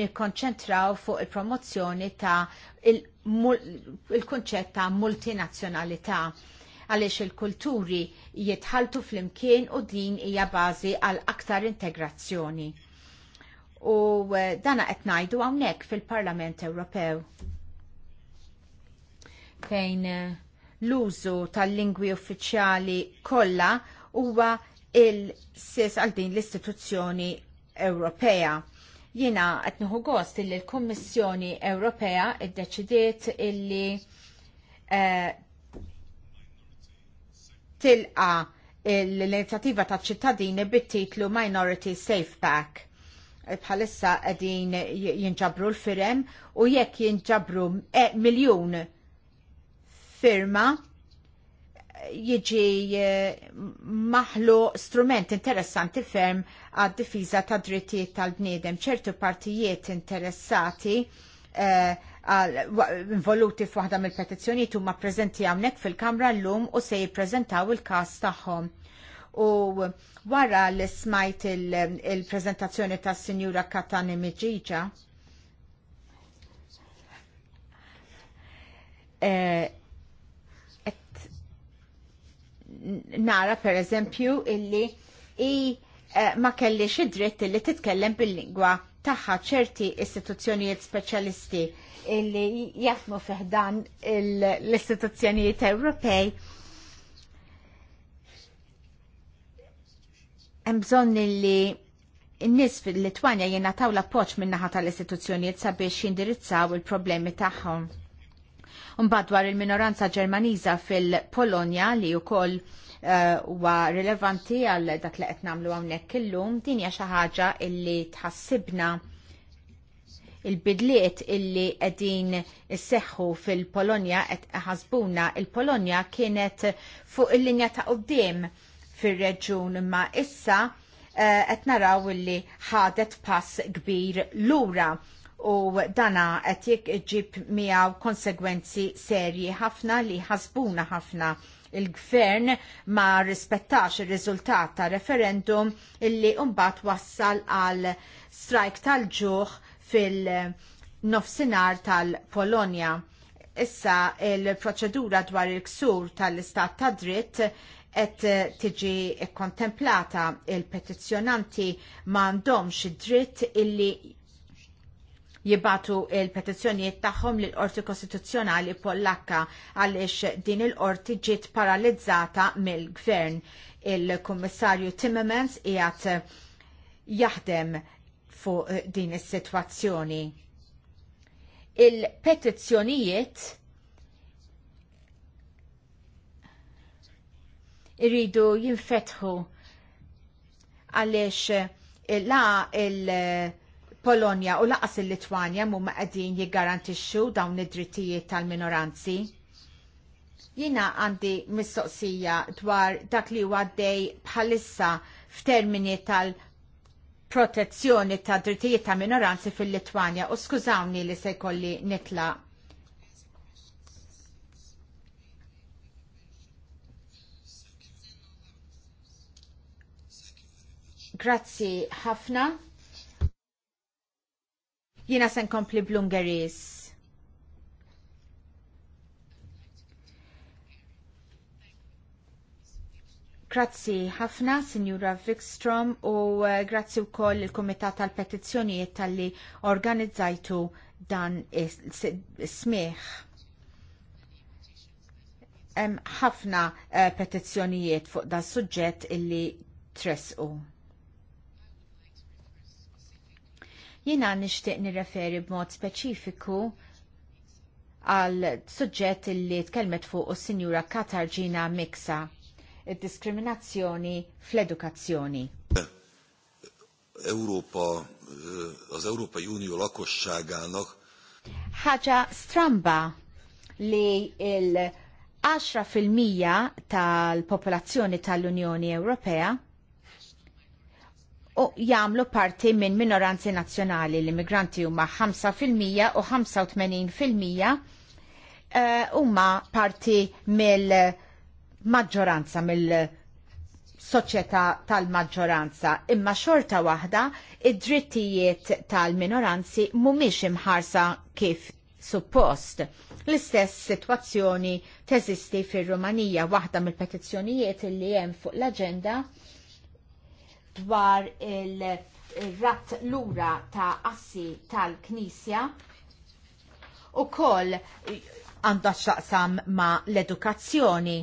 nikkonċentraw fuq il-promozzjoni ta' il-kunċett il ta' multinazzjonalità għaliex il-kulturi jitħaltu fl-imkien u din hija bażi għal aktar integrazzjoni. U eh, dana qed ngħidu hawnhekk fil-Parlament Ewropew. Fejn eh, l-użu tal-lingwi uffiċjali kollha huwa il-sis għal din l-istituzzjoni Ewropea jina nieħu gost illi l kummissjoni Ewropea id-deċidiet illi eh, tilqa l-inizjattiva ta' ċittadini bit-titlu Minority Safe Pack. Bħalissa qegħdin jinġabru l-firem u jekk jinġabru e, miljun firma jiġi e, maħlu strument interessanti ferm għad difiża ta' drittijiet tal-bniedem. ċertu partijiet interessati uh, involuti f'waħda mill-petizzjonijiet huma preżenti hawnhekk fil-Kamra llum u se jippreżentaw il-każ tagħhom. U wara li smajt il-preżentazzjoni il preżentazzjoni ta' tas sinjura Katani Miġiġa, eh, nara per eżempju illi i eh, ma kellix xidrit illi titkellem bil-lingwa taħħa ċerti istituzzjonijiet speċjalisti illi jaħdmu fiħdan l-istituzzjonijiet Ewropej hemm bżonn li n-nies fil-Litwanja jingħataw l-appoġġ min-naħa tal-istituzzjonijiet sabiex jindirizzaw il-problemi tagħhom Mbagħad dwar il-minoranza Ġermaniża fil-Polonja li wkoll eh, huwa uh, rilevanti għal dak li qed nagħmlu hawnhekk illum din hija xi ħaġa illi tħassibna il-bidliet illi qegħdin isseħħu fil-Polonja qed ħasbuna il-Polonja kienet fuq il-linja ta' qudiem fir-reġjun imma issa eh, qed naraw illi ħadet pass kbir lura u dana qed iġib miegħu konsegwenzi serji ħafna li ħasbuna ħafna il-gvern ma rispettax ir-riżultat ta' referendum illi mbagħad wassal għal strajk tal-ġuħ fil-nofsinhar tal-Polonja. Issa il-proċedura dwar il-ksur tal-istat ta' dritt qed tiġi kontemplata il-petizzjonanti m'għandhomx id-dritt illi jibatu il-petizzjonijiet tagħhom lill qorti Kostituzzjonali Pollakka għaliex din il-qorti ġiet paralizzata mill-gvern. Il-Kummissarju Timmermans qiegħed jaħdem fuq din is-sitwazzjoni. Il-petizzjonijiet irridu jinfetħu għaliex la il- Polonia polonja u laqas il-Litwanja mumma qegħdin jiggarantixxu dawn id-drittijiet tal-minoranzi. Jina għandi mistoqsija dwar dak li huwa dej bħalissa f'termini tal-protezzjoni ta' drittijiet ta' minoranzi fil-Litwanja u skużawni li se jkolli nitla' Grazzi ħafna. Jiena se nkompli blungeris. Grazzi ħafna, Signora Vikstrom, u eh, grazzi u koll il-Komitat tal-Petizzjonijiet tal-li organizzajtu dan smieħ. Hemm ħafna eh, petizzjonijiet fuq dan suġġett illi tresqu. Jiena nixtieq nirreferi b'mod speċifiku għal suġġett li tkellmet fuq s sinjura Katarġina Miksa id-diskriminazzjoni fl-edukazzjoni. Europa, az Europa Unió lakosságának. Ħaġa stramba li il-10% tal-popolazzjoni tal-Unjoni Ewropea u jagħmlu parti minn minoranzi nazzjonali l-immigranti huma 5% u 85% eh, huma parti mill-maġġoranza mill soċjetà tal-maġġoranza imma xorta waħda id-drittijiet tal-minoranzi mhumiex imħarsa kif suppost. L-istess sitwazzjoni teżisti fir-Rumanija waħda mill-petizzjonijiet li hemm fuq l-aġenda dwar il-rat lura ta' assi tal-Knisja u kol għandu xaqsam ma' l-edukazzjoni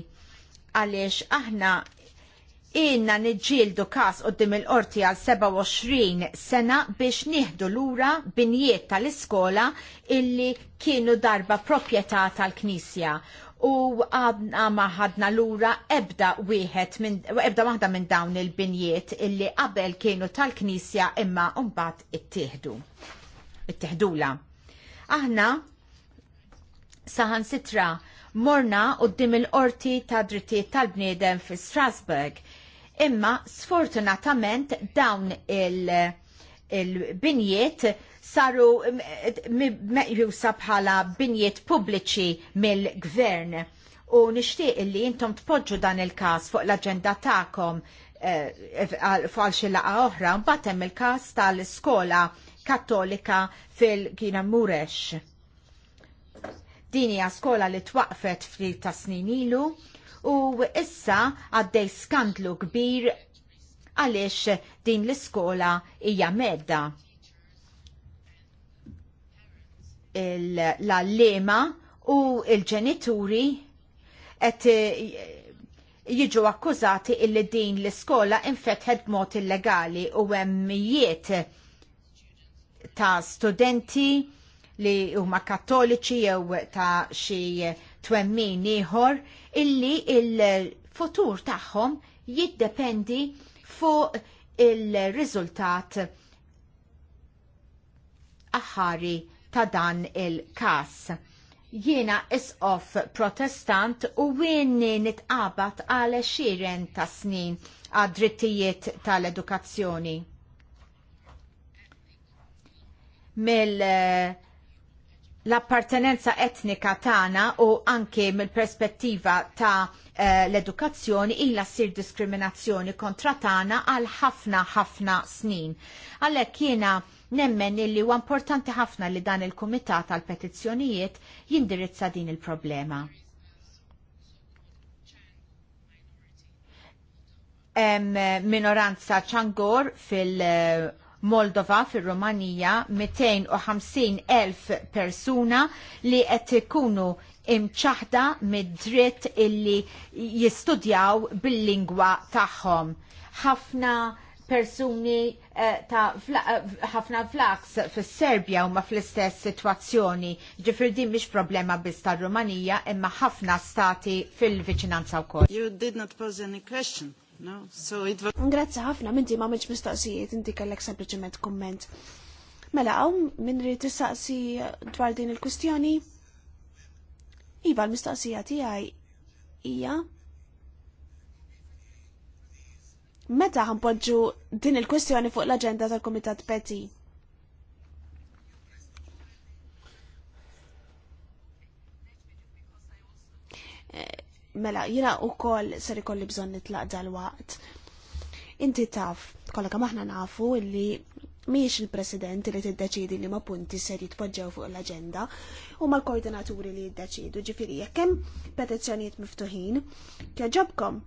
għaliex aħna inna nġildu kas dim il-qorti għal 27 sena biex nieħdu lura binjiet tal-iskola illi kienu darba proprjetà tal-Knisja u għadna maħadna l-ura ebda wieħed minn ebda waħda minn dawn il-binjiet illi qabel kienu tal-Knisja imma mbagħad ittieħdu. Ittieħdula. Aħna saħan sitra morna ddim il-qorti ta' drittijiet tal-bniedem fi Strasbourg. Imma sfortunatament dawn il- il-binjiet saru meqjusa bħala binjiet pubbliċi mill-gvern u nixtieq li intom tpoġġu dan il-każ fuq l-aġenda tagħkom eh, għal xi laqgħa oħra, mbagħad hemm il-każ tal-iskola kattolika fil gina Murex. Dini skola li twaqfet fri ta' snin ilu u issa għaddej skandlu kbir għaliex din l-iskola hija medda. l-allema u il-ġenituri et eh, jiġu akkużati illi din l-iskola infetħed b'mod illegali u hemm ta' studenti li huma kattoliċi jew ta' xi twemmin ieħor illi il-futur tagħhom jiddependi fuq il-riżultat aħħari ta' dan il-kas. Jiena isqof protestant u winni nitqabat għal xiren ta' snin għad drittijiet tal-edukazzjoni. Mill eh, l-appartenenza etnika tagħna u anke mill-perspettiva ta' eh, l-edukazzjoni ilha ssir diskriminazzjoni kontra tagħna għal ħafna ħafna snin. Għalhekk jiena Nemmen illi huwa importanti ħafna li dan il-Kumitat tal petizzjonijiet jindirizza din il-problema. Minoranza ċangor fil- Moldova fir rumanija 250.000 persuna li qed ikunu imċaħda mid-dritt illi jistudjaw bil-lingwa tagħhom. Ħafna persuni Eh, ta' eh, ħafna flaks fis serbja huma fl-istess sitwazzjoni. Ġifir din mhix problema biss tar rumanija imma ħafna stati fil-viċinanza wkoll. You did not pose any question. No, so it was... ħafna, minti ma minx mistoqsijiet, inti kellek sempliċement komment. Mela, għaw min rrit tistaqsi dwar din il-kustjoni? Iva, l-mistoqsija tiegħi hija Meta ħanpoġġu din il-kwestjoni fuq l-aġenda tal-Kumitat Peti? Eh, mela, jina u koll ser ikolli bżon nitlaq dal-waqt. Inti taf, kam aħna nafu illi miex il-president li t-deċidi li ma punti ser jitpoġġew fuq l-agenda u ma l-koordinaturi li t-deċidu ġifiri jekkem petizzjonijiet miftuħin, kjoġobkom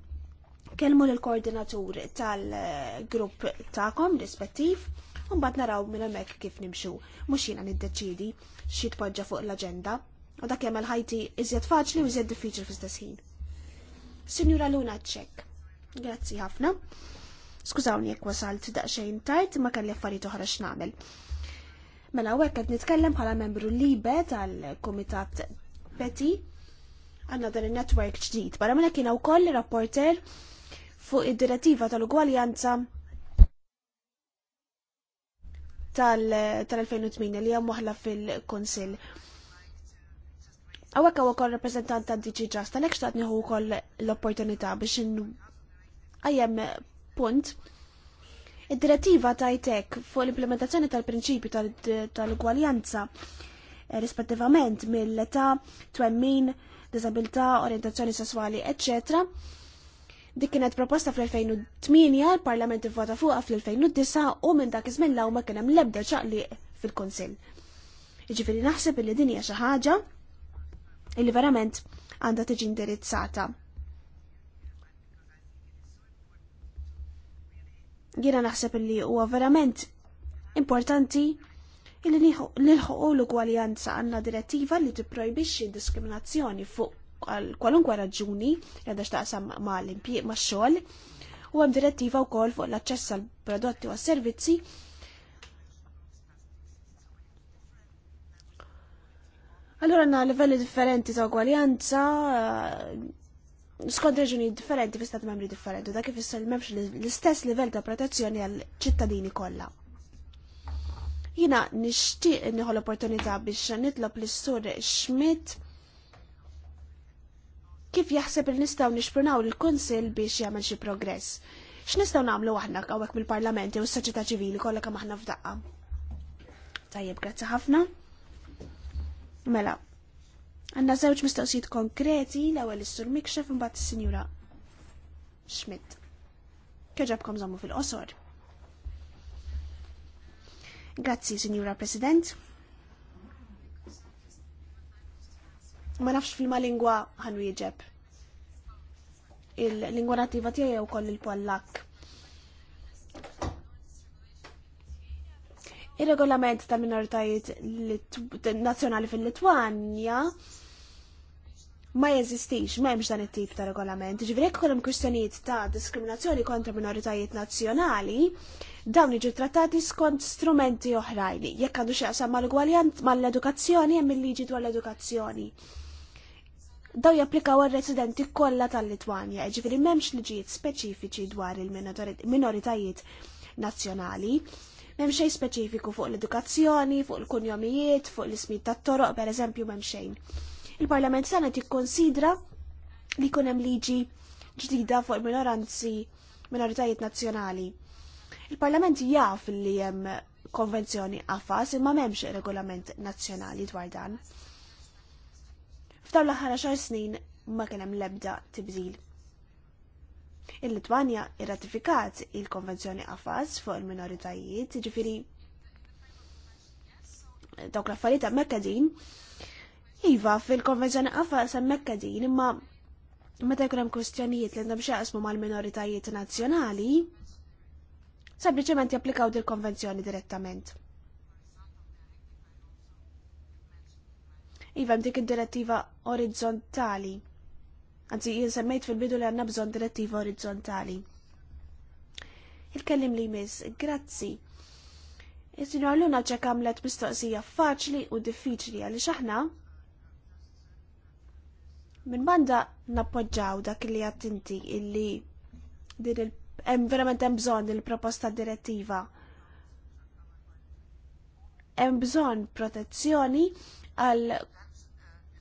kelmu l-koordinatur tal-grupp ta'kom rispettiv, un bad naraw minn hemmhekk kif nimxu, mhux jiena niddeċidi xi tpoġġa fuq l-aġenda, u dak l ħajti iżjed faċli u iżjed diffiċli fl-istess Sinjura Luna ċek. Grazzi ħafna. Skużawni jekk wasalt daqsxejn tard ma kelli affarijiet oħra x'nagħmel. Mela hawnhekk qed nitkellem bħala membru libe tal-Kumitat Peti għandna dan in network ġdid. Barra minna kiena ir rapporter fuq id-direttiva tal-ugwaljanza tal-2008 li hemm waħla fil-Kunsill. Għawek għaw kol rappresentant ta' DG Just, tal-ek xtaqt nieħu kol l-opportunità biex għajem punt. Id-direttiva ta' tajtek fuq l-implementazzjoni tal-prinċipju tal-ugwaljanza eh, rispettivament mill-età, twemmin, disabilità, orientazzjoni sessuali, eccetera Dik kienet proposta fl-2008 l-Parlament ivvota fuqha fl-2009 u minn dak iż-żmien law ma kien hemm l-ebda ċaqli fil-Kunsill. Jiġifieri naħseb li din hija xi ħaġa li verament għandha tiġi indirizzata. Jiena naħseb li huwa verament importanti illi nilħuqu l-ugwaljanza għandna direttiva li tipprojbixxi diskriminazzjoni fuq għal kwalunkwe raġuni li x'taqsam ma' l-impjieg ma' xogħol u hemm direttiva wkoll fuq l-aċċess għal prodotti u għas-servizzi Allora għanna livelli differenti ta' gwaljanza, eh, skont reġuni differenti fi stat membri differenti, da' kif jissal memx l-istess livell ta' protezzjoni għal ċittadini kollha. Jina nixtieq nieħu l-opportunità biex nitlob l-sur Schmidt kif jaħseb li nistaw nixpronaw l-Kunsil biex jagħmel xi progress. X'nistgħu nagħmlu aħna hawnhekk mill-Parlament u s-soċjetà ċivili kollha kemm aħna f'daqqa. Tajjeb, grazzi ħafna. Mela, għandna żewġ mistoqsijiet konkreti l-ewwel is-Sur Mikxef imbagħad is-Sinjura Schmidt. Keġabkom żommu fil-qosor. Grazzi, Sinjura President. ma nafx fil lingwa ħan wieġeb. Il-lingwa nativa tiegħi wkoll il-Pollak. Ir-regolament ta' minoritajiet nazzjonali fil-Litwanja ma jeżistix, m'hemmx dan it-tip ta' regolament. Ġifieri jekk hemm kwistjonijiet ta' diskriminazzjoni kontra minoritajiet nazzjonali, dawn iġu trattati skont strumenti oħrajn. Jekk għandu x'jaqsam mal-gwaljan mal-edukazzjoni hemm il-liġi dwar l-edukazzjoni daw japplikaw għal-residenti kollha tal-Litwanja, ġifiri m'hemmx liġijiet speċifiċi dwar il-minoritajiet nazzjonali. M'hemm xejn speċifiku fuq l-edukazzjoni, fuq il-kunjomijiet, fuq l-ismijiet tat-toroq, pereżempju m'hemm xejn. Il-Parlament sena tikkonsidra li jkun hemm liġi ġdida fuq il-minoranzi minoritajiet nazzjonali. Il-Parlament jaf li hemm konvenzjoni għafas imma m'hemmx regolament nazzjonali dwar dan f'daw l-aħħar xar snin ma kien hemm l-ebda tibżil. Il-Litwanja irratifikat il-Konvenzjoni Afas fuq il-minoritajiet, ġifiri dawk l-affarijiet ta' din. Iva, fil-konvenzjoni qafas hemmhekk din, imma meta jkun hemm kwestjonijiet li għandhom xaqsmu mal-minoritajiet nazzjonali, sempliċement japplikaw dil-konvenzjoni direttament. Iva dik id-direttiva orizzontali. Anzi, jinsemmejt fil-bidu li għanna bżon direttiva orizzontali. Il-kellim li miss, grazzi. is għalluna ċek għamlet mistoqsija faċli u diffiċli għaliex aħna Min banda nappoġġaw dak li għattinti illi din il hemm verament hemm bżonn il-proposta direttiva. Hemm bżonn protezzjoni għal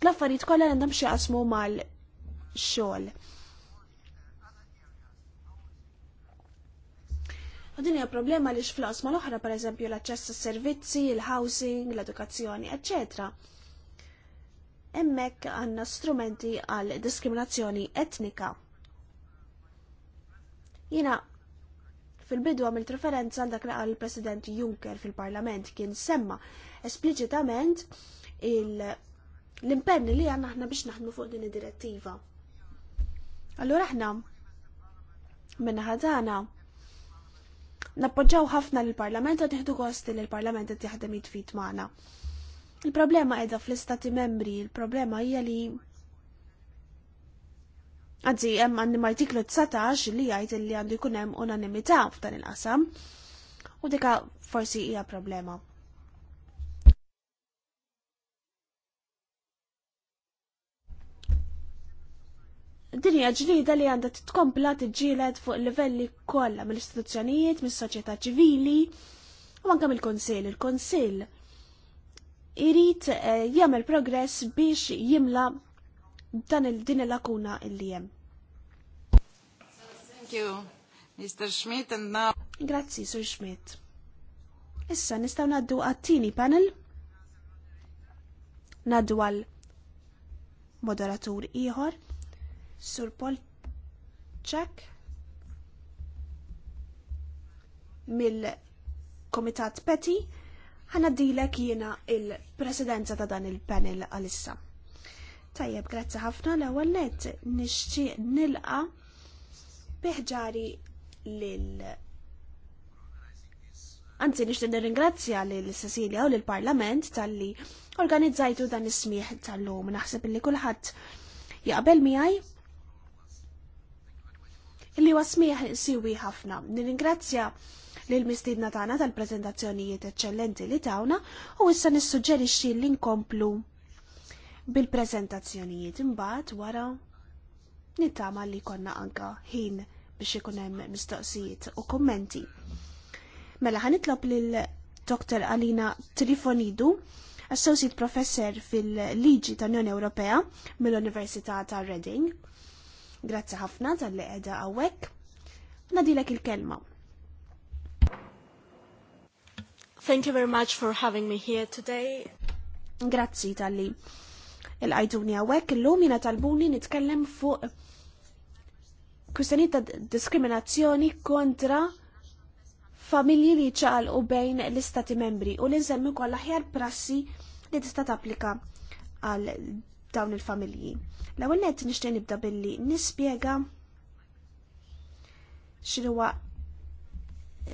l-affarijiet kollha għandhom xi qasmu mal-xogħol. U din hija problema li x'flas l-oħra pereżempju l-aċċess għas-servizzi, il-housing, l-edukazzjoni, eċċetera. Hemmhekk għandna strumenti għal diskriminazzjoni etnika. Jina fil-bidu għamilt referenza għal dak li għal president Juncker fil-Parlament kien semma espliċitament il- l-impenni li għanna ħna biex naħdmu fuq din id-direttiva. Allura ħna minna ħadana nappoġġaw ħafna l-Parlament għad jihdu kosti li l-Parlament għad jaħdem jitfit maħna. Il-problema edha fl-istati membri, il-problema hija li Għadzi, hemm għandim artiklu 19 li jgħid li għandu jkun hemm unanimità f'dan il-qasam u dika forsi hija problema. Dinja hija ġlida li għandha titkompla tiġieled fuq livelli kollha mill-istituzzjonijiet, mis-soċjetà ċivili u anke mill-Kunsill. Il-Kunsill irid eh, jagħmel progress biex jimla dan il-din il-lakuna illi hemm. Thank you, Mr. Schmidt, and now... Grazzi, Sir Schmidt. Issa, nistaw naddu għattini panel. Naddu għal moderatur iħor. Sur ċek mill-Komitat Peti Dilek jiena il-presidenza ta' dan il-panel għalissa. Tajjeb, grazzi ħafna l-ewwel nett nixtieq nilqa biħġari lil Anzi, nixtieq nirringrazzja lill Cecilia u lill Parlament talli organizzajtu dan is-smieħ tal-lum. Naħseb li kulħadd jaqbel miħaj li wasmiħ siwi ħafna. Nirringrazzja lill mistidna tagħna tal-preżentazzjonijiet eċċellenti li tawna u issa nissuġġerixxi li nkomplu bil-preżentazzjonijiet imbagħad wara nittama li konna anka ħin biex ikun hemm mistoqsijiet u kummenti. Mela ħanitlob lil Dr. Alina Trifonidu, Associate Professor fil-Liġi tal-Unjoni Ewropea mill-Università ta' Reading Grazzi ħafna tal-li għedha għawek. Nadilek il-kelma. Thank you very much for having me here today. Grazzi tal-li il għajtuni għawek, l-lum jina talbuni nitkellem fuq kustaniet ta' diskriminazzjoni kontra familji li ċal u bejn l-istati membri u li inżemmi kollha ħjar prassi li tista' tapplika għal dawn il-familji. L-ewwel nett nixtieq nibda billi nispjega x'huwa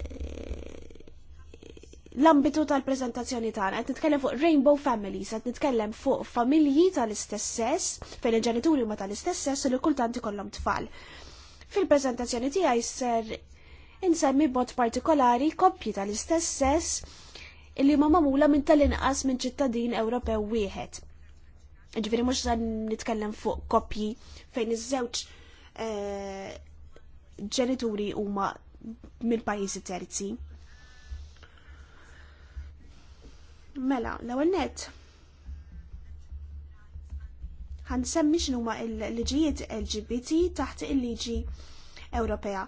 eh, l-ambitu tal-prezentazzjoni tagħna qed nitkellem fuq Rainbow Families, qed nitkellem fuq familji tal-istess sess fejn il-ġenituri huma tal-istess sess u li kultant ikollhom tfal. Fil-prezentazzjoni tiegħi ser insemmi bot partikolari koppji tal-istess sess illi ma mamula minn tal-inqas minn ċittadin Ewropew wieħed ġifiri mux zan nitkellem fuq kopji fejn iż-żewġ eh, ġenituri huma mill pajjiżi terzi. Mela, l-ewwel nett ħansemmi x'numa l-liġijiet LGBT taħt il-liġi Ewropea.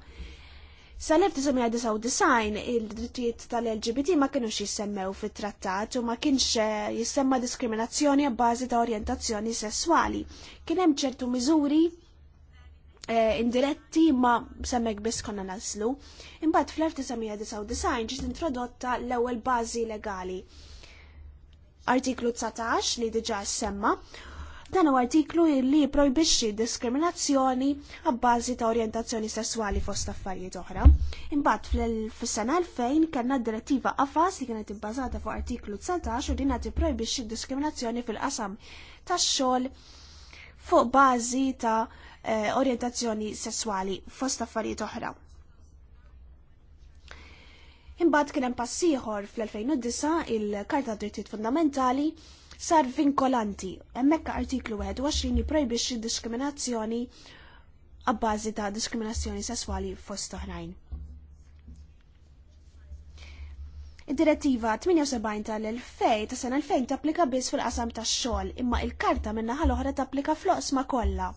Sal-1999 il-drittijiet tal-LGBT ma kienux jissemmew fit-trattat u ma kienx eh, jissemma diskriminazzjoni b'bażi ta' orientazzjoni sessuali. Kien hemm ċertu miżuri eh, indiretti ma semmek biss konna naslu. Imbagħad fl-1999 ġiet introdotta l-ewwel bażi legali. Artiklu 19 li diġà semma Dan huwa artiklu li projbixi diskriminazzjoni għabbażi ta' orjentazzjoni sessuali fost affarijiet oħra. Imbagħad fl-sena 2000 kellna direttiva afas li kienet ibbażata fuq artiklu 19 u din qed projbixi diskriminazzjoni fil-qasam tax-xogħol fuq bażi ta' eh, orjentazzjoni sessuali fost affarijiet oħra. Imbagħad kien hemm passiħor fl-2009 il-Karta Drittijiet Fundamentali sar vinkolanti. Hemmhekk artiklu 21 jipprojbixxi diskriminazzjoni għabbażi ta' diskriminazzjoni sesswali fost oħrajn. Id-direttiva 78 tal-2000 ta' sena 2000 tapplika biss fil-qasam tax-xogħol, imma il-karta min-naħa l-oħra tapplika fl-oqsma kollha.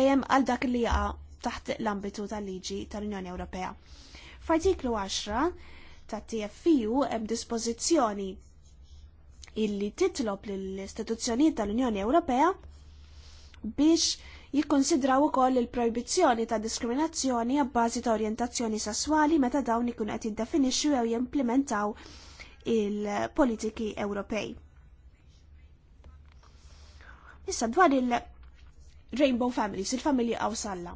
Dejjem għal dak li jaqa' taħt l-ambitu tal-liġi tal-Unjoni Ewropea. F'artiklu 10 ta' tfu hemm dispożizzjoni illi titlob l-istituzzjonijiet tal-Unjoni Ewropea biex jikkonsidraw ukoll il-proibizzjoni ta' diskriminazzjoni għabbażi ta' orjentazzjoni sessuali meta dawn ikun qed jiddefinixxu jew jimplementaw il-politiki Ewropej. Issa dwar il-Rainbow Families, il-familji Awsalla.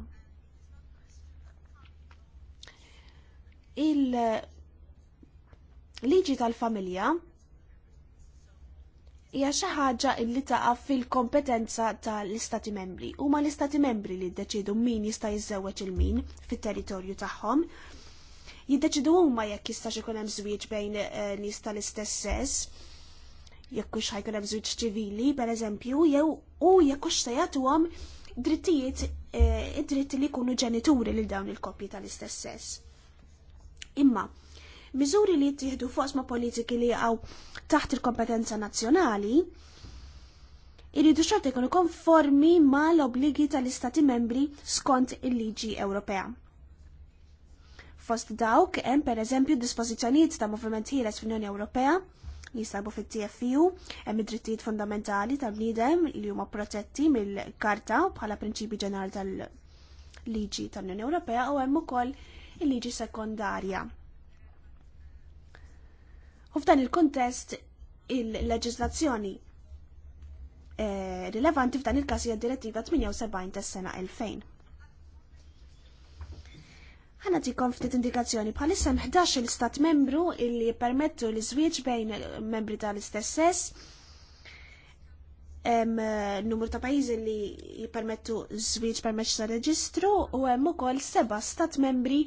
il-liġi tal-familja hija xi ħaġa li taqa' fil-kompetenza tal-Istati Membri. Huma l-Istati Membri li ddeċidu min jista' jiżewweġ il-min fit-territorju tagħhom. Jiddeċidu huma jekk jistax ikun hemm żwieġ bejn eh, nies tal-istess sess, jekk hux ħajkun hemm żwieġ ċivili, pereżempju, jew u jekk hux se jagħtuhom drittijiet eh, id-dritti li jkunu ġenituri lil dawn il-koppji tal-istess sess. Imma, miżuri li jittieħdu fosma politiki li għaw taħt il-kompetenza nazzjonali, irridu xorta jkunu konformi ma l-obligi tal-Istati membri skont il-liġi Ewropea. Fost dawk hemm pereżempju dispożizzjonijiet ta' moviment ħieles fl-Unjoni Ewropea li jistabu fit-TFU, hemm id-drittijiet fundamentali tal-bniedem li huma protetti mill-Karta bħala prinċipi ġenerali tal-liġi tal-Unjoni Ewropea u hemm ukoll il-liġi sekondarja U f'dan il-kontest il-leġislazzjoni eh, rilevanti f'dan il-każ hija direttiva 78 tas-sena 2000. Ħana tikom ftit indikazzjoni bħalissa 11 il-stat membru illi permettu l iżwieġ bejn membri tal-istess sess hemm eh, numru ta' pajjiżi li jippermettu żwieġ permezz ta' reġistru u hemm ukoll seba' stat membri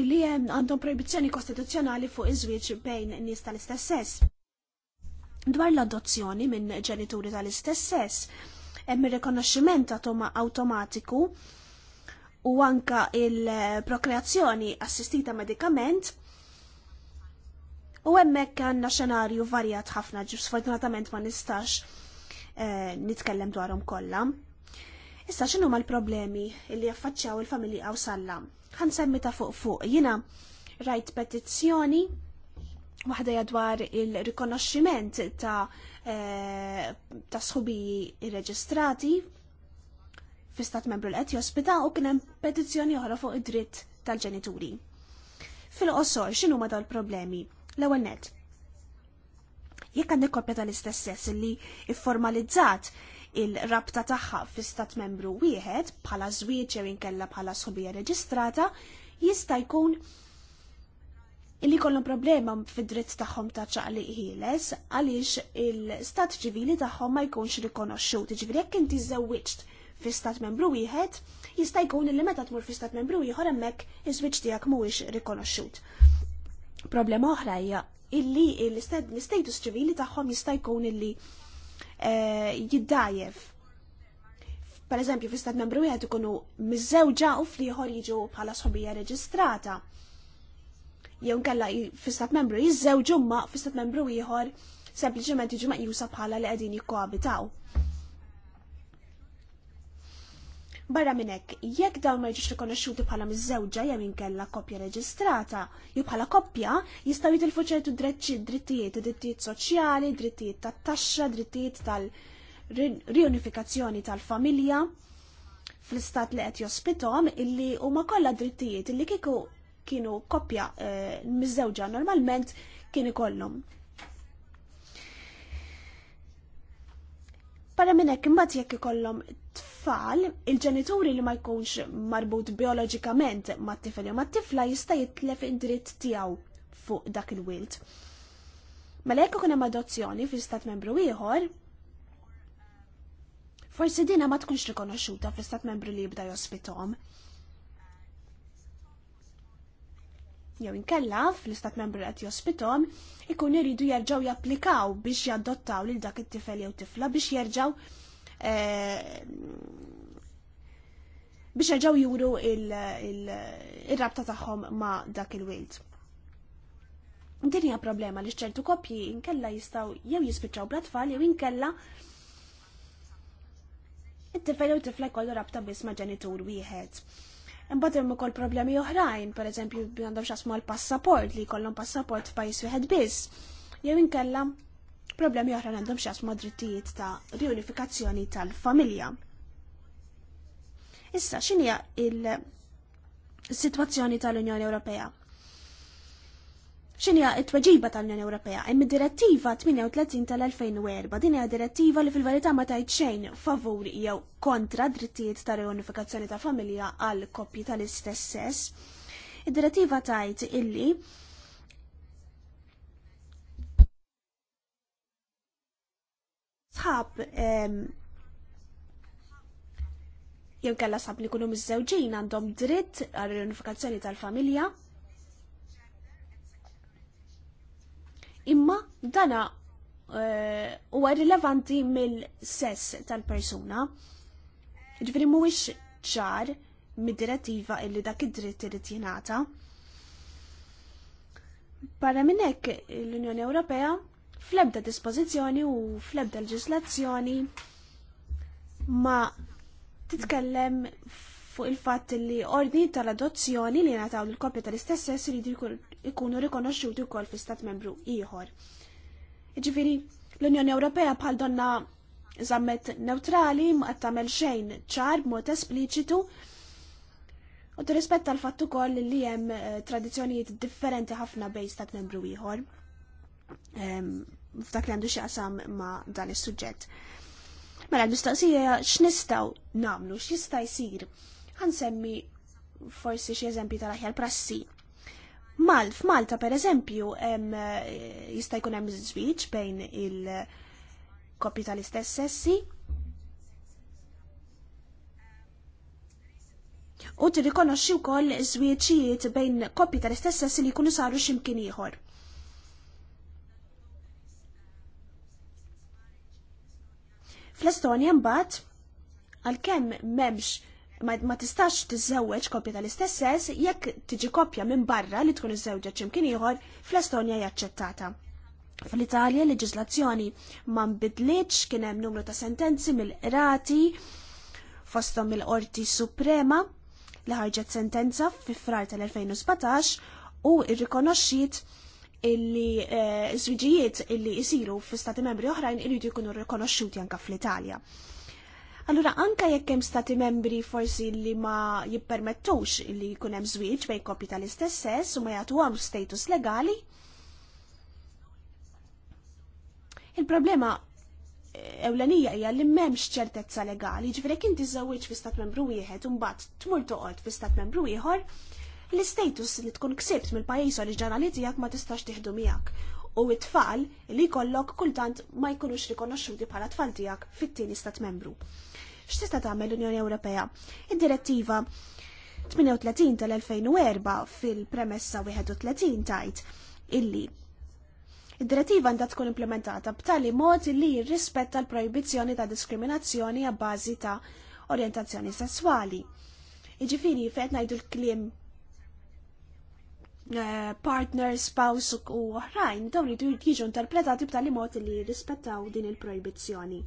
illi għandhom proibizjoni kostituzzjonali fuq iż-żwieġ bejn nies tal-istess sess. Dwar l-adozzjoni minn ġenituri tal-istess sess, hemm ir-rikonoxximent awtomatiku u anka il-prokreazzjoni assistita medikament u hemmhekk għandna xenarju varjat ħafna ġu sfortunatament ma nistax e, nitkellem dwarhom kollha. Issa x'inhuma l problemi li jaffaċċjaw il-familji għaw sallam? ħansemmi ta' fuq fuq. Jina rajt petizzjoni waħda jadwar il-rikonoxximent ta' eh, ta' sħubi irreġistrati fi stat membru l-qed jospita u kien hemm petizzjoni oħra fuq id-dritt tal-ġenituri. Fil-qosor x'inhu ma dal problemi? L-ewwel net. Jekk għandek koppja tal-istess sess li ifformalizzat il-rabta tagħha fl-istat membru wieħed bħala żwieġ jew inkella bħala sħubija reġistrata jista' jkun illi kollu problema fid-dritt tagħhom ta' ċaqli ħieles għaliex il-stat ċivili tagħhom ma jkunx rikonoxxut. Ġifieri jekk inti żewwiġt fi stat membru wieħed, jista' jkun illi meta tmur fi stat membru ieħor hemmhekk iż-żwieġ tiegħek mhuwiex rikonoxxut. Problema oħra hija illi l-istatus ċivili tagħhom jista' jkun illi Eh, jiddajev. Per eżempju, fl-istat membru jgħet ikunu mizzewġa u fliħor jiġu bħala sħobija reġistrata. Jew nkella fl-istat membru jizzewġu ma fl-istat membru ieħor sempliċement jiġu maqjusa bħala li qegħdin jikkoabitaw. Barra minn hekk, jekk dawn ma jiġux rikonoxxuti bħala miż-żewġa jew inkella koppja reġistrata, jew bħala koppja jistgħu jitilfu ċertu drittijiet, drittijiet soċjali, drittijiet tat-taxxa, drittijiet tal-riunifikazzjoni tal-familja fl-istat li qed jospitom illi huma kollha drittijiet illi kieku kienu koppja eh, miż-żewġa normalment kien ikollhom. Para minn hekk imbagħad jekk ikollhom tfal, il-ġenituri li ma jkunx marbut bioloġikament ma' tifel ma t tifla jista' jitlef id-dritt tiegħu fuq dak il wilt Mela jekk ikun hemm adozzjoni fl-istat membru ieħor, forsi dina ma tkunx rikonoxxuta fl-istat membru li jibda jospitom. jew inkella fl-istat membru qed jospitom ikun iridu jerġgħu japplikaw biex jaddottaw lil dak it-tifel jew tifla biex jerġgħu Eh, biex ġew juru il-rabta tagħhom ma' dak il-wild. Din hija problema li ċertu koppji inkella jistgħu jew jispiċċaw bl-atfal jew inkella it-tifel jew tifla jkollu rabta biss ma' ġenitur wieħed. Imbagħad hemm ukoll problemi oħrajn, pereżempju għandhom x'asmu għall passaport li jkollhom passaport f'pajjiż wieħed biss. Jew inkella Problemi oħra għandhom xas ma' drittijiet ta' riunifikazzjoni tal-familja. Issa, x'inhi il-situazzjoni tal-Unjoni Ewropea? ċinja it-tweġiba tal-Unjoni Ewropea hemm direttiva 38 tal-2004 din hija direttiva li fil-verità ma tajt xejn favur jew kontra drittijiet ta' reunifikazzjoni ta' familja għal koppji tal-istess sess. Id-direttiva tajt illi sħab jew kella sab li kunu miż-żewġin għandhom dritt għal unifikazzjoni tal-familja. Imma dana eh, huwa uh, rilevanti mill-sess tal-persuna. Ġifieri mhuwiex ċar mid-direttiva illi dak id-dritt irid jingħata. Para minnek l-Unjoni Ewropea Fl-ebda dispożizzjoni u fl-ebda leġislazzjoni ma titkellem fuq il-fatt li ordni tal-adozzjoni li nataw l-kopja tal-istess sess ikunu jkunu rikonoxxuti wkoll fil stat membru ieħor. Iġifiri, l-Unjoni Ewropea bħal donna żammet neutrali ma tagħmel xejn ċar b'mod espliċitu u tirrispetta l-fatt ukoll li hemm eh, tradizzjonijiet differenti ħafna bejn stat membru ieħor f'dak li għandu xaqsam ma dan is-suġġett. Mela l-mistoqsija x'nistgħu nagħmlu, x'jista' jsir. Ħansemmi forsi xi eżempji tal-aħjar prassi. Mal, f'Malta pereżempju jista' jkun hemm żwieġ bejn il-koppji tal-istess sessi. U tirrikonoxxi wkoll żwieġijiet bejn koppji tal-istess sessi li jkunu saru x'imkien ieħor. Fl-Estonja mbagħad għalkemm m'hemmx ma tistax tiżewweġ kopja tal-istess sess jekk tiġi kopja minn barra li tkun iżewġet x'imkien ieħor fl-Estonja hija aċċettata. Fl-Italja l leġiżlazzjoni ma nbidlitx kien hemm numru ta' sentenzi mill-qrati fosthom il-Qorti Suprema li ħarġet sentenza fi frar tal-2017 u irrikonoxxiet illi eh, żwiġijiet illi jisiru f stati membri oħrajn iridu jkunu rikonoxxuti anka fl-Italja. Allura anka jekk hemm stati membri forsi li ma jippermettux illi jkun hemm żwieġ bejn koppji tal-istess sess u ma jagħtuhom status legali. Il-problema eh, ewlenija hija li m'hemmx ċertezza legali, ġifieri inti żewwieġ fi stat membru wieħed u mbagħad tmur toqgħod fi stat membru ieħor, l-istatus li tkun ksibt mill-pajjiż oriġinali tiegħek ma tistax tieħdu miegħek. U it-tfal li jkollok kultant ma jkunux rikonoxxuti bħala tfal tiegħek fit-tieni stat membru. X'tista' tagħmel l-Unjoni Ewropea? Id-direttiva 38 tal-2004 fil-premessa 31 tajt illi Id-direttiva għandha tkun implementata b'tali mod li jirrispetta l-projbizzjoni ta' diskriminazzjoni għabbażi ta' orjentazzjoni sessuali. Iġifiri, fejt najdu l kliem Eh, partner, spouse u oħrajn, dawn li jiġu interpretati b'tali mod li rispettaw din il-proibizzjoni.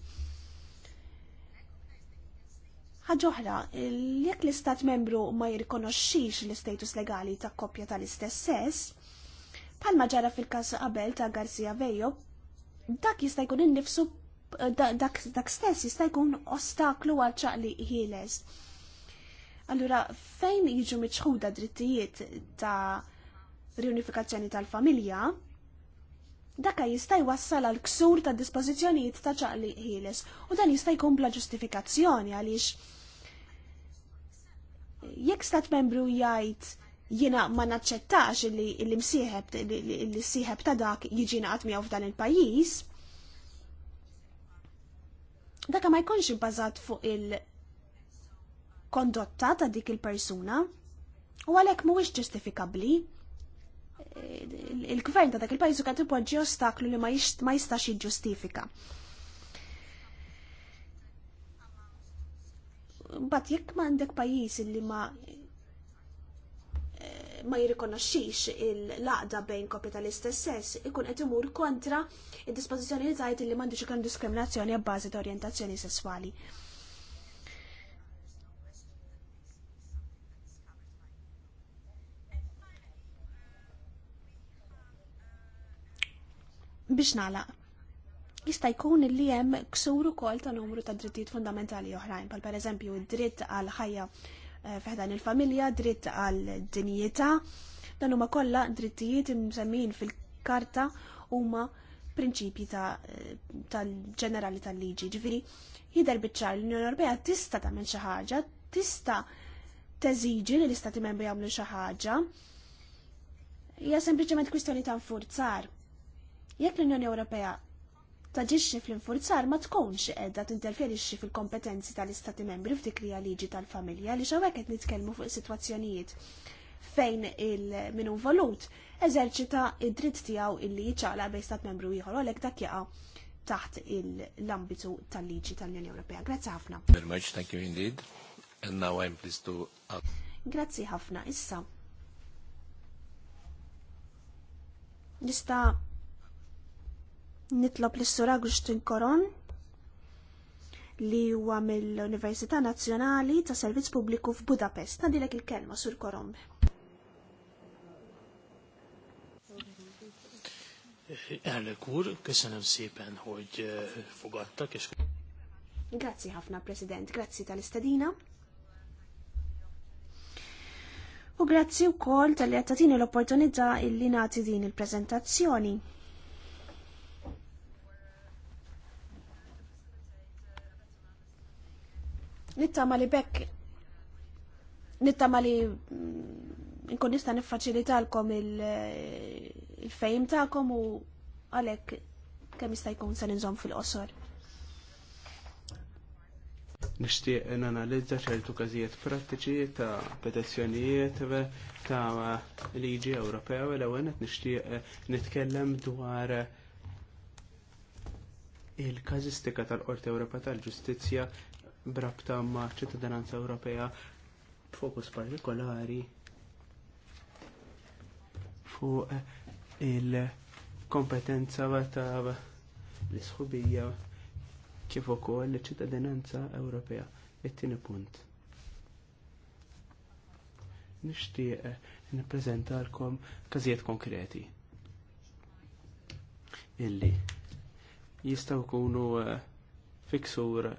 oħra, jekk l-istat membru ma jirrikonoxxix l-istatus legali ta' koppja tal-istess sess, palma ġara fil-kas qabel ta' Garcia Vejo, dak jista' jkun innifsu eh, dak, dak stess jista' jkun ostaklu għal ċaqli ħieles. Allura, fejn jiġu miċħuda drittijiet ta' riunifikazzjoni tal-familja, daka jista' jwassal għal ksur ta' dispożizzjonijiet ta' ċaqli ħieles u dan jista' jkun bla ġustifikazzjoni għaliex jekk stat membru jgħid jiena ma naċċettax li l-imsieħeb li sieħeb ta' dak jiġi naqat miegħu f'dan il-pajjiż, daka ma jkunx ibbażat fuq il-kondotta ta' dik il-persuna u għalhekk mhuwiex ġustifikabbli il-gvern ta' dak il-pajjiż kan ipoġġi ostaklu li ma jistax jiġġustifika. Bat jekk m'għandek pajis li ma eh, ma jirrikonoxxix il-laqda bejn kopja tal-istess sess, ikun qed imur kontra id-dispożizzjoni li tgħid li m'għandux ikun diskriminazzjoni bbażi ta' orjentazzjoni sesswali. Biex nagħlaq. Jista' jkun li hemm ksur ukoll ta' numru ta' drittijiet fundamentali oħrajn, bħal pereżempju d-dritt għal ħajja eh, f'ħdan il-familja, dritt għal dinjità, dan huma kollha drittijiet imsemmin fil-karta huma prinċipji eh, tal-ġenerali tal-liġi. jidher biċ-ċar, l-Unjoni Ewropea tista tagħmel xi ħaġa, tista teżiġi li l-istati membri jagħmlu xi ħaġa. Hija sempliċement kwistjoni ta' nfurzar. Jekk l-Unjoni Ewropea taġixxi fl-infurzar ma tkunx qiegħda tinterferixxi fil-kompetenzi tal-Istati Membri f'dik li liġi tal-familja li hawnhekk qed nitkellmu fuq sitwazzjonijiet fejn il min volut eżerċita id-dritt tiegħu illi jiċċaqla bejn stat membru ieħor għalhekk dak jaqa' taħt l-ambitu tal-liġi tal-Unjoni Ewropea. Grazzi ħafna. Very much, thank you indeed. And now I'm pleased to Grazzi ħafna issa. Nista' Nitlob l-Sur Agustin Koron li huwa mill-Università Nazzjonali ta' Servizz Pubbliku f'Budapest. Nadilek il-kelma sur Koron. Elnök ur, köszönöm szépen, hogy eh, fogadtak, Grazzi ħafna, President, grazzi tal-istadina. U grazzi u kol tal-li għattatini l-opportunità illi nati din il-prezentazzjoni. Nittama li bekk nittama li mm, nkun nista niffaċilitalkom eh, il-fejm tagħkom u għalhekk kemm jista' jkun se ninżomm fil-qosor. Nixtieq nanalizza ċertu każijiet prattiċi ta' petizzjonijiet ta' liġi Ewropew l-ewwel qed nixtieq eh, nitkellem dwar il każistika tal-Qorti Ewropea tal-Ġustizzja brabta ma' ċittadinanza Ewropea b'fokus partikolari fuq il-kompetenza ta' l-isħubija kif ukoll ċittadinanza Ewropea. It-tieni punt. Nixtieq nippreżentalkom każijiet konkreti illi jistgħu jkunu eh, fiksur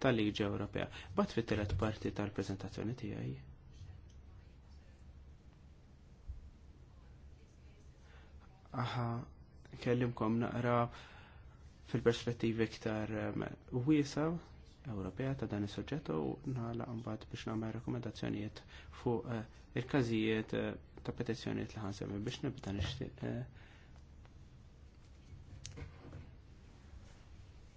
tal-Liġi Ewropea. Bat fit-telet parti tal-prezentazzjoni tiegħi. Aha, kellimkom naqra fil-perspettivi iktar ehm, wiesa Ewropea ta' dan is-soġġett u nagħlaq mbagħad biex nagħmel rakkomandazzjonijiet fuq eh, il-każijiet eh, ta' petizzjonijiet li ħansem biex nibda nixtieq eh,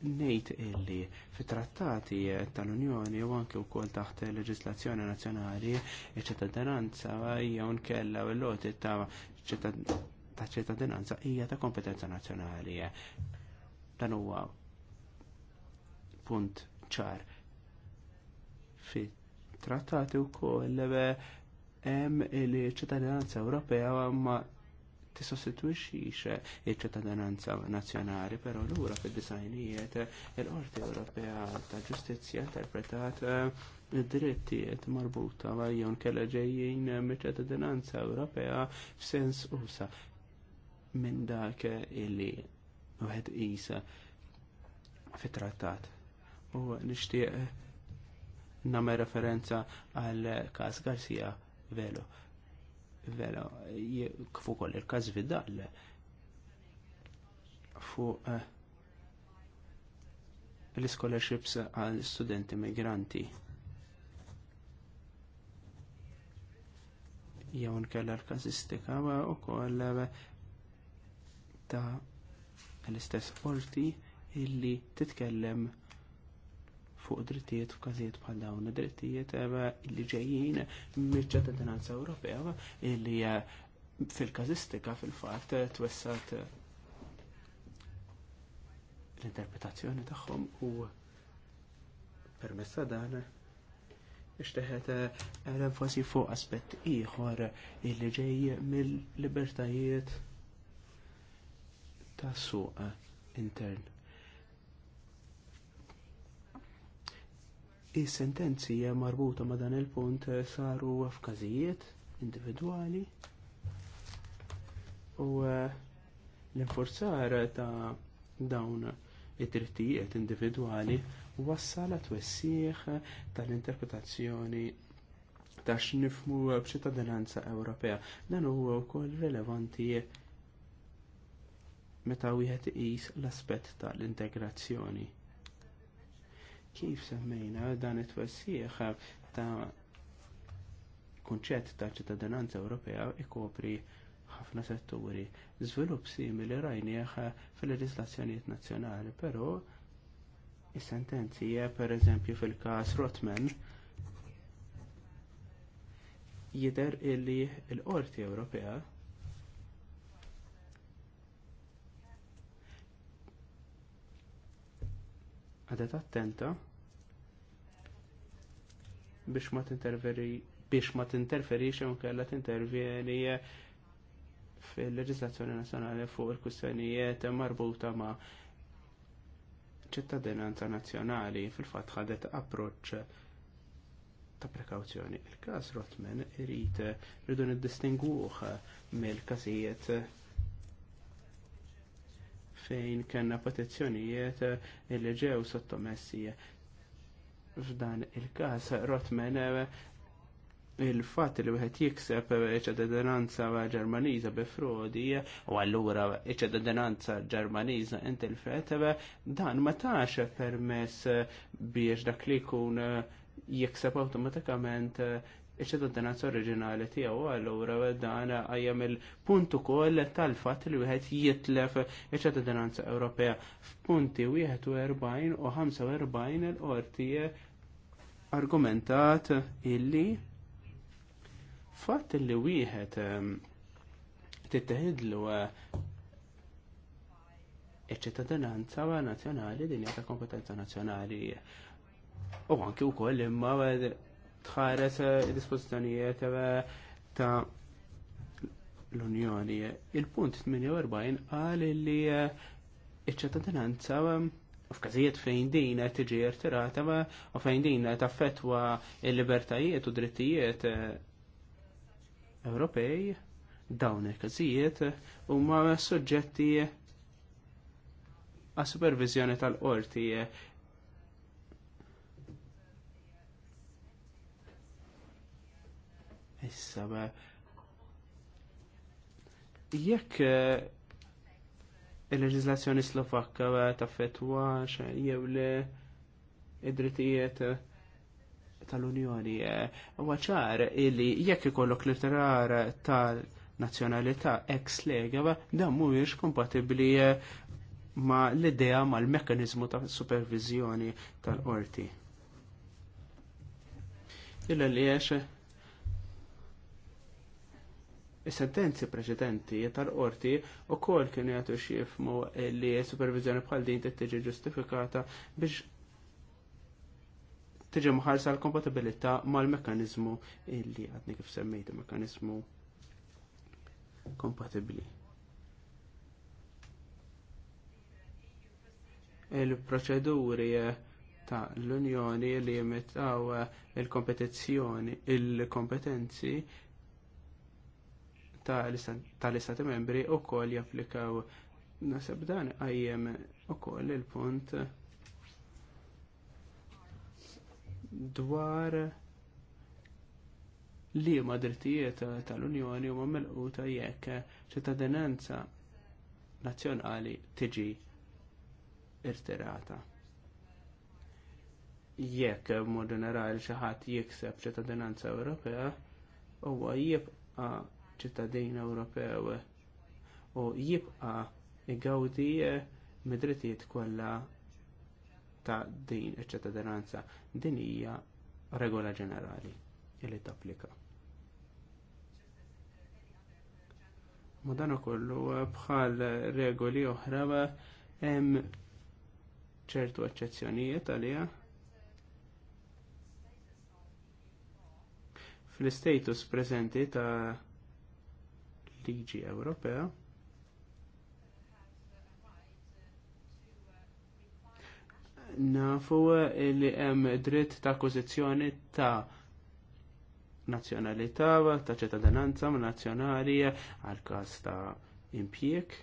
ngħid illi fit-trattati tal-Unjoni u anke wkoll taħt il-leġislazzjoni nazzjonali iċ-ċittadinanza hija nkella u l-loti ta' ċittadinanza hija ta' kompetenza nazzjonali. Dan huwa punt ċar fit-trattati wkoll eh, hemm ċ ċittadinanza Ewropea ma tissostituixix iċ-ċittadinanza nazzjonali, però lura fid-disajnijiet il-Qorti Ewropea ta' Ġustizzja interpretat eh, id-drittijiet marbuta ma' jew kella ġejjin miċ-ċittadinanza Ewropea f'sens usa minn dak illi wieħed isa fit-trattat. U nixtieq nagħmel referenza għal każ Garcia Velo vera kfu koll il kaz Vidal fu eh, l-scholarships għal studenti migranti. Jew nkella l-kazistika ma u koll eh, ta' l-istess orti illi titkellem fuq drittijiet f'każijiet bħal dawn id-drittijiet eh, li ġejjin miċ-ċetta Ewropea li eh, fil każistika fil-fatt eh, twessat l-interpretazzjoni tagħhom u permessa dan ixteħet l-enfasi fuq aspett ieħor illi ġej mill-libertajiet tas-suq intern Is-sentenzi marbuta ma' dan il-punt eh, saru f'każijiet individwali u eh, l-infurzar ta' dawn it drittijiet individwali wassal għat-wessieħ tal-interpretazzjoni ta' x'nifmu b'ċittadinanza Ewropea. Dan huwa wkoll rilevanti meta wieħed iqis l-aspett tal-integrazzjoni kif semmejna dan it-twessieħ ta' kunċett ta' ċittadinanza Ewropea ikopri ħafna setturi. Żvilupp simili rajnieħ fil-leġislazzjonijiet nazzjonali, però is sentenzija pereżempju fil-każ Rotman jidher illi l-Qorti Ewropea għadet attenta biex ma tinterferi biex ma tinterferix jew kellha tintervjeni fil-leġislazzjoni nazzjonali fuq il-kwistjonijiet marbuta ma' ċittadinanza nazzjonali fil-fatt ħadet approċċ ta' prekawzjoni. Il-każ Rotman irid irridu niddistinguh mill-każijiet fejn kena petizzjonijiet illi ġew sottomessi. F'dan il-kas, Rotman il-fat li wieħed jikseb iċ-ċededinanza ġermaniża bi frodi u allura iċ-ċededinanza ġermaniża intilfet dan ma tax permess biex dak li jkun jikseb awtomatikament iċ-ċittadinanza oriġinali tiegħu allura dan għajja il-puntu ukoll tal fat li wieħed jitlef iċ-ċittadinanza Ewropea f'punti 41 u u 45 l-qorti argumentat illi fat li wieħed ehm, titteħidlu eh, iċ-ċittadinanza nazzjonali din hija ta' kompetenza nazjonali u u koll imma tħares eh, dispożizzjonijiet eh, ta' l-Unjoni. Il-punt 48 qal li eh, iċ-ċittadinanza f'każijiet fejn din tiġi irtirata u fejn din taffetwa il-libertajiet u drittijiet Ewropej dawn il-każijiet huma suġġetti għas supervizjoni tal-qorti Issa, jekk eh, il-leġizlazzjoni slovakka eh, taffetwa jew le id-drittijiet eh, tal-Unjoni huwa ċar illi jekk ikollok literar tal-nazzjonalità ex lega dan mhuwiex kompatibbli ma l-idea ma l-mekkanizmu ta' supervizjoni tal-qorti. Illa li jiex Is-sentenzi preċedenti tal-qorti u kol kienu jgħatu xifmu li supervizjoni bħal din tiġi ġustifikata biex tiġi mħarsa l-kompatibilità mal-mekanizmu li għadni kif semmejt mekanizmu kompatibli. Il-proċeduri ta' l-Unjoni li jimitaw il-kompetizzjoni, il-kompetenzi, il kompetenzi tal-istati membri u japplikaw nasab dan għajjem u il-punt dwar li ma drittijiet tal-Unjoni u ma melquta jekk ċittadinanza nazzjonali tiġi irterata. Jekk b'mod ġenerali xi ħadd jikseb ċittadinanza Ewropea huwa jibqa' ċittadin Ewropew u jibqa igawdi mid-drittijiet kollha ta' din iċ-ċittadinanza. Din hija regola ġenerali li tapplika. dan ukollu bħal regoli oħra hemm ċertu eċċezzjonijiet għalija. Fl-istatus preżenti ta' liġi Ewropea nafu li hemm dritt ta' akkużizzjoni ta' nazzjonalità, ta' ċittadinanza nazzjonali għal każ ta' impjieg.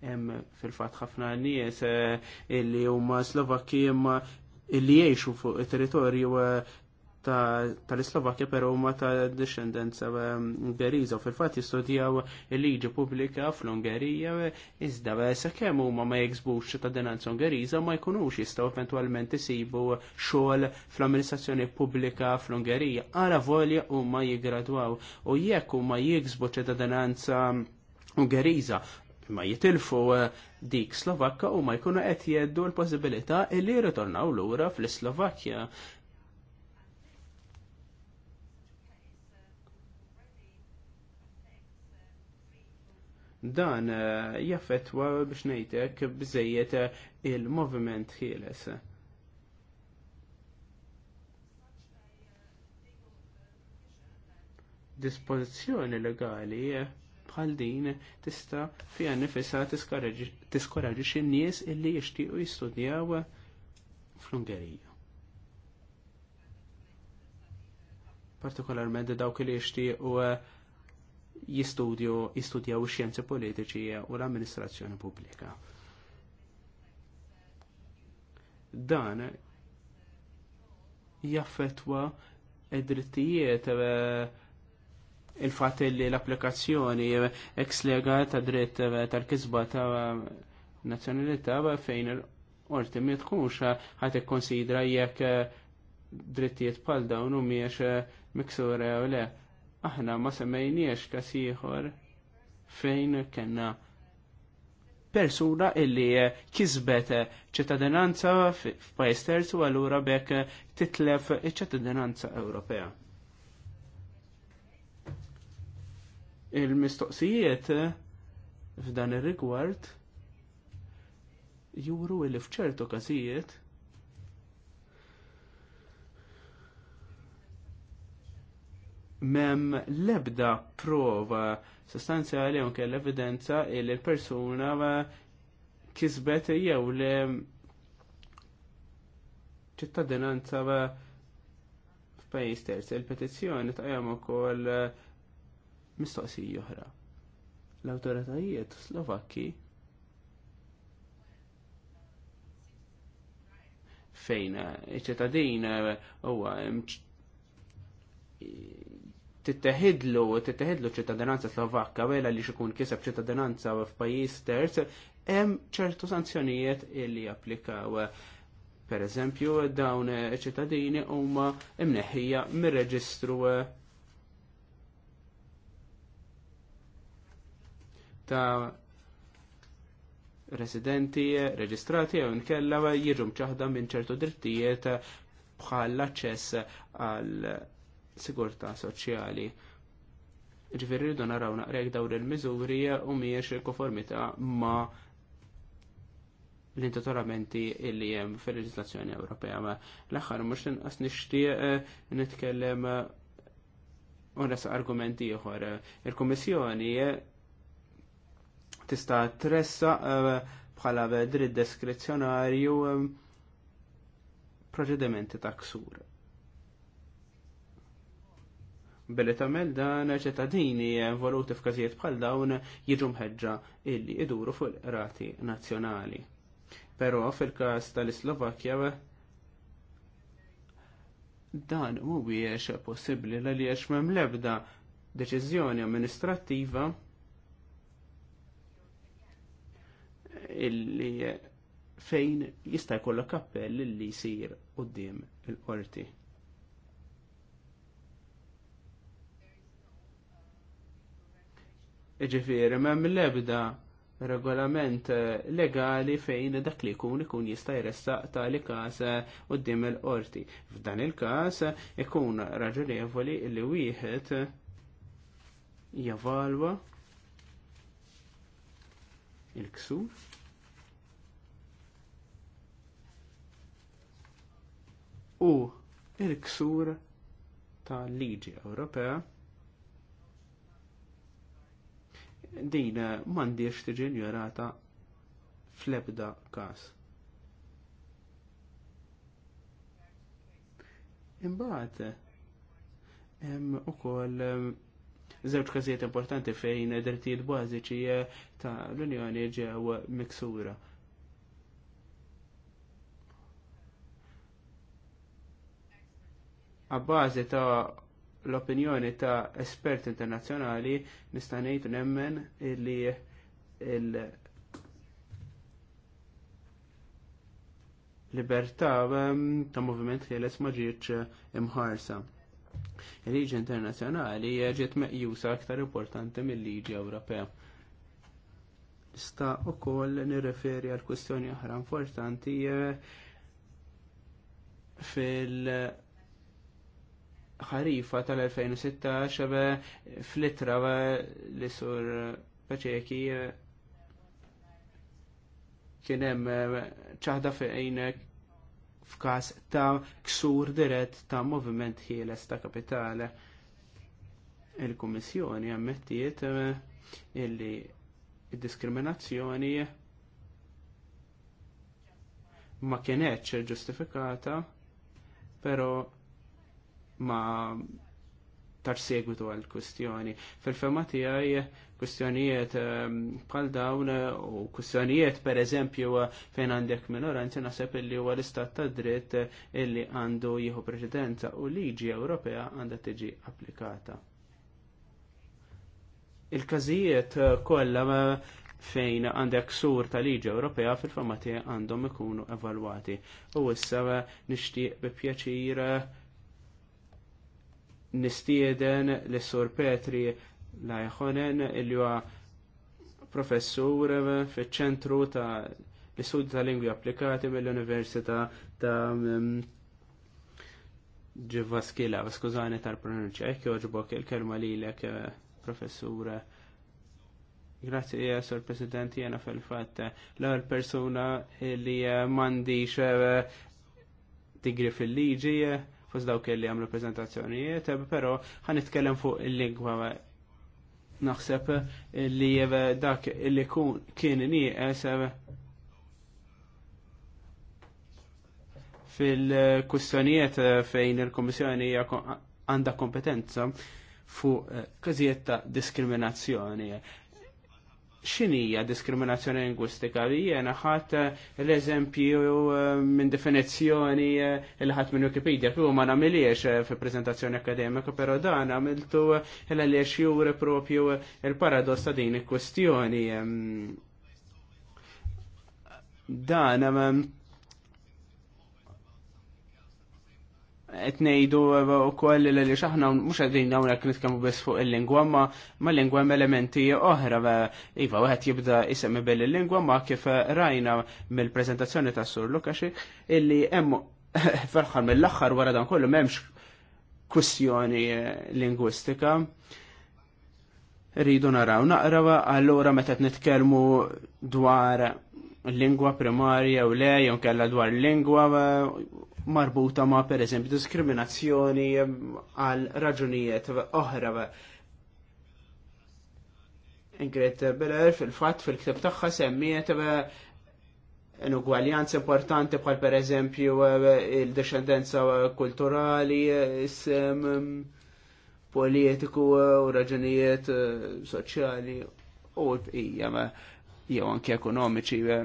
Hemm fil-fatt ħafna nies eh, illi huma Slovakki imma illi jgħixu fuq it-territorju eh, tal-Islovakja pero huma ta' descendenza ehm, Ungeriża u fil-fatt jistudjaw il-liġi pubblika fl-Ungerija iżda sakemm huma ma jiksbux denanza Ungeriża ma jkunux jistgħu eventwalment isibu xogħol fl-amministrazzjoni pubblika fl-Ungerija għala volja huma jiggradwaw u jekk huma ta' denanza Ungeriża ma jitilfu eh, dik Slovakka u ma jkunu qed jeddu l-possibilità li jirritornaw lura fl slovakja dan eh, jaffetwa biex ngħidlek biżejjed eh, il-moviment ħieles. Dispożizzjoni legali eh, bħal din tista' fiha nifisha tiskoraġi in-nies illi jixtiequ jistudjaw fl-Ungerija. Partikolarment dawk li jixtiequ jistudju jistudjaw ix-xjenzi politiċi u l-amministrazzjoni pubblika. Dan jaffetwa id-drittijiet eh, il-fatt li l-applikazzjoni ex lega ta' dritt eh, tal-kisba ta' nazzjonalità fejn il-qorti mi tkunx ħadd ikkonsidra jekk eh, drittijiet bħal dawn u miex miksura u le aħna ma semmejniex kasiħor ieħor fejn kena persuna illi kisbet ċittadinanza f'pajis terzu għallura bekk titlef ċittadinanza Ewropea. Il-mistoqsijiet f'dan ir-rigward juru illi f'ċertu każijiet mem lebda prova sostanzjali unke l-evidenza il persuna eh, kisbet jew le ċittadinanza eh, f'pajjiż terz. Il-petizzjoni jgħamu ukoll eh, mistoqsija oħra. L-awtoritajiet Slovakki fejn iċ-ċittadin huwa titteħidlu, titteħidlu ċittadinanza slovakka vela li xikun kiseb ċittadinanza f'pajjiż terz, hemm ċertu sanzjonijiet illi japplikaw. Per eżempju, dawn ċittadini huma imneħħija mir-reġistru ta' residenti reġistrati jew nkella jiġu mċaħda minn ċertu drittijiet bħal l-aċċess għal sigurtà soċjali. Jiġifieri rridu naraw naqrek dawn il-miżuri u mhijiex konformità ma l-intitolamenti illi hemm fil-leġislazzjoni Ewropea. L-aħħar mhux inqas nixtieq eh, nitkellem unres argumenti ieħor. Il-Kummissjoni tista' tressa eh, bħala dritt diskrezzjonarju eh, proċedimenti ta' ksur. Billi tagħmel dan ċittadini involuti f'każijiet bħal dawn jiġu mħeġġa illi iduru fuq il-rati nazzjonali. Però fil-każ tal-Islovakkja dan mhuwiex possibbli għaliex m'hemm l-ebda deċiżjoni amministrattiva illi fejn jista' jkollok kappell li jsir quddiem il-qorti. Ġifiri, ma mill-ebda regolament eh, legali fejn dak li jkun ikun jista' jressaq tali każ eh, quddiem il-qorti. F'dan il-każ eh, ikun raġunevoli li wieħed javalwa il-ksur u il-ksur tal-liġi Ewropea din m'għandix tiġi ignorata fl-ebda każ. Imbagħad hemm ukoll ehm, żewġ każijiet importanti fejn drittijiet bażiċi eh, ta' l-Unjoni ġew miksura. bazi ta' l-opinjoni ta' espert internazzjonali nista' ngħid nemmen illi il libertà ehm, ta' moviment ħieles ma ġietx imħarsa. Il-liġi internazzjonali ġiet meqjusa aktar importanti mill-liġi Ewropea. u ukoll nirreferi għal kwistjoni oħra importanti eh, fil- ħarifa tal-2016 fl li sur paċeki eh, kienem eh, ċaħda fejn f'kas ta' ksur dirett ta' moviment ħieles ta' kapitale. Il-Kummissjoni ammettiet eh, illi diskriminazzjoni ma kienetx ġustifikata, pero ma tar segwitu għal kustjoni. Fil-fema tiegħi kustjonijiet bħal ehm, dawn u kustjonijiet per eżempju fejn għandek minoranzi naħseb li huwa l-istat ta' dritt illi għandu jieħu preċedenza u liġi Ewropea għandha tiġi applikata. Il-każijiet kollha fejn għandek sur ta' liġi Ewropea fil-famati għandhom ikunu evalwati. U issa nixtieq bi pjaċir nistieden l-Sur Petri Lajħonen il huwa professur eh, fiċ-ċentru ta' l-istudju ta' lingwi applikati mill-Università ta' Ġivaskila, mm, skużani tal-pronunċja, ekki oġbok il-kelma lilek, eh, professura. Grazie, eh, Sor President, jena fil-fat l-għal persona li mandiċ tigri fil-liġi, Fuż dawk li għamlu prezentazzjonijiet, eh, pero ħan nitkellem fuq il-lingwa naħseb li dak li kien nieqes eh, fil-kustjonijiet eh, fejn il-Komissjoni għandha kompetenza fuq każijiet ta' diskriminazzjoni xinija diskriminazzjoni lingwistika li jena ħat eh, l-eżempju eh, minn definizzjoni eh, il ħadd minn Wikipedia kif ma namiliex fi prezentazzjoni akademika, però dan għamiltu l għaliex juri propju il-paradoss ta' din il-kwestjoni. Ehm. Dan ehm, etnejdu u eh, koll li xaħna mux għadin dawna kien nitkamu bis fuq il-lingwa ma ma lingwa elementi oħra iva għet jibda isem bil il-lingwa ma kif eh, rajna mill-prezentazzjoni ta' sur Lukaxi illi emmu *laughs* ferħar mill-axħar wara dan kollu memx kussjoni eh, lingwistika rridu naraw naqrawa allura meta nitkellmu dwar lingwa primarja u le jonkella dwar dwar lingwa marbuta ma' per eżempju diskriminazzjoni għal raġunijiet oħra. Ingrid Biller fil-fatt fil-ktib tagħha semmiet ugwaljanza importanti bħal per eżempju il-descendenza kulturali, sem politiku u raġunijiet soċjali u l-bqija jew anke ekonomiċi.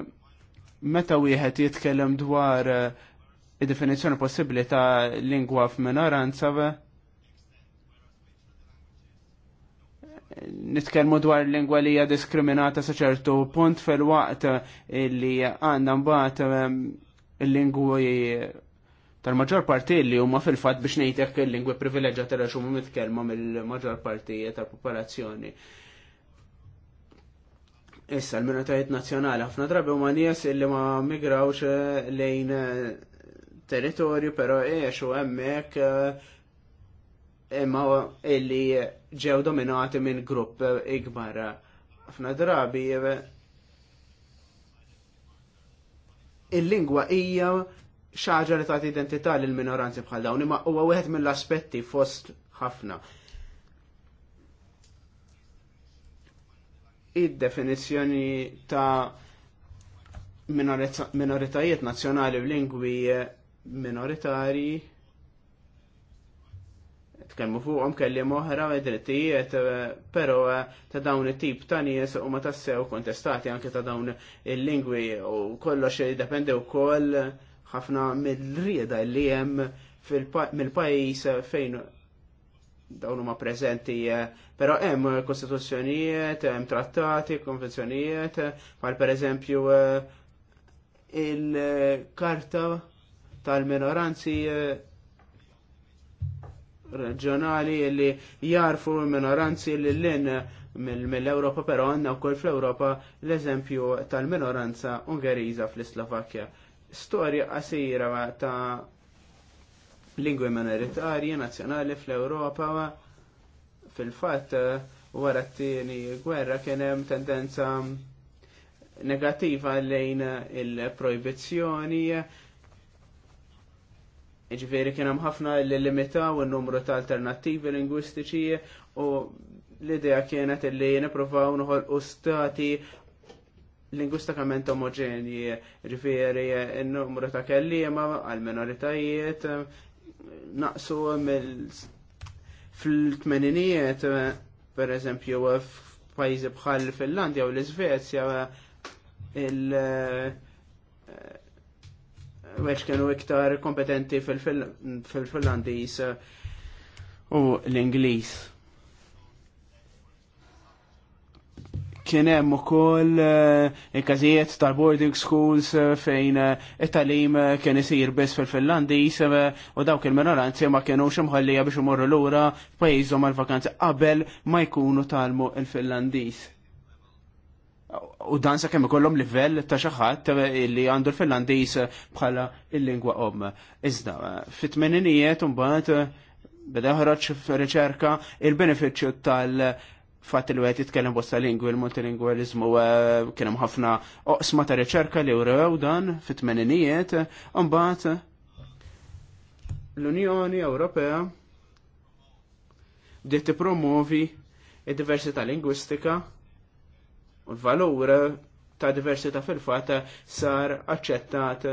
Meta wieħed jitkellem dwar id-definizzjoni possibbli ta' lingwa f'minoranza nitkellmu dwar lingwa li hija diskriminata sa ċertu punt fil-waqt li għandna mbagħad il-lingwi tal-maġġor parti li huma fil-fatt biex ngħidlek il-lingwi privileġġjat għax huma mitkellma mill-maġġor partijiet tal-popolazzjoni. Issa l-minoritajiet nazzjonali ħafna drabi huma nies illi ma migrawx lejn territorju, pero e, e, u emmek imma illi ġew dominati minn grupp ikbar. Fna drabi il-lingwa hija xaġa li tagħti identità lil minoranzi bħal dawn imma huwa wieħed mill-aspetti fost ħafna. Id-definizzjoni ta' minoritajiet nazzjonali u lingwi minoritari tkellmu fuqhom kelli oħra drittijiet, però eh, ta' dawn it-tip ta' nies huma tassew kontestati anke ta' dawn il-lingwi u kollox jiddependi wkoll ħafna mill-rieda li hemm mill-pajjiż fejn dawn huma preżenti, eh, però hemm kostituzzjonijiet, hemm trattati, konvenzjonijiet, bħal pereżempju eh, il-karta tal-minoranzi eh, reġjonali li jarfu minoranzi li l-lin mill-Europa, pero għanna u koll fl-Europa l-eżempju tal-minoranza ungeriza fl slovakia Storja qasira ta' lingwi minoritarji nazzjonali fl-Europa fil-fat wara t-tieni gwerra kien hemm tendenza negativa lejn il proibizzjoni Ġifiri kien hemm ħafna li limitaw in-numru ta' alternattivi lingwistiċi u l-idea kienet li nippruvaw noħolqu stati lingwistikament omogenji, ġifiri n-numru ta' kellima għal minoritajiet naqsu fil-tmeninijiet, per eżempju, f'pajjiżi bħal Finlandja u l-Iżvezja, il- weċ kienu iktar kompetenti fil-Finlandis uh, u l-Inglis. Kien hemm uh, il-kazijiet tal-boarding schools uh, fejn it-talim kien isir biss fil-Finlandis u dawk il-minoranzi ma kienu imħallija biex imorru lura f'pajjiżhom għal vakanzi qabel ma jkunu talmu il-Finlandis u dan sa kemm ikollhom livell ta' xi ħadd eh, li għandu l-Finlandiż eh, bħala l-lingwa om. Iżda, eh, fit-tmeninijiet imbagħad beda ħroġ f'riċerka il-benefiċċju tal- fatt li għet jitkellem bosta lingwi, il-multilingualizmu kien hemm ħafna oqsma ta' riċerka li urew dan fit-tmeninijiet, imbagħad l-Unjoni Ewropea bdiet tippromovi id-diversità lingwistika U l-valur ta' diversità fil-fat sar aċċettat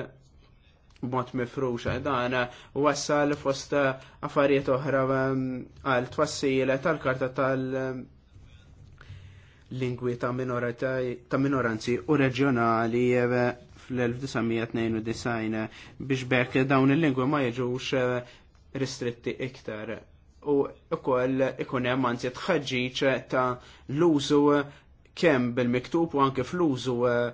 b'mod mifruxa. Dan wassal fost affarijiet oħra um, għal twassile tal-karta tal- lingwi ta' minoranzi u reġjonali eh, fl-1992 biex bekk dawn il-lingwi ma jiġux eh, ristritti iktar u ukoll ikun hemm anzi tħaġġiġ ta' l-użu kemm bil-miktub u anke fl-użu eh,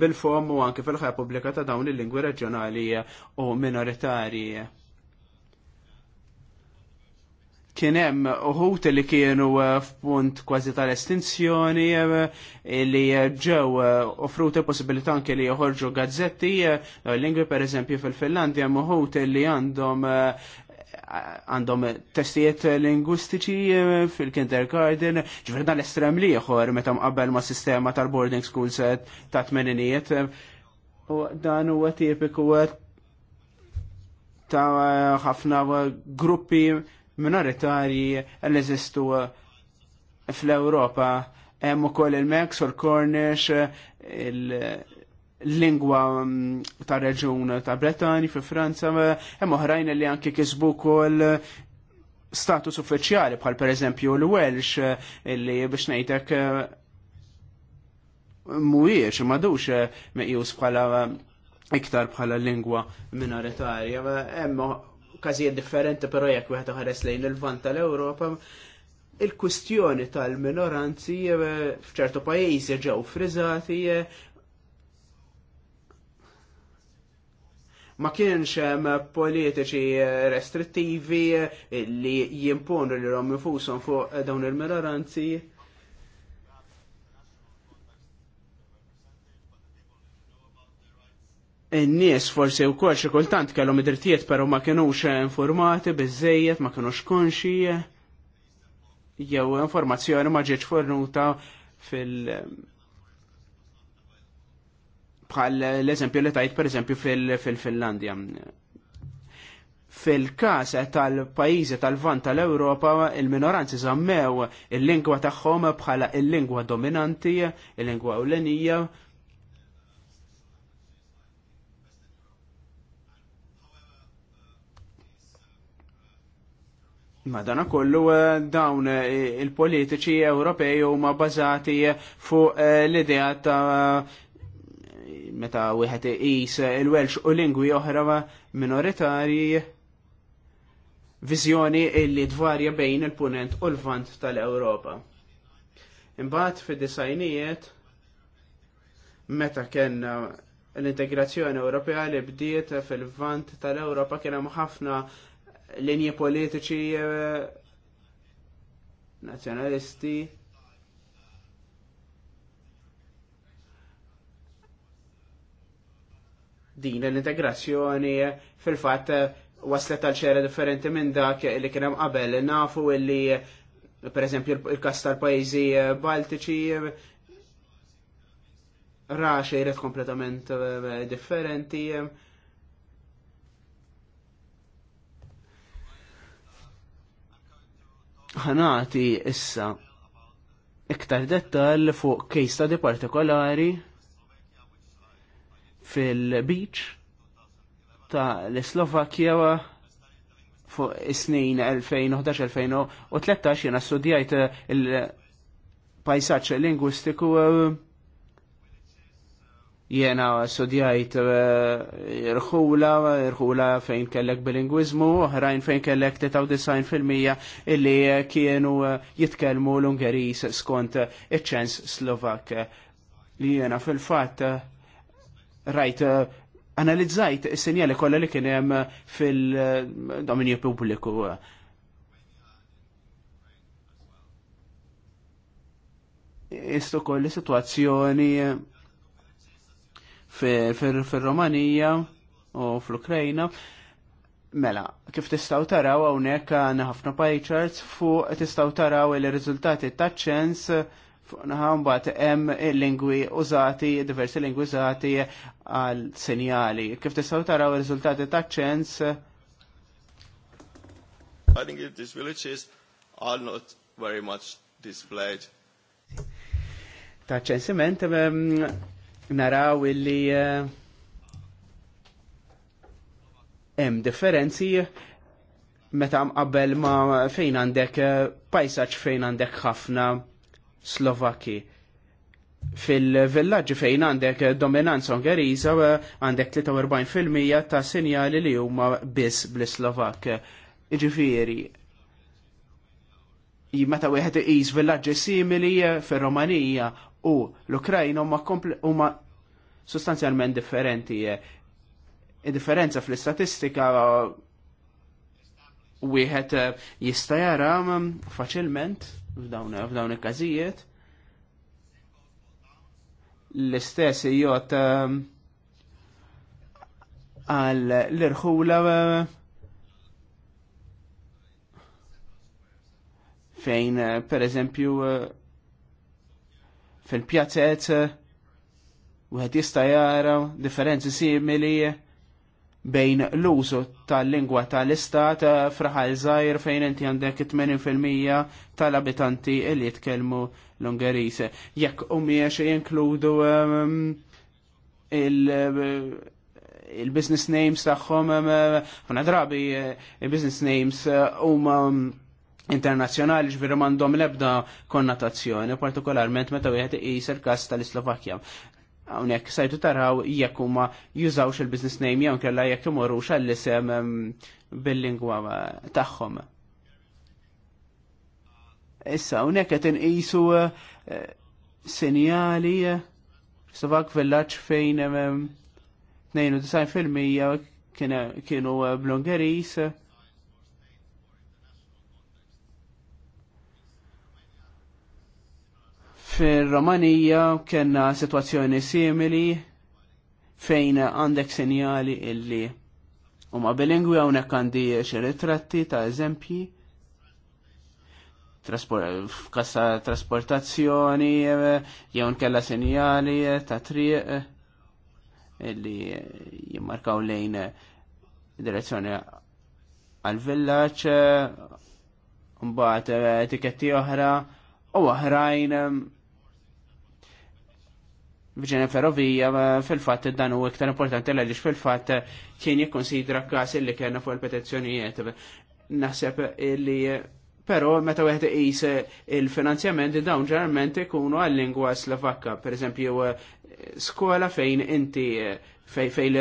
bil-fom u anke fil-ħajja pubblika ta' dawn il-lingwi reġjonali eh, u minoritarji. Kien hemm uħut li kienu eh, f'punt kważi tal-estinzjoni li ġew offrut possibilità anke li joħorġu gazzetti, lingwi pereżempju fil-Finlandja hemm uħut li għandhom għandhom testijiet lingwistiċi eh, fil-kindergarten, ġifri dan l-estrem liħor meta mqabbel ma' sistema tal-boarding schools eh, ta' tmeninijiet. U dan huwa tipiku eh, ta' ħafna gruppi minoritarji l-eżistu fl-Europa. Hemm ukoll il-Mex u l-Cornish, il lingwa mm, ta' reġun ta' Bretani fi Franza, hemm oħrajn li anke kisbu kol status uffiċjali bħal per eżempju l-Welsh li biex ngħidek eh, mhuwiex madux eh, meqjus bħala eh, iktar bħala lingwa minoritarja. Hemm każijiet differenti però jekk wieħed ħares lejn il-vant tal-Ewropa, il-kwistjoni tal-minoranzi f'ċertu pajjiżi ġew friżati ma kienx hemm politiċi restrittivi li jimponu li rom infushom fuq dawn il-minoranzi. In-nies forsi wkoll xi kultant kellhom id-drittijiet però ma kinux informati biżejjed, ma kinux konxi jew informazzjoni ma ġietx fornuta fil- bħal l-eżempju li tajt per eżempju fil-Finlandja. Fil-kas tal-pajizi tal-vant tal-Europa, il-minoranzi zammew il-lingwa tagħhom bħala il-lingwa dominanti, il-lingwa ewlenija. Madana kollu eh, dawn eh, il-politiċi Ewropej huma bażati fuq eh, l-idea ta' meta wieħed iqis il-Welsh u lingwi oħra minoritarji viżjoni illi dvarja bejn il-punent u l-vant tal-Ewropa. Imbagħad fid-disajnijiet meta kellna l-integrazzjoni Ewropea li bdiet fil-vant tal-Ewropa kien hemm ħafna linji politiċi eh, nazjonalisti din l-integrazzjoni fil-fatt waslet għal ċera differenti minn dak li kien hemm qabel. Nafu li per eżempju il-kas tal-pajjiżi Baltiċi ra xejret kompletament eh, differenti. ħanati issa iktar dettal fuq case di partikolari fil-beach ta' l-Slovakja fuq is-snin 2011-2013 jena studijajt il-pajsaċ lingwistiku jena studijajt irħula eh, rħula fejn kellek bilingwizmu, oħrajn fejn kellek 99% illi kienu eh, jitkelmu l-Ungeris skont iċ-ċens Slovak. Li jena fil-fat rajt eh, analizzajt is senjali kollha li kien hemm eh, fil dominio pubbliku. Istu kolli situazzjoni eh, fil-Romanija u fl-Ukrajna. Mela, kif tistaw taraw hawnhekk għana ħafna pie charts fuq tistaw taraw il-riżultati ta' ċens Naħan Mbagħad hemm lingwi użati, diversi lingwi użati għal sinjali. Kif tistgħu taraw il riżultati ta' ċens? I think if these villages are not very much displayed. Ta' ċensiment ehm, naraw illi eh, hemm differenzi meta qabel ma' fejn għandek eh, pajsaċ fejn għandek ħafna Slovaki. Fil-villaġġi fejn għandek dominanza Ungeriża għandek 43% ta' sinjali li huma biss bl-Slovak. Ġifieri, meta wieħed iqis villaġġi simili eh, fir-Romanija u l-Ukrajna huma sostanzjalment differenti. Eh. Differenza fl-istatistika wieħed eh, jista' jara mm, faċilment f'dawn il-każijiet. L-istess jgħot ehm, għal l-irħula ehm, fejn per eżempju ehm, fil-pjazzet u għed jistajara differenzi simili bejn l-użu tal-lingwa tal-istat eh, fraħal zaħir fejn inti għandek 80% tal-abitanti li jitkellmu l-Ungeris. Jekk umiex jinkludu ehm, il-business names tagħhom, ehm, ħuna drabi il-business eh, names eh, huma ehm, internazzjonali ġviri mandom lebda konnotazzjoni, partikolarment meta wieħed iqis il-każ tal-Islovakkja għonek sajtu taraw jekk huma jużawx il-business name jgħon kellha jekk imorrux għall-isem um, bil-lingwa uh, taħħom. Issa hawnhekk qed inqisu uh, sinjali uh, Slovak Village fejn 92% um, kienu blongeris Fir-Romanija kena situazzjoni simili fejn għandek sinjali illi huma bilingwi hawnhekk għandi xi ritratti ta' eżempji f'kassa trasportazzjoni jew kella sinjali ta' triq illi jimmarkaw lejn direzzjoni għal villaċ mbagħad etiketti oħra u oħrajn Virginia Ferrovija fil-fatt dan u iktar importanti l fil-fatt kien jikkonsidra kas li kena fuq il-petizzjonijiet. Naħseb li Pero meta wieħed jis il-finanzjamenti dawn ġeneralment ikunu għal-lingwa slovakka, pereżempju skola fejn inti fejn fejn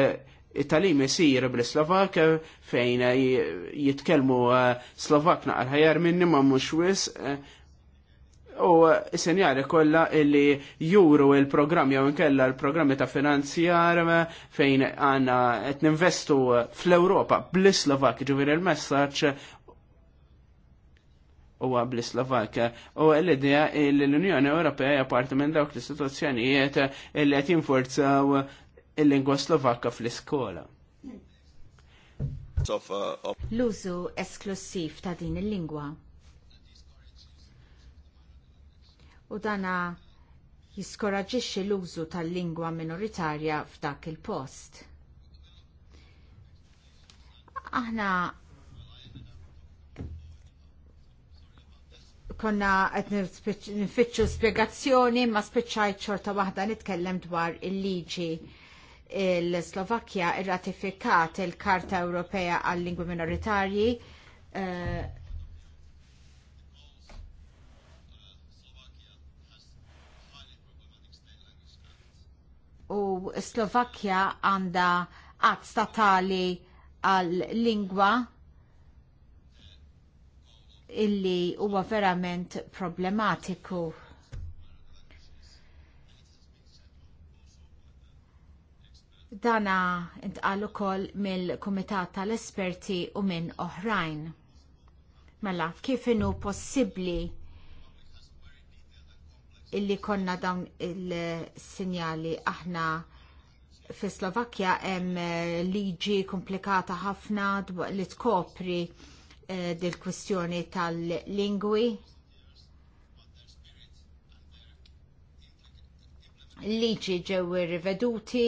it-talim isir bil slovak fejn jitkellmu Slovakna naqar ħajar minni ma mhux wisq u s-senjari kolla illi juru il-programmi jew nkella l-programmi ta' finanzjar fejn għanna qed ninvestu fl-Ewropa bl-Slovak ġifier il-messaġġ huwa bl-Slovak. U l-idea li l-Unjoni Ewropea jgħaparti parti minn dawk l-istituzzjonijiet li qed jinforzaw il-lingwa Slovakka fl-iskola. Uh, L-użu esklusiv ta' din il-lingwa u dana jiskoraġixxi l-użu tal-lingwa minoritarja f'dak il-post. Aħna konna qed nifittxu spjegazzjoni ma spiċċajt xorta waħda nitkellem dwar il-liġi il-Slovakkja rratifikat il-Karta Ewropea għal-Lingwi Minoritarji uh, u Slovakkja għandha għad statali għal lingwa illi huwa verament problematiku. Dana intqal ukoll mill-Kumitat tal-Esperti u minn oħrajn. Mela, kif inhu possibbli illi konna dawn il-sinjali aħna fi Slovakkja hemm eh, liġi komplikata ħafna li tkopri eh, dil-kwistjoni tal-lingwi. Liġi ġew riveduti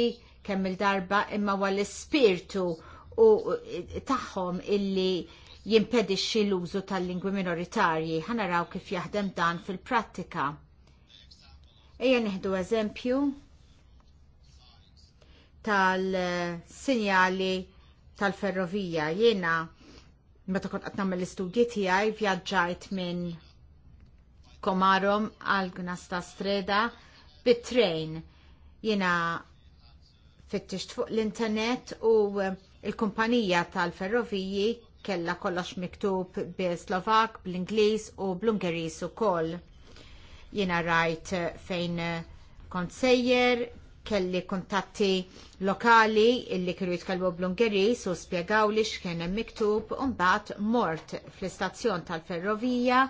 kemm il-darba imma huwa l-ispirtu u eh, tagħhom illi jimpedixxi l-użu tal-lingwi minoritarji ħanaraw kif jaħdem dan fil-prattika. Ejja neħdu eżempju tal-sinjali tal-ferrovija. Jiena meta kont qed nagħmel l-istudji tiegħi vjaġġajt minn Komarom għal Gnasta Streda bit-train. Jiena fittixt fuq l-internet u il-kumpanija tal-ferroviji kella kollox miktub bi Slovak, bl-Ingliż u bl-Ungeris ukoll. Jiena rajt eh, fejn eh, kont sejjer, kelli kuntatti lokali illi kienu jitkellmu bl-Ungeris u spjegaw li x'kien hemm miktub u mbagħad mort fl-istazzjon tal-ferrovija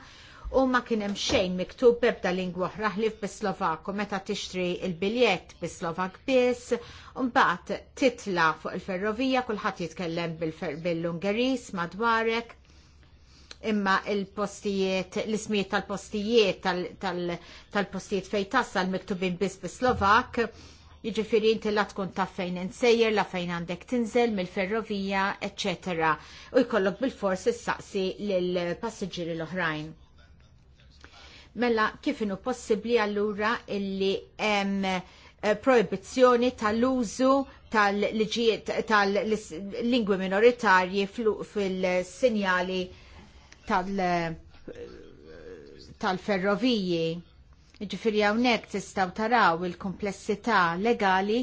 u ma kien hemm xejn miktub bebda lingwa oħra ħlif bis-Slovak u meta tixtri il-biljett bis-Slovak biss u mbagħad titla fuq il-ferrovija kulħadd jitkellem bil lungeris madwarek imma il-postijiet, l-ismijiet tal-postijiet, tal-postijiet fejn tasal miktubin bis slovak jiġifieri inti la tkun taf fejn insejjer, la fejn għandek tinżel mill-ferrovija, etc. U jkollok bil-fors issaqsi lill passagġiri l-oħrajn. Mela, kif possibli possibbli allura illi hemm eh, proibizzjoni tal-użu tal-lingwi tal, tal, tal, minoritarji fil-sinjali tal-ferroviji. Ġifiri hawnhekk tistgħu taraw il-komplessità legali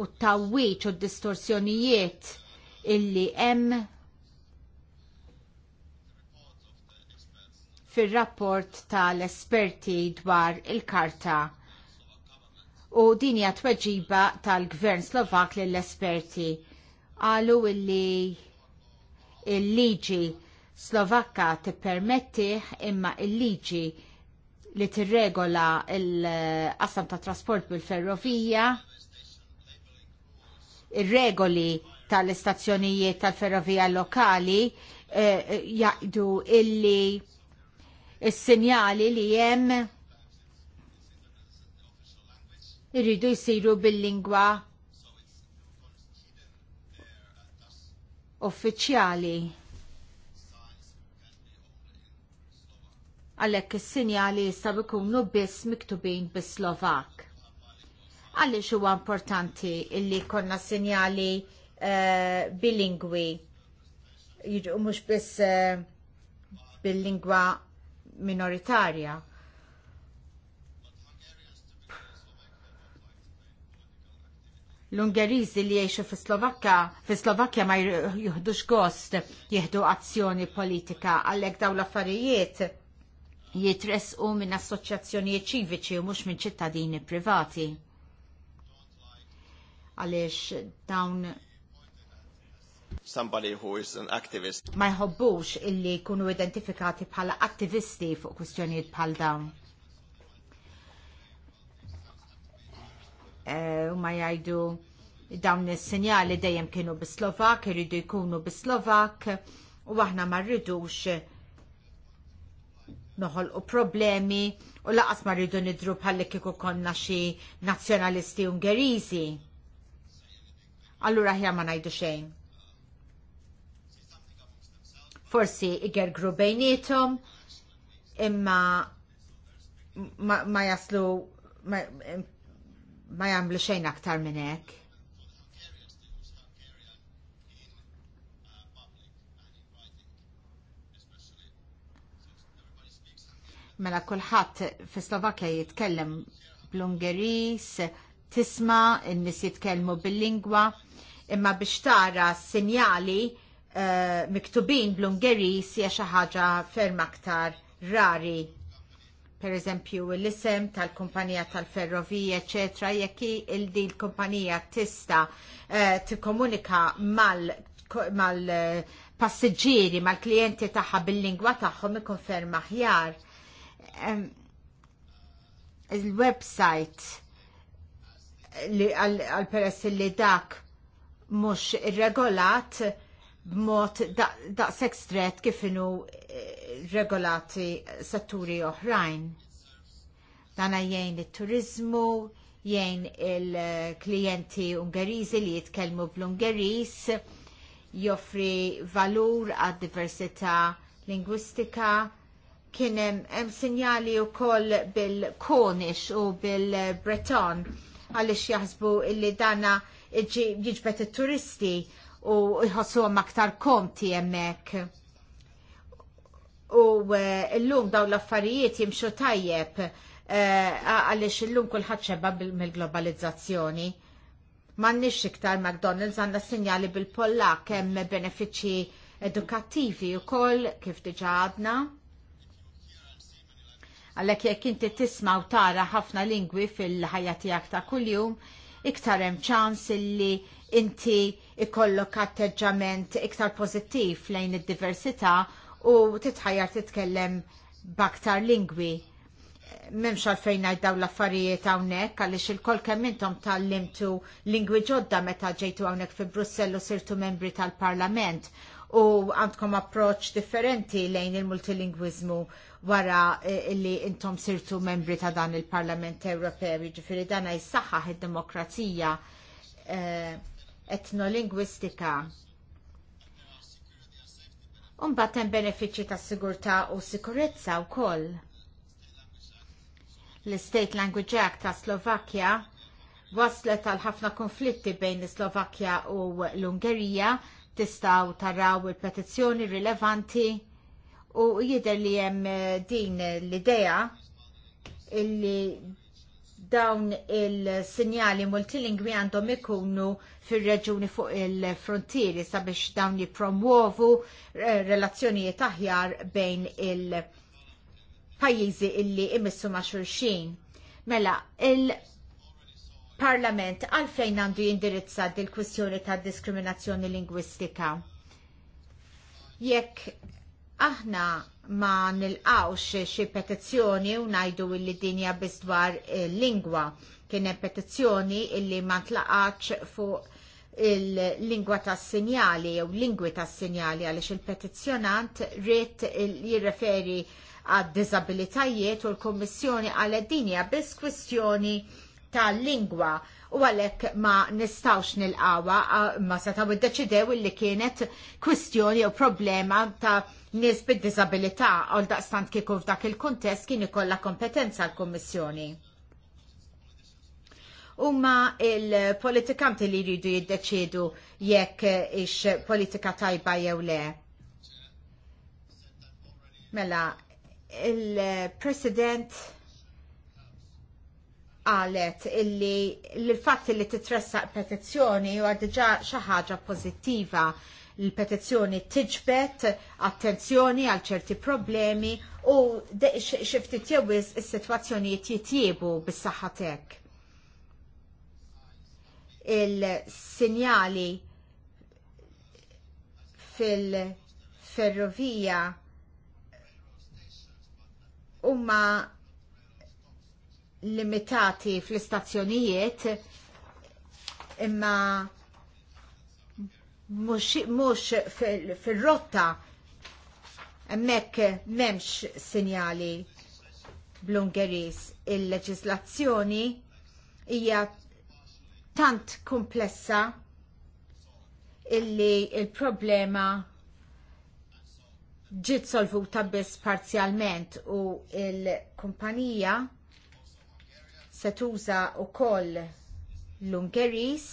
u t-tawwiċ u d-distorsjonijiet illi hemm fir-rapport tal-esperti dwar il-karta u din hija tweġiba tal-Gvern Slovak lill-esperti qalu illi il-liġi Slovakka tippermetti imma il-liġi li tirregola l-qasam ta' trasport bil-ferrovija, ir-regoli tal-istazzjonijiet tal-ferrovija lokali eh, jaqdu illi il-sinjali li jem irridu jisiru bil-lingwa uffiċjali. għalhekk is-sinjali jistgħu ikunu biss miktubin bis-Slovak. Għaliex huwa importanti illi konna sinjali uh, bilingwi jidu mhux biss uh, bil-lingwa minoritarja. l-Ungerizi li jiexu fi Slovakka, fi Slovakja ma jihdux gost jihdu azzjoni politika għallek daw l-affarijiet jitresqu minn assoċjazzjonijiet ċiviċi u mhux minn ċittadini privati. Għaliex dawn somebody who is an activist. Ma jħobbux illi kunu identifikati bħala attivisti fuq kwistjonijiet bħal dawn. Eh, u ma jgħidu dawn is-sinjali dejjem kienu bis-Slovak, iridu jkunu bis-Slovak u aħna ma rridux noħol u problemi u laqas ma rridu nidru bħalli kiku konna xi nazzjonalisti Ungeriżi. Allura ħja ma ngħidu xejn. Forsi igergru bejnietom imma ma, jaslu ma, ma jamlu xejn aktar minn hekk. Mela kulħadd fi Slovakkja jitkellem bl-Ungeris, tisma, n-nis jitkellmu bil-lingwa, imma biex tara sinjali uh, miktubin bl-Ungeris hija xi ħaġa ferm aktar rari per eżempju l-isem tal-kumpanija tal-ferrovija, eccetera, jekk il l kumpanija tista eh, tikkomunika mal-passiġġieri, eh, mal-klijenti taħħa tagħha bil-lingwa tagħhom ikun ferm aħjar il-website li għal peress li dak mhux irregolat b'mod daqshekk stret kif inhu eh, regolati setturi oħrajn. Dana jgħin it-turizmu, jgħin il-klijenti Ungeriżi li jitkellmu bl ungeriz joffri valur għad diversità lingwistika, Kien hemm sinjali wkoll bil-Konix u bil-Breton għaliex jaħsbu illi dana jiġbet it turisti u jħossu aktar konti hemmhekk. U eh, l-lum daw l-affarijiet jimxu tajjeb eh, għaliex l-lum kullħat xebba mill-globalizzazzjoni. M'għandniex iktar McDonald's għanna sinjali bil-Pollak hemm benefiċċji edukattivi u koll kif diġa għadna Għalhekk jekk inti tisma' u tara ħafna lingwi fil-ħajja tiegħek ta' kuljum, iktar hemm ċans illi inti ikollok atteġġament iktar pożittiv lejn id-diversità u titħajjar titkellem b'aktar lingwi memx għalfejn daw l-affarijiet għawnek, għalix il-kol kemm intom tal-limtu lingwi ġodda meta ġejtu għawnek fi Brussellu sirtu membri tal-parlament u għandkom approċ differenti lejn il-multilingwizmu wara eh, li intom sirtu membri ta' dan il-Parlament Ewropew, ġifiri dan jissaħħaħ id-demokrazija eh, etnolingwistika. Umbat hemm benefiċċji ta' sigurtà u sikurezza wkoll. L-State Language Act ta' Slovakkja waslet għal ħafna konflitti bejn Slovakkja u l-Ungerija tistgħu taraw il-petizzjoni rilevanti u jider li hemm eh, din l-idea illi dawn il-sinjali multilingwi għandhom ikunu fil-reġuni fuq il-frontieri sabiex dawn jipromuovu eh, relazzjonijiet aħjar bejn il-pajjiżi illi imissu ma' xulxin. Mela, il-Parlament għalfejn għandu jindirizza dil-kwistjoni ta' diskriminazzjoni lingwistika. Jekk aħna ma nilqawx xi petizzjoni u ngħidu li dinja biss dwar lingwa kien petizzjoni illi ma tlaqatx fuq il-lingwa tas sinjali jew lingwi tas sinjali għaliex il-petizzjonant rrit jirreferi għad diżabilitajiet u l-Kommissjoni għal dinja biss kwistjoni tal-lingwa u għalhekk ma nistawx nilqawa ma setaw id-deċidew illi kienet kwistjoni jew problema ta' nies bid-disabilità għal daqstant kieku f'dak il-kuntest kien ikolla kompetenza l-Kummissjoni. Umma il-politikanti li jridu jiddeċidu jekk ix politika tajba jew le. Mela, il-President għalet illi l-fatt li titressaq petizzjoni u għadġa xaħġa pozittiva il-petizzjoni tiġbet attenzjoni għal ċerti problemi u xifti jewiz is-sitwazzjonijiet jitjiebu bis-saħħatek. Il-sinjali fil-ferrovija huma limitati fl-istazzjonijiet imma mhux fil-rotta hemmhekk m'hemmx sinjali bl-Ungeris il-leġislazzjoni hija tant komplessa illi il-problema ġiet solvuta biss parzjalment u il-kumpanija se tuża wkoll l-Ungeris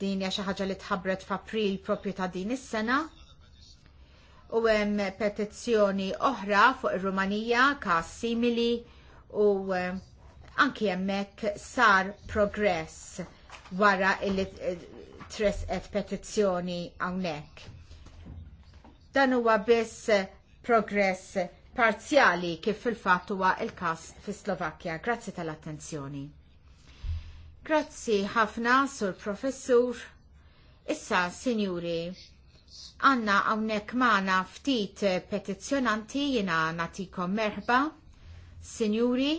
din hija xi ħaġa li tħabbret f'April propju ta' din is-sena. U hemm petizzjoni oħra fuq ir-Rumanija każ simili u eh, anki hemmhekk sar progress wara illi eh, tresqet petizzjoni hawnhekk. Dan huwa biss eh, progress parzjali kif fil-fatt huwa il-każ fi Slovakkja. Grazzi tal-attenzjoni. Grazzi ħafna, sur professur. Issa, sinjuri, għanna għawnek maħna ftit petizjonanti jina natikom merħba. Sinjuri,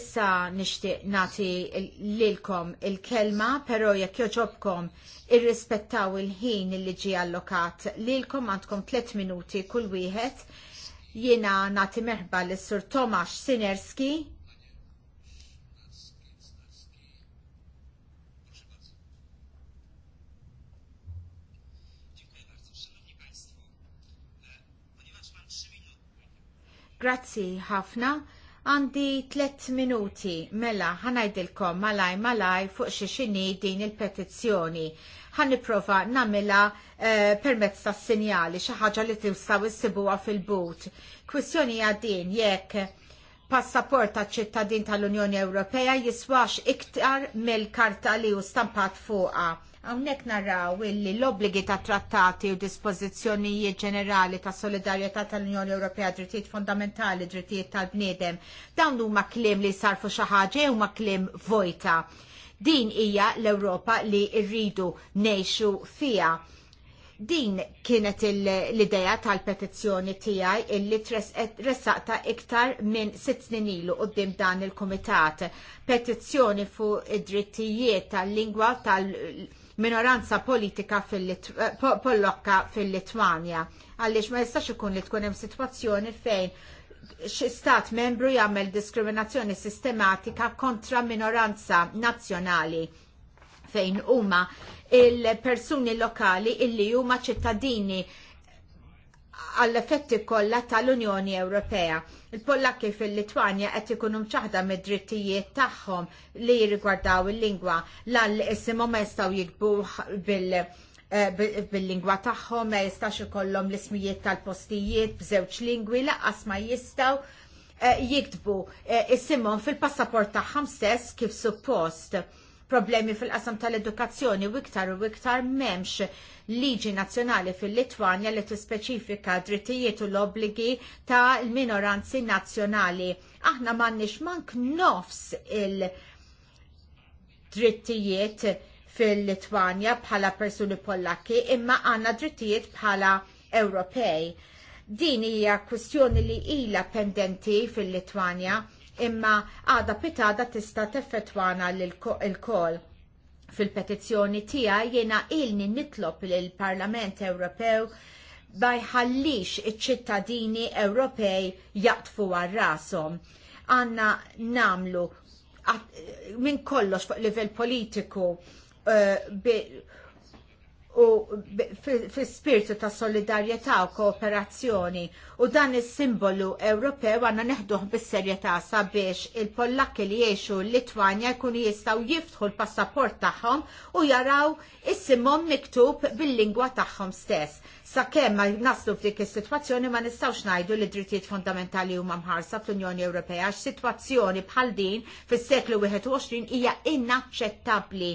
issa nishtiq nati lilkom il-kelma, pero jekk joġobkom irrispettaw il-ħin il-liġi allokat lilkom għandkom 3 minuti kull wieħed Jiena nagħti meħba lis sur Tomasz Sinerski. Grazzi ħafna. Għandi tliet minuti mela ħanajdilkom malaj malaj fuq xi xini din il-petizzjoni ħan niprofa namela eh, permezz ta' sinjali xi ħaġa li tistaw issibuha fil-but. Kwistjoni din jekk passaport ta' ċittadin tal-Unjoni Ewropea jiswax iktar mill-karta li hu stampat fuqha. Hawnhekk narraw illi l-obbligi ta' trattati u dispożizzjonijiet ġenerali ta' solidarjetà tal-Unjoni Ewropea drittijiet fondamentali, drittijiet tal-bniedem, dawn huma kliem li sarfu xi ħaġa huma kliem vojta Din hija l-Ewropa li rridu nejxu fija. Din kienet l-ideja tal-petizzjoni tiegħi illi eh, ressaqta iktar minn sitt snin ilu qudiem dan il-Kumitat. Petizzjoni fuq id-drittijiet tal-lingwa tal-minoranza politika fil-Pollokka eh, fil-Litwanja. Għaliex ma jistax ikun li tkun hemm sitwazzjoni fejn stat membru jagħmel diskriminazzjoni sistematika kontra minoranza nazzjonali fejn huma il-persuni lokali illi huma ċittadini għall-effetti kollha tal-Unjoni Ewropea. Il-Pollakki fil-Litwanja qed ikunu mċaħda mid-drittijiet tagħhom li jirrigwardaw il-lingwa l-għall isimhom ma jistgħu jikbuh bil- Eh, bil-lingwa tagħhom ma jistax ikollhom l-ismijiet tal-postijiet b'żewġ lingwi laqqas ma jistgħu eh, jiktbu eh, issimhom fil-passaport tagħhom stess kif suppost problemi fil-qasam tal-edukazzjoni u iktar u iktar memx liġi nazzjonali fil-Litwanja li t-specifika drittijiet u l-obligi ta' minoranzi nazzjonali. Aħna m'għandniex mank nofs il-drittijiet fil-Litwanja bħala persuni Pollakki imma għandna drittijiet bħala Ewropej. Din hija kwistjoni li ila pendenti fil-Litwanja imma għada pitada tista' teffettwana l-kol. Fil-petizzjoni tiegħi jiena ilni nitlob lill-Parlament Ewropew bajħallix jħallix iċ-ċittadini Ewropej jaqtfu għarrasom. rashom. Għanna namlu minn kollox fuq livell politiku Eh, u fil-spirtu ta' solidarjetà u kooperazzjoni u dan is-simbolu Ewropew għanna neħduh bis-serjetà sabiex il-Pollakki li jgħixu l-Litwanja jkunu jistgħu jiftħu l-passaport tagħhom u jaraw issimhom miktub bil-lingwa tagħhom stess. Sakemm ma naslu f'dik is-sitwazzjoni ma nistgħux ngħidu li drittijiet fundamentali huma mħarsa fl-Unjoni Ewropea għax sitwazzjoni bħal din fis-seklu 21 hija inaċċettabbli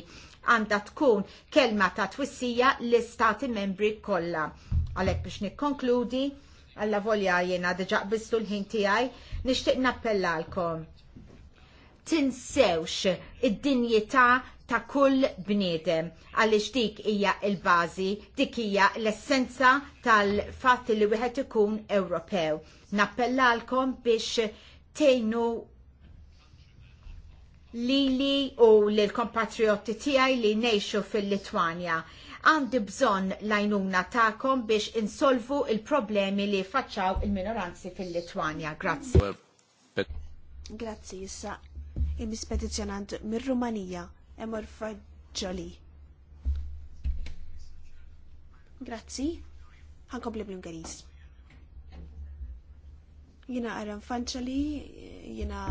għandha tkun kelma ta' twissija l-istati membri kollha. Għalhekk biex nikkonkludi, alla volja jena diġa bistu l-ħin tiegħi, nixtieq nappellalkom. Tinsewx id-dinjità ta' kull bniedem għaliex dik hija l-bażi, dik hija l-essenza tal-fatt li wieħed ikun Ewropew. Nappellalkom biex tejnu lili u l-kompatrioti tiegħi li ngħixu fil litwania Għandi bżonn l-għajnuna tagħkom biex insolvu il-problemi li faċċaw il-minoranzi fil litwania Grazzi. Grazzi issa. Imis petizjonant mir-Rumanija, Emor Faġġoli. Grazzi. Ħankompli bl-Ungaris jina għaran fanċali, jina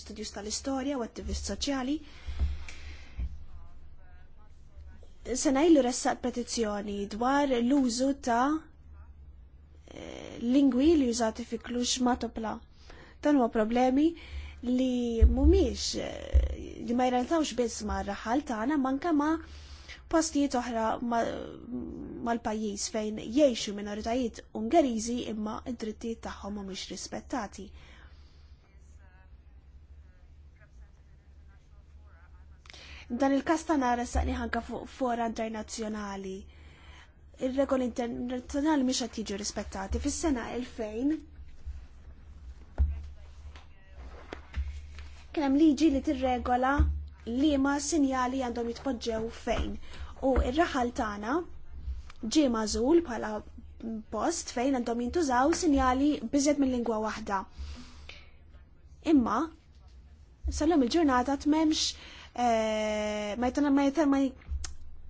studjus tal-istorja u attivist soċjali. Sena illu ressaq petizzjoni dwar l-użu ta' eh, lingwi li jużati fi klux matopla. Dan huwa problemi li mumiex eh, li ma jrantawx biss ma' raħal tagħna manka ma' postijiet oħra mal-pajjiż fejn jgħixu minoritajiet Ungeriżi imma id-drittijiet tagħhom mhumiex rispettati. Dan il-kas ta' nara saqni ħanka fuq fora internazzjonali. Ir-regoli internazzjonali miex qed jiġu rispettati. Fis-sena 2000 kien hemm liġi li tirregola li ma sinjali għandhom jitpoġġew fejn. U il raħal tagħna ġie mażul bħala post fejn għandhom jintużaw sinjali biżed mill-lingwa waħda. Imma, sal-lum il-ġurnata t-memx Eh, ma jtana ma jtana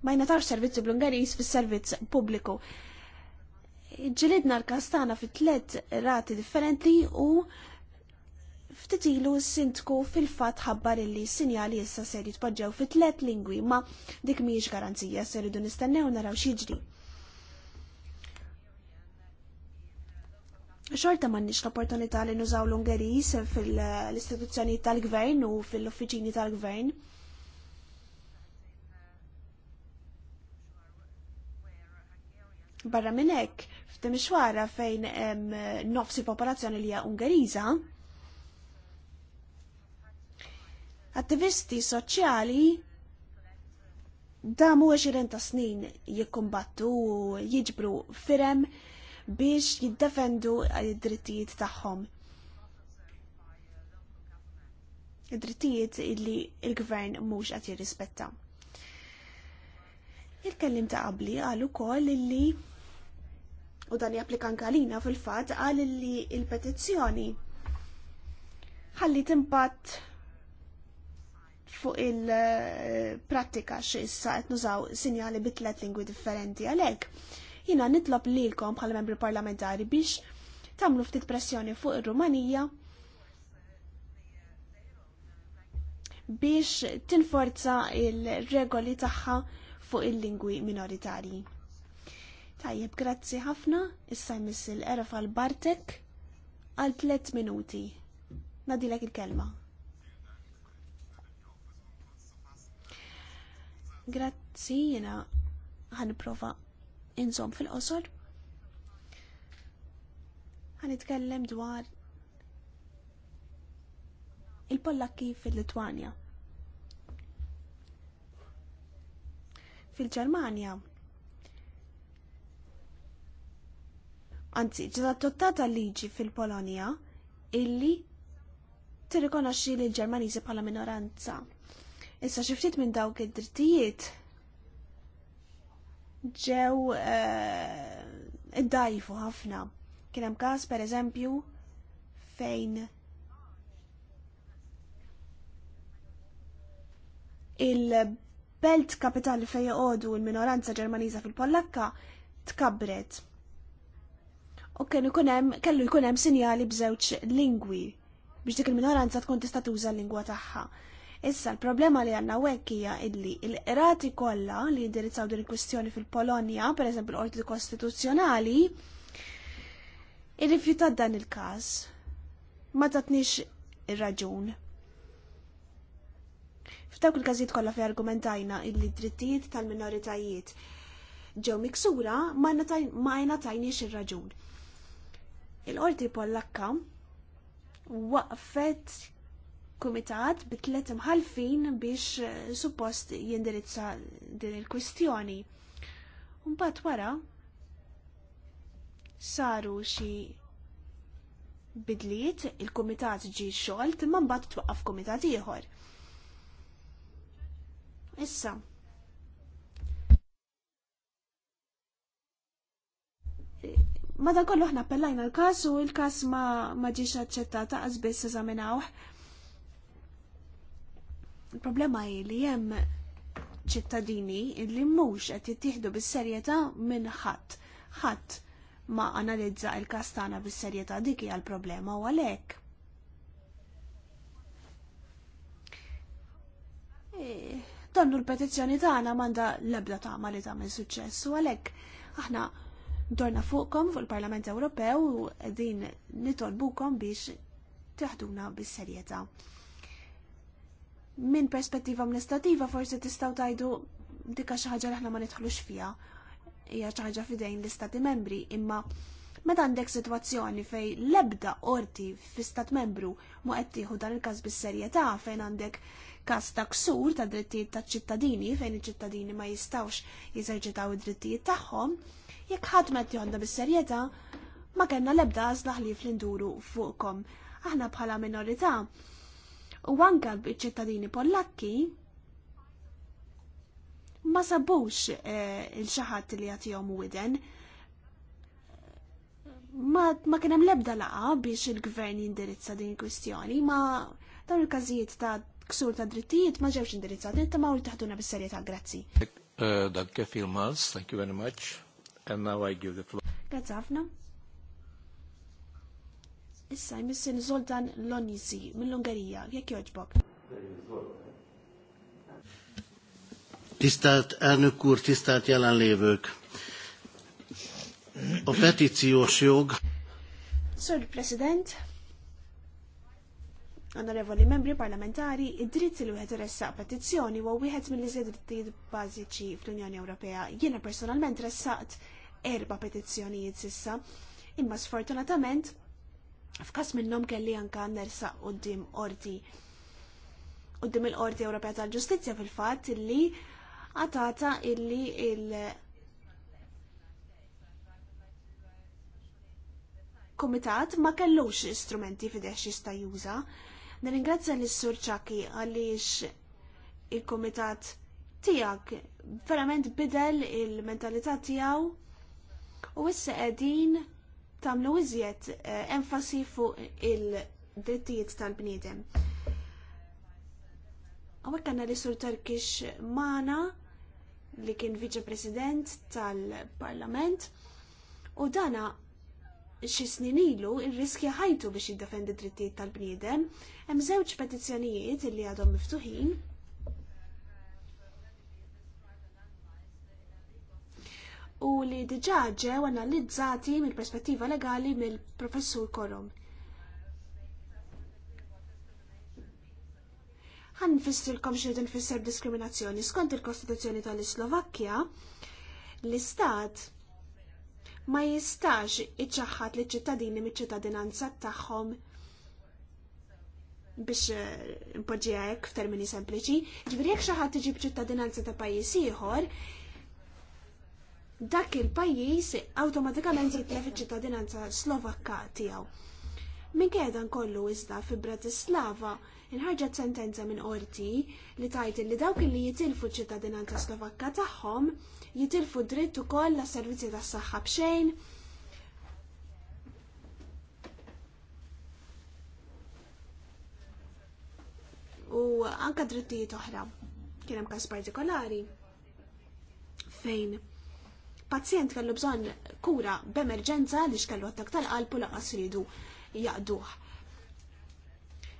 ma jnatarx servizzi bl-Ungarijs fil-servizz pubbliku. Ġilidna l-kastana fit tlet rati differenti u ftitilu sintku fil-fat ħabbar illi sinjali issa ser jitpoġġew fit tlet lingwi ma dik miġ garanzija ser idu nistennew naraw xieġri. Xorta nix l-opportunità li nużaw l-Ungerijs fil-istituzzjoni tal-gvern u fil-uffiċini tal-gvern. Barra minn hekk, xwara fejn hemm nofsi popolazzjoni li hija Ungeriża, attivisti soċjali da mu 20 ta' snin jikkumbattu u jiġbru firem biex jiddefendu id-drittijiet tagħhom. Id-drittijiet illi il-gvern mhux qed jirrispetta. Il-kellim ta' qabli għal ukoll illi u dan japplika kalina fil-fatt għal li il-petizzjoni ħalli timbat fuq il-prattika xissa qed nużaw sinjali bit lingwi differenti għalhekk. Jina nitlob lilkom bħal membri parlamentari biex tagħmlu ftit pressjoni fuq ir-Rumanija biex tinforza il-regoli tagħha fuq il-lingwi minoritarji. Tajjeb, grazzi ħafna. Issa jmiss il erf għal Bartek għal tliet minuti. Nadilek il-kelma. Grazzi, jena prova inżom fil-qosor. itkellem dwar il-Pollakki fil litwania Fil-Ġermanja, anzi, ġiet adottata liġi fil-Polonja illi tirrikonoxxi li l-Ġermaniżi bħala minoranza. Issa xi ftit minn dawk id-drittijiet ġew eh, id-dajfu ħafna. Kien hemm każ pereżempju fejn il-belt kapitali fejn joqogħdu l-minoranza Ġermaniża fil-Pollakka tkabbret u kienu ikun hemm kellu jkun hemm sinjali b'żewġ lingwi biex dik il-minoranza tkun tista' tuża l-lingwa tagħha. Issa l-problema li għandna hekk hija illi l-qrati kollha li jindirizzaw din il-kwistjoni fil-Polonja, pereżempju l-Qorti Kostituzzjonali, irrifjutat dan il-każ. Ma tatniex ir-raġun. F'dawk il-każijiet kollha fi argumentajna illi drittijiet tal-minoritajiet ġew miksura ma jnatajniex ir-raġun. Il-qorti pollakka waqfet kumitat bi tliet imħalfin biex eh, suppost jindirizza din il-kwistjoni. Unbat wara saru xi bidliet, il-kumitat ġi xogħol, imma mbagħad twaqqaf kumitat ieħor. Issa, Madankollu ħna appellajna l-kas u l-kas ma, ma ġiex aċċettata għazbis eżaminawh. Il-problema hi li hemm ċittadini li mhux qed jittieħdu bis-serjetà minn ħadd. Ħadd ma analizza il-kas tagħna bis-serjetà dik hija l-problema u għalhekk. E, donnu l-petizzjoni tagħna m'għandha l-ebda tagħma li tagħmel suċċess u għalhekk aħna dorna fuqkom fuq il-Parlament Ewropew u din nitolbukom biex taħduna bis-serjetà. Min perspettiva amministrativa forsi tistgħu tajdu dikka xi ħaġa li aħna ma nidħlux fiha hija xi ħaġa fidejn l-istati membri, imma meta għandek sitwazzjoni fejn l-ebda qorti fl-istat membru ma qed tieħu dan il-każ bis-serjetà fejn għandek każ ta' ksur ta' drittijiet taċ ċittadini fejn iċ-ċittadini ma jistgħux jeżerċitaw id-drittijiet tagħhom, jekk ħadmet tiħodna bis-serjetà, ma kellna lebda għażla ħlief li nduru fuqkom. Aħna bħala minorità u anka ċittadini Pollakki ma sabux eh, il-xaħat li jagħtihom widen. Ma, ma kien hemm lebda laqa biex il-gvern jindirizza din il-kwistjoni, ma dawn il-każijiet ta' ksur ta' drittijiet ma ġewx indirizzati, inta ma' taħduna bis-serjetà, grazzi. Eh, il-Mals, thank you very much. And now I give the floor. Gazzafna. Issa jmissin Zoltan Lonisi mill-Ungerija, jekk joġbok. Tisztelt elnök úr, tisztelt jelenlévők! A petíciós jog... Sir President, onorevoli membri parlamentari, id-dritt li wieħed iressaq petizzjoni huwa wieħed mill-iżjed drittijiet bażiċi fl-Unjoni Ewropea. Jiena personalment ressaqt erba petizzjonijiet sissa, imma sfortunatament f'kas minnhom kelli anka nersa qudiem qorti qudiem il-Qorti Ewropea tal-Ġustizzja fil-fatt illi għatata illi il- Komitat ma kellux istrumenti fidex jista' juża. Nirringrazzja l-Sur Ċaki għaliex il-Komitat tijak verament bidel il-mentalità tijaw u issa qegħdin tagħmlu iżjed eh, enfasi fuq il-drittijiet tal-bniedem. Għawek għanna li sur Turkish Mana li kien viċe president tal-parlament u dana xi snin ilu ir-riskja ħajtu biex jiddefendi drittijiet tal-bniedem hemm żewġ petizzjonijiet li għadhom miftuħin u li diġa' ġew analizzati mill-perspettiva legali mill-professur Korom. Għan nfissirkom xie nfisser diskriminazzjoni. Skont il-Kostituzzjoni tal-Slovakkja, l-Istat ma jistax iċċaħħat li ċittadini mit-ċittadinanza tagħhom biex eh, impoġġija f'termini sempliċi, ġifieri jekk xi ħadd iġib ċittadinanza ta' pajjiż ieħor, dak il-pajjiż awtomatikament jitlef fiċ ċittadinanza Slovakka tiegħu. Minkejda nkollu iżda fi Bratislava inħarġet sentenza minn qorti li tajt li dawk li jitilfu ċittadinanza Slovakka tagħhom jitilfu dritt ukoll la servizzi tas saħħa bxejn. U anka drittijiet oħra kien hemm każ partikolari fejn pazjent kellu bżonn kura b'emerġenza li xkellu għattak tal-qalb u laqas ridu jaqduh.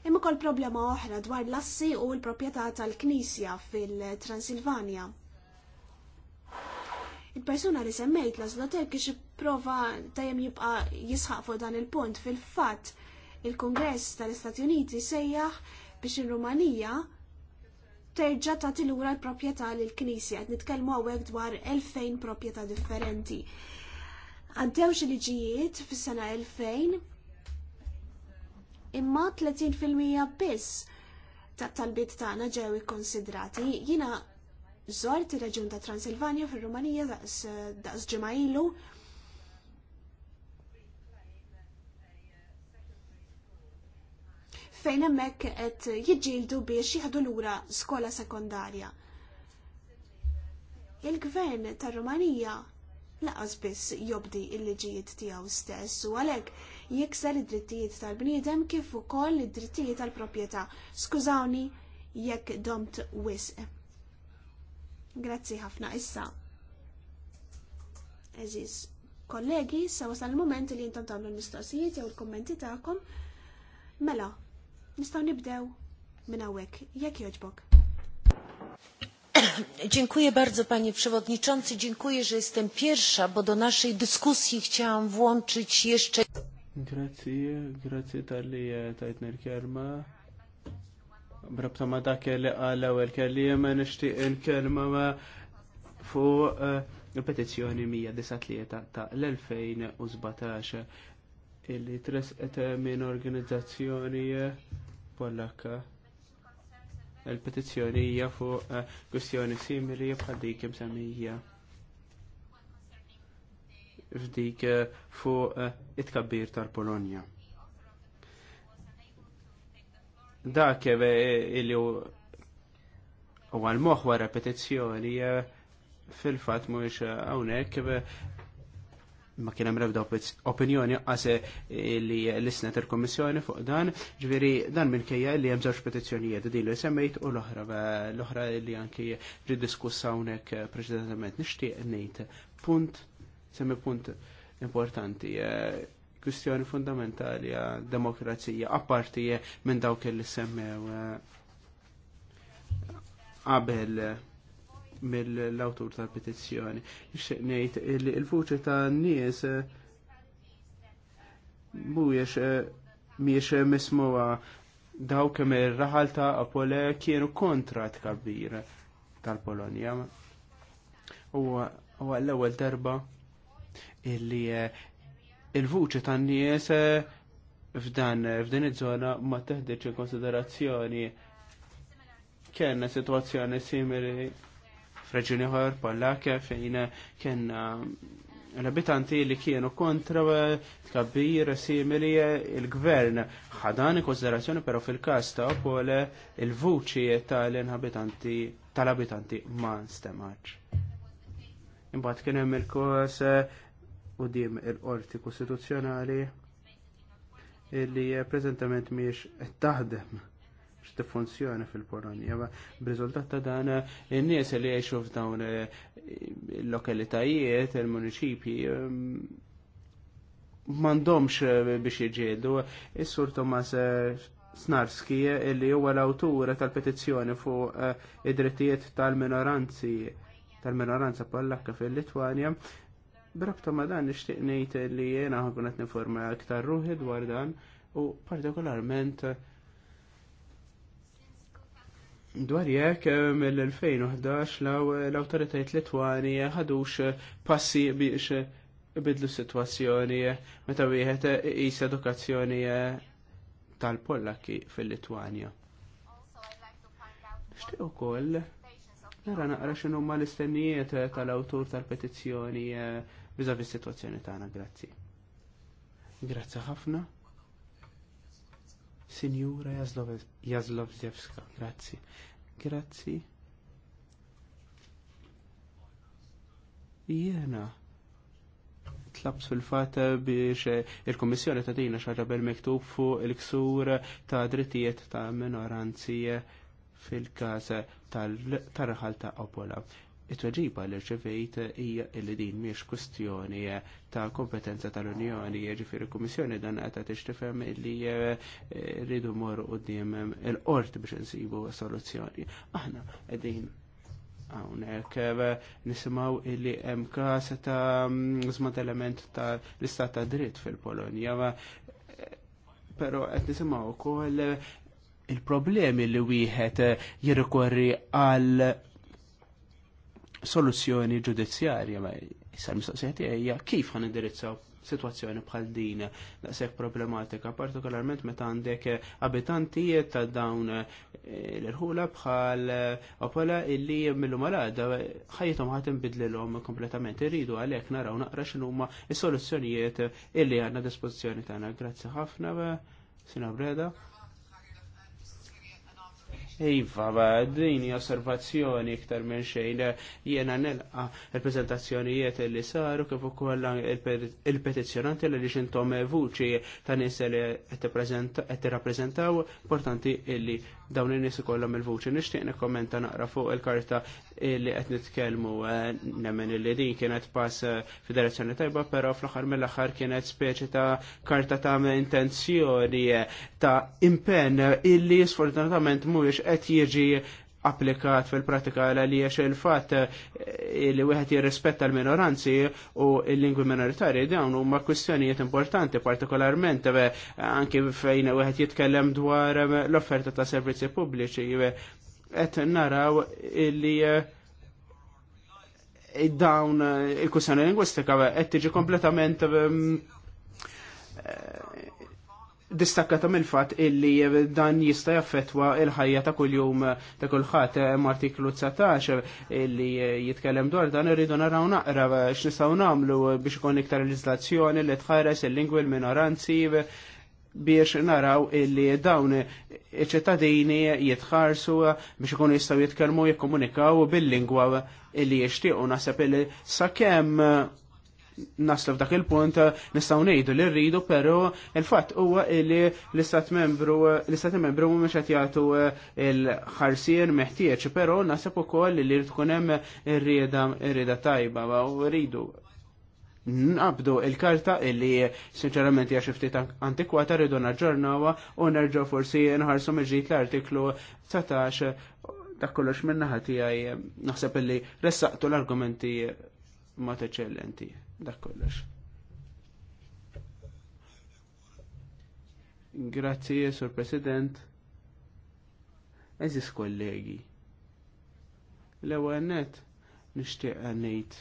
Imma kol problema oħra dwar l-assi u l-propieta tal-Knisja fil-Transilvania. Il-persuna li semmejt l-azlotek kiex prova tajem jibqa jisħaq fuq dan il-punt fil-fat il-Kongress tal-Istati Uniti sejjaħ biex il-Rumanija terġa' tagħti lura l-proprjetà lill-Knisja qed nitkellmu hawnhekk dwar elfejn proprjetà differenti. Għaddew xi liġijiet fis-sena 2000 imma 30% biss ta' talbiet tagħna ġew ikkonsidrati. Jiena żort ir-Reġjun ta' Transilvania fir-Rumanija daqs ġimgħa ilu fejn hemmhekk qed jiġġieldu biex jieħdu lura skola sekondarja. Il-gvern tar-Rumanija laqas biss jobdi il-liġijiet tiegħu stess u għalhekk jikser id-drittijiet tal-bniedem kif ukoll id-drittijiet tal-proprjetà. Skużawni jekk domt wisq. Grazzi ħafna issa. Eżis, kollegi, sa wasal il-moment li jintom tagħmlu l-mistoqsijiet jew il kummenti tagħkom. Mela, Nistaw nibdew minn hawnhekk, jekk jogħġbok. *coughs* Dziękuję bardzo Panie Przewodniczący. Dziękuję, że jestem pierwsza, bo do naszej dyskusji chciałam włączyć jeszcze... Grazie, grazie tal-li eh, tajt nil-kelma. Brabta ma dak li għal ewwel kelliem nixtieq il-kelma fuq eh, il-petizzjoni 193 ta' l-2017 illi tresqet eh, minn organizzazzjoni Pollakka. Il-petizzjoni hija fuq eh, kwistjoni simili bħal dik semmija. F'dik eh, fuq eh, it-kabbir tal-Polonja. Dak illi u għal moħħ wara petizzjoni fil fatt mhux hawnhekk ma kien hemm rebda opinjoni qase eh, li l-isnet il-Kommissjoni fuq dan, ġveri dan minkejja li hemm żewġ petizzjonijiet din li semmejt u l-oħra l-oħra li anki ridiskussa hawnhekk preċedentement nixtieq ngħid punt semmi punt importanti eh, kwistjoni fundamentali għad demokrazija apparti eh, minn dawk li semmew qabel mill-autur tal-petizzjoni. Ngħid il-vuċi tan-nies eh, mhuwiex eh, miex mismuwa daw kem ir-raħal ta' Apole kienu kontra tkabbir tal-Polonja. U l-ewwel darba illi eh, il-vuċi tan-nies f'dan f'din iż-żona ma teħdiċ in konsiderazzjoni kienna situazzjoni simili f'reġjuni ħor Pollak fejn kien l-abitanti eh, li kienu kontra eh, tkabbir simili eh, il-gvern. ħadani konsiderazzjoni però fil-kas ta' pol il-vuċi tal inabitanti tal-abitanti ma stemaċ. Imbagħad kien hemm il-kos u dim il-qorti kostituzzjonali li prezentament qed taħdem x'tiffunzjoni fil-Polonja. B'riżultat ta' dan in-nies li jgħixu f'dawn eh, il-lokalitajiet, il-municipji mm, m'għandhomx eh, biex jiġġieldu. Is-Sur Thomas eh, Snarski illi huwa l awtura tal-petizzjoni fuq id-drittijiet tal-minoranzi tal-minoranza pollakka fil-Litwanja. Brabta ma dan nixtieq ngħid li jena għagunat niforma aktar ruħi dwar dan u partikolarment Dwar jekk eh, mill-2011 l eh, autoritajt Litwani ħadux eh, passi biex bidlu situazzjoni meta wieħed is edukazzjoni tal-Pollaki fil-Litwanja. Nixtieq ukoll nara naqra x'inhu ma l-istennijiet tal-awtur tal-petizzjoni biżavi s-sitwazzjoni tagħna, grazzi. Grazzi ħafna. Sinjura Jazlovzewska, grazzi. Grazzi. Jena. Tlabt fil-fat biex il-Komissjoni ta' dina xaġa bil-miktub fuq il-ksur ta' drittijiet ta' minoranzi fil-kas tal-raħal ta' Opola it-tweġiba li rċevejt hija li din mhix kwestjoni ta' kompetenza tal-Unjoni, ġifieri Kummissjoni dan qed tifhem li eh, rridu mmorru quddiem il-qort biex insibu soluzzjoni. Aħna qegħdin hawnhekk eh, nisimgħu li hemm każ ta' żmat element ta' l-istat ta' dritt fil-Polonja, eh, però qed nisimgħu wkoll il-problemi li wieħed jirrikorri għal soluzzjoni ġudizzjarja, ma jisal mistoqsijati hija kif ħan indirizzaw situazzjoni bħal din daqshekk problematika, partikolarment meta għandek abitanti ta' dawn eh, l-irħula bħal eh, opola illi millu malada ħajjithom ħadd inbidlilhom kompletament. Irridu għalhekk naraw naqra x'inhuma s-soluzzjonijiet illi għandna dispożizzjoni tagħna. Grazzi ħafna, eh, Sina Breda. Iva, dini osservazzjoni iktar minn xejn jiena nilqa il-prezentazzjonijiet li saru kif ukoll il-petizzjonanti li xintom vuċi ta' nies li qed rappreżentaw importanti illi dawn in-nies ikollhom il-vuċi. Nixtieq nikkommenta naqra fuq il-karta li qed nitkellmu eh, nemmen li din kienet pass eh, f'direzzjoni tajba, però fl-aħħar mill-aħħar kienet speċi ta' karta ta' intenzjoni eh, ta' impenn illi sfortunatament mhuwiex qed jiġi applikat fil-pratika għaliex il-fat eh, li wieħed jirrispetta l-minoranzi u l-lingwi minoritarji dawn huma kwistjonijiet importanti partikolarment eh, anki fejn wieħed jitkellem dwar eh, l-offerta ta' servizzi pubbliċi qed naraw li dawn il-kwistjoni lingwistika qed tiġi kompletament distakkata mill fatt illi dan jista' jaffetwa il-ħajja ta' kuljum ta' kulħadd hemm artiklu 19 illi jitkellem dwar dan irridu naraw naqra x'nistgħu nagħmlu biex ikun iktar leġislazzjoni li tħares il-lingwi l-minoranzi biex naraw illi dawn iċ-ċittadini jitħarsu biex ikunu jistgħu jitkellmu jikkomunikaw bil-lingwa illi jixtiequ naħseb illi sakemm naslu dak il-punt nistgħu ngħidu li rridu, pero il-fatt huwa li l-istat membru l-istat membru mhumiex qed jagħtu eh, l-ħarsien meħtieġ, però nasab ukoll li rid tkun hemm rieda tajba u rridu nabdu il-karta illi sinċerament hija xi ftit antikwata rridu naġġornawha u nerġgħu forsi nħarsu mill l-artiklu 17 ta' kollox minnaħa tiegħi eh, naħseb illi ressaqtu l-argumenti eh, ma' eċċellenti dak kollox. Grazzi, Sur President. Eżis kollegi. L-ewwel nishtiq nixtieq ngħid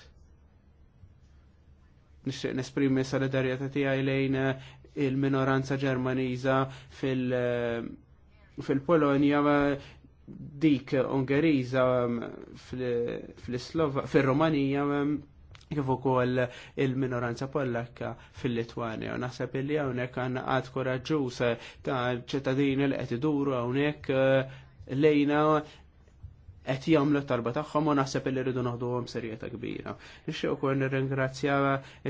nixtieq nesprimi solidarjetà tiegħi lejn eh, il-minoranza Ġermaniża fil- eh, fil-Polonja dik Ungeriża fil-Romanija eh, fil kif ukoll il-minoranza pollakka fil u Naħseb illi hawnhekk għandna qatt koraġġuż ta' ċittadini li qed iduru hawnhekk eh, lejna qed jagħmlu t-tarba tagħhom u naħseb illi rridu naħduhom serjeta kbira. Nixtieq wkoll nirringrazzja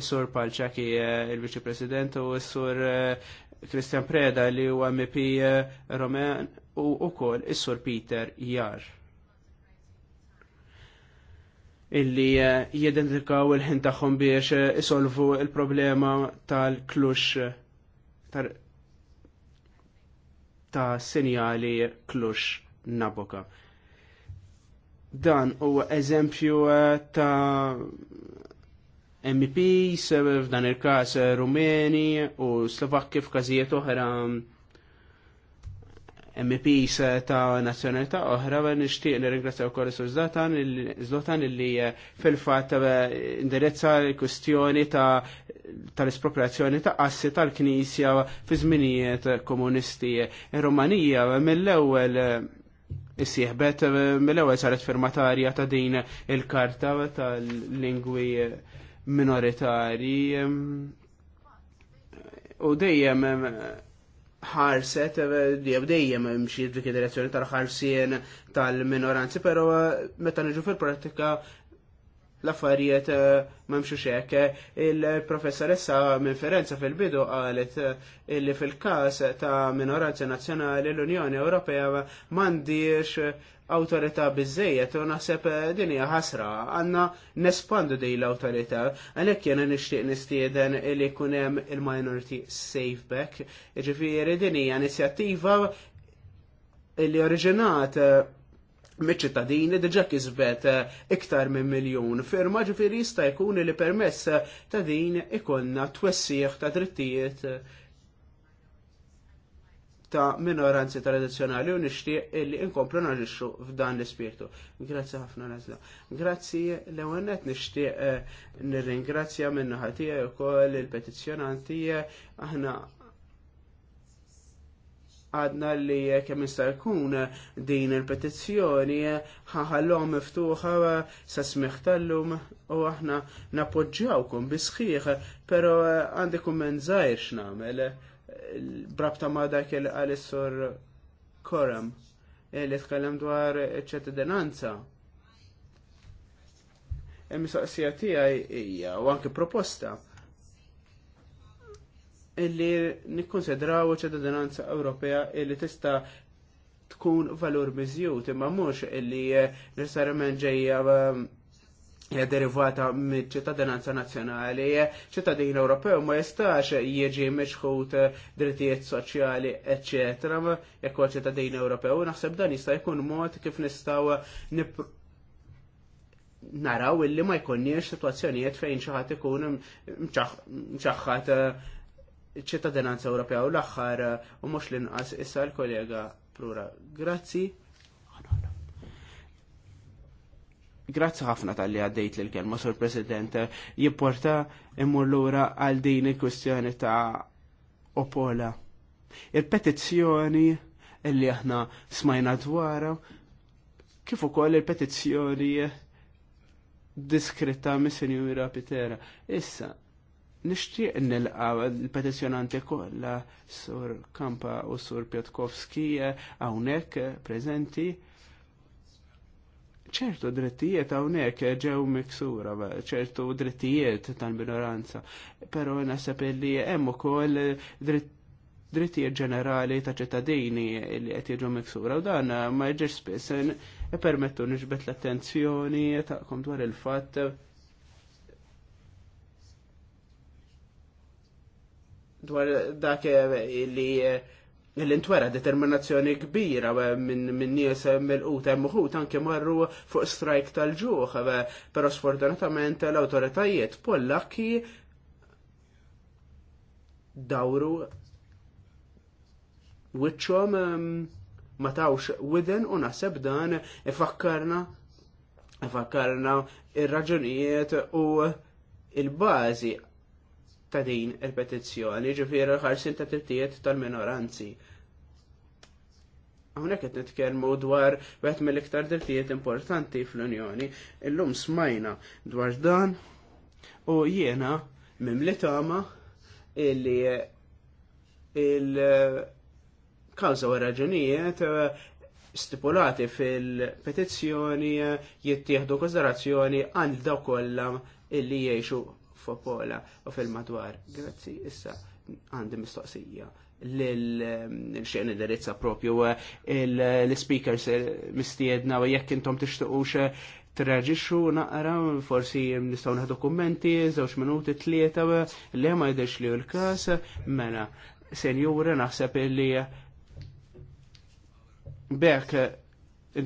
s-sur Palċaki eh, il-Viċi President u s-sur eh, Christian Preda li huwa MP Roman u wkoll is-sur Peter Jar illi eh, jidentifikaw il-ħin tagħhom biex eh, isolvu il-problema tal-klux eh, ta' sinjali klux naboka. Dan huwa eżempju ta' MEPs, f'dan il-kas Rumeni u Slovakki f'każijiet oħra MPs eh, ta' nazzjonalità oħra nixtieq li ringrazzja wkoll Zlatan Zlatan li eh, fil-fatt eh, indirezza l-kwistjoni ta' tal-espropriazzjoni ta' assi tal-Knisja fi żminijiet komunisti. Ir-Rumanija mill-ewwel Is-sieħbet mill-ewwel saret firmatarja ta' din il-karta tal-lingwi minoritarji u dejjem ħarset jew eh, dejjem mxiet dik direzzjoni tal-ħarsien tal-minoranzi, pero eh, meta niġu fil-pratika l-affarijiet eh, memxu xek. Il-professoressa minn Firenze fil-bidu għalet eh, illi fil-kas ta' minoranza nazjonali l-Unjoni Ewropea mandirx autorita bizzejiet u naħseb eh, dinja ħasra għanna nespandu di l-autorita għalek jena nishtiq nistieden li kunem il-minority safe back ġifiri dinja inizjattiva li oriġinat mit-ċittadini diġa kisbet eh, iktar minn miljon firma ġifiri jista' jkun li permess ta' din ikonna twessieħ ta' drittijiet eh, ta' minoranzi tradizjonali u nixtieq illi inkomplu naġixxu f'dan l-ispirtu. Grazzi ħafna nazla. Grazzi l-ewennet nixtieq eh, nirringrazzja minn ħatija koll il-petizzjonanti aħna għadna li kemm jista' jkun din il-petizzjoni ħaħallhom miftuħa sa smigħ tal-lum u aħna nappoġġjawkom bi sħiħ, però għandi kumment zaħir xnamel brabta ma dak il għalissor Koram li tkellem dwar ċetidenanza. Il-mistoqsija tiegħi u anke proposta illi nikkonsidraw ċittadinanza Ewropea illi tista' tkun valur miżjut imma mhux illi eh, necessarjament ġejja eh, derivata mill-ċittadinanza nazzjonali, ċittadin Ewropew ma jistax jiġi meċħut eh, drittijiet soċjali, eċetera, jekk huwa ċittadin Ewropew, naħseb dan jista' jkun mod kif nistgħu naraw illi ma jkunniex situazzjonijiet fejn xi ħadd ikun mċaħħat ċittadinanza Ewropea u l-aħħar eh, u mhux l-inqas issa l-kollega Prura. Grazzi. Grazzi ħafna tal-li għaddejt l-kelma, Sur President, jipporta immur lura għal din il kwistjoni ta' Opola. Il-petizzjoni illi aħna smajna dwarha kif ukoll il-petizzjoni diskretta mis-Sinjura Pitera. Issa, Nishtiq nilqa l-petizjonanti kolla sur Kampa u sur Piotkowski għawnek eh, eh, prezenti. ċertu drittijiet għawnek eh, ġew miksura, ċertu drittijiet tal-minoranza, pero nasab li hemm ukoll drittijiet ġenerali ta' ċittadini li qed jiġu miksura u dan ma jġirx spiss permettu nixbet l-attenzjoni ta'kom dwar il-fatt dwar dak eh, li eh, l-intwera determinazzjoni kbira eh, minn min nies mill-quta hemm uħud anke marru fuq strajk tal-ġuħ, però sfortunatament l-awtoritajiet Pollakki dawru wiċċhom ehm, ma tawx widen u naħseb dan ifakkarna ifakkarna ir-raġunijiet u il-bażi ta' din il-petizzjoni, ġifieri l-ħarsin ta' tittijiet tal-minoranzi. Hawnhekk qed nitkellmu dwar wieħed mill-iktar drittijiet importanti fl-Unjoni. Illum smajna dwar dan u jiena mimli tama illi il-kawza u raġunijiet eh, stipulati fil-petizzjoni eh, jittieħdu konsiderazzjoni għal dawk kollha illi jgħixu f'Opola u fil-madwar. Grazzi, issa għandi mistoqsija eh, l id indirizza propju l-speakers eh, mistiedna u jekk intom tixtuqux eh, traġixxu naqra forsi nistgħu naħdu kommenti, żewġ minuti tlieta li ma jidhirx li l-każ mela senjura naħseb li bekk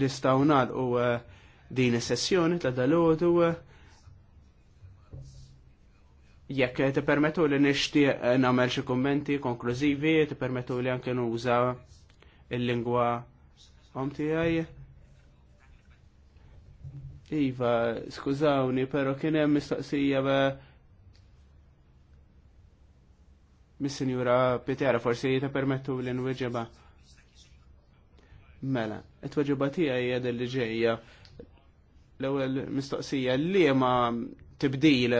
nistgħu nagħlqu din is-sessjoni ta' dalodu jekk ti permetu li nishtiq namel xi kommenti konklużivi, ti permetu li anke nuża il-lingwa om tiegħi. Iva, skużawni, pero kien hemm mistoqsija mis-sinjura Pitera forsi ta' permettu li nweġeba. Mela, it-weġeba tiegħi hija li ġejja. L-ewwel mistoqsija li ma tibdil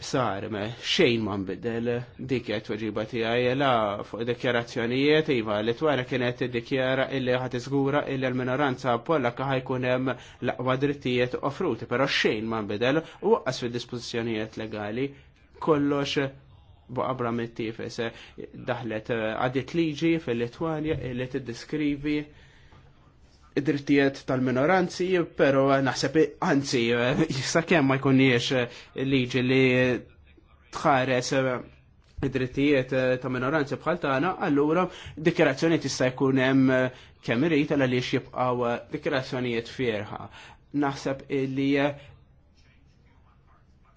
sar xejn ma nbidel dik qed tweġiba tiegħi la fuq dikjarazzjonijiet iva li twara kienet dikjara illi għat iżgura illi l-minoranza Pollakka ħajkun hemm l-aqwa drittijiet offruti, però xejn ma nbidel u waqqas fid-dispożizzjonijiet legali kollox baqabra mit-tifes daħlet għadit liġi fil-Litwanja illi tiddiskrivi id-drittijiet tal-minoranzi, pero naħseb anzi, jissa kemm ma jkunniex eh, liġi li tħares eh, id-drittijiet eh, ta' minoranzi bħal tagħna, allura dikjerazzjoni tista' jkun hemm kemm irid għal għaliex jibqgħu dikjerazzjonijiet fierħa. Naħseb li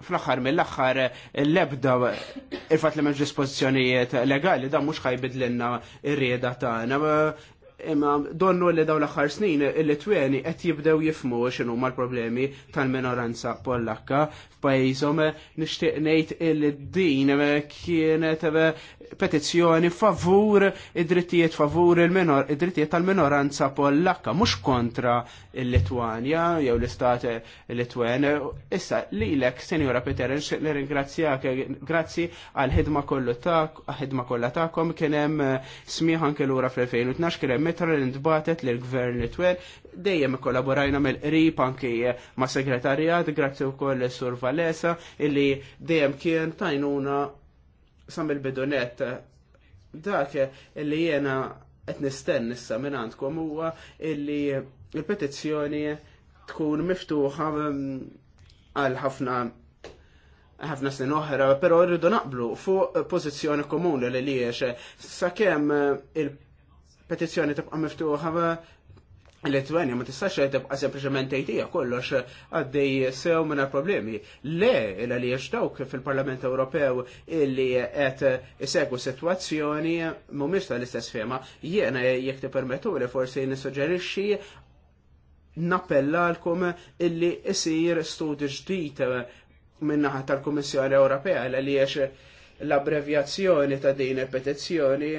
fl-axar mill aħħar l-ebda il-fat li meġ dispożizzjonijiet legali da mux ħajbidlinna ir-rieda tagħna Imma donnu li daw l-axar snin il-Litweni qed jibdew jifmu x'inhu mal-problemi tal-minoranza Pollakka f'pajjiżhom nixtieq ngħid il-din kienet petizzjoni favur id-drittijiet favur id-drittijiet tal-minoranza Pollakka mhux kontra il-Litwanja jew l-istat Litwen. Issa lilek, Senjora Peter, nirringrazzjak grazzi għal ħidma kollu ta' ħidma kollha tagħkom kien hemm smieħ anke lura fl-2012 kien hemm lettra li ntbatet l gvern Litwen dejjem kollaborajna mill-qrib anki ma' segretarjat grazzi wkoll sur Valesa illi dejjem kien tajnuna sam il-bidunet dak illi jena qed nisten issa minn għandkom huwa illi il-petizzjoni tkun miftuħa mm, għal ħafna ħafna snin oħra, pero rridu naqblu fuq pożizzjoni komuni li liex sakemm il- petizzjoni tibqa' miftuħa l-Litwenja ma tistax tibqa' sempliċement tgħidija kollox għaddej sew minn problemi. Le il għaliex dawk fil-Parlament Ewropew illi qed isegwu sitwazzjoni mhumiex tal-istess fema. Jiena jekk tippermettu li forsi nissuġġerixxi nappellalkom illi isir studi ġdid minnaħa tal-Kummissjoni Ewropea għaliex l abbrevjazzjoni ta' din il-petizzjoni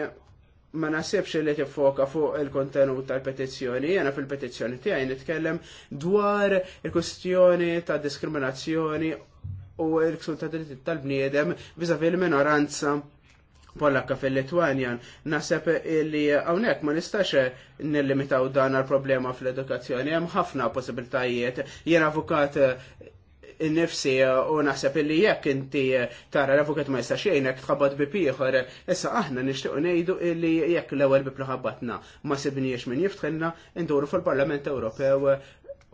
ma nasibx li tifoka fuq il-kontenut tal-petizzjoni, jena fil-petizzjoni tiegħi nitkellem dwar il-kustjoni ta' diskriminazzjoni u l-ksur ta' dritti tal-bniedem viza fil-minoranza Pollakka fil-Litwanjan. Naseb li hawnhekk ma nistax nillimitaw dan għal problema fl-edukazzjoni, hemm ħafna possibiltajiet. Jien avukat nifsi eh, u naħseb illi jekk inti eh, tara l-avukat ma jistax jgħinek tħabbat bi pieħor, eh, issa aħna nixtiequ ngħidu illi jekk l-ewwel bib ħabbatna ma sibniex min jiftħilna nduru fil-Parlament Ewropew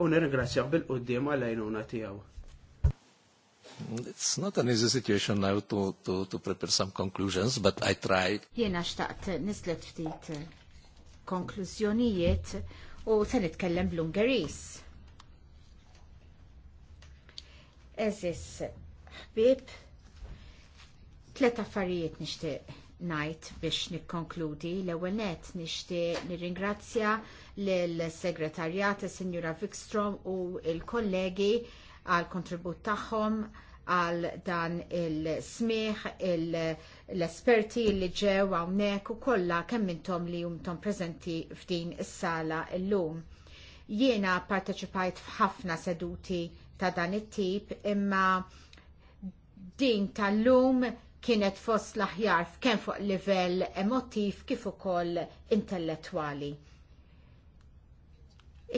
u nirringrazzjah bil-qudiem għall-għajnuna tiegħu. It's not an easy situation now to, to, to prepare some conclusions, but I tried. Jena xtaqt nislet ftit konklużjonijiet u se nitkellem bl-Ungeris. eżis ħbib, tlet affarijiet nixtieq ngħid biex nikkonkludi. L-ewwel nett nixtieq nirringrazzja lill-segretarjat is-Sinjura Vikstrom u l-kollegi għall kontribut tagħhom għal dan il-smiħ, l-esperti li ġew hawnhekk u kollha kemm intom li jumtom preżenti f'din is-sala llum. Jiena parteċipajt f'ħafna seduti ta' dan it-tip imma din tal-lum kienet fost l-aħjar kemm fuq livell emotiv kif ukoll intellettwali.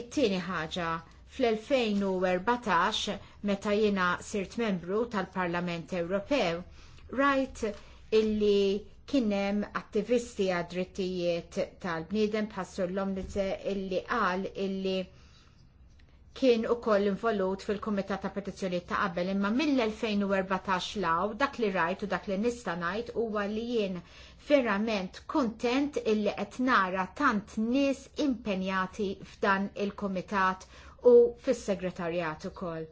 It-tieni ħaġa fl-2014 meta jiena sirt membru tal-Parlament Ewropew rajt illi kienem attivisti għad-drittijiet tal-bniedem pastor l-omnice illi qal illi kien u koll involut fil-Komitat ta' Petizzjoni ta' qabel imma mill-2014 law dak li rajt u dak li nista' ngħid huwa li jien verament kuntent illi qed nara tant nies impenjati f'dan il-Komitat u fis-Segretarjat ukoll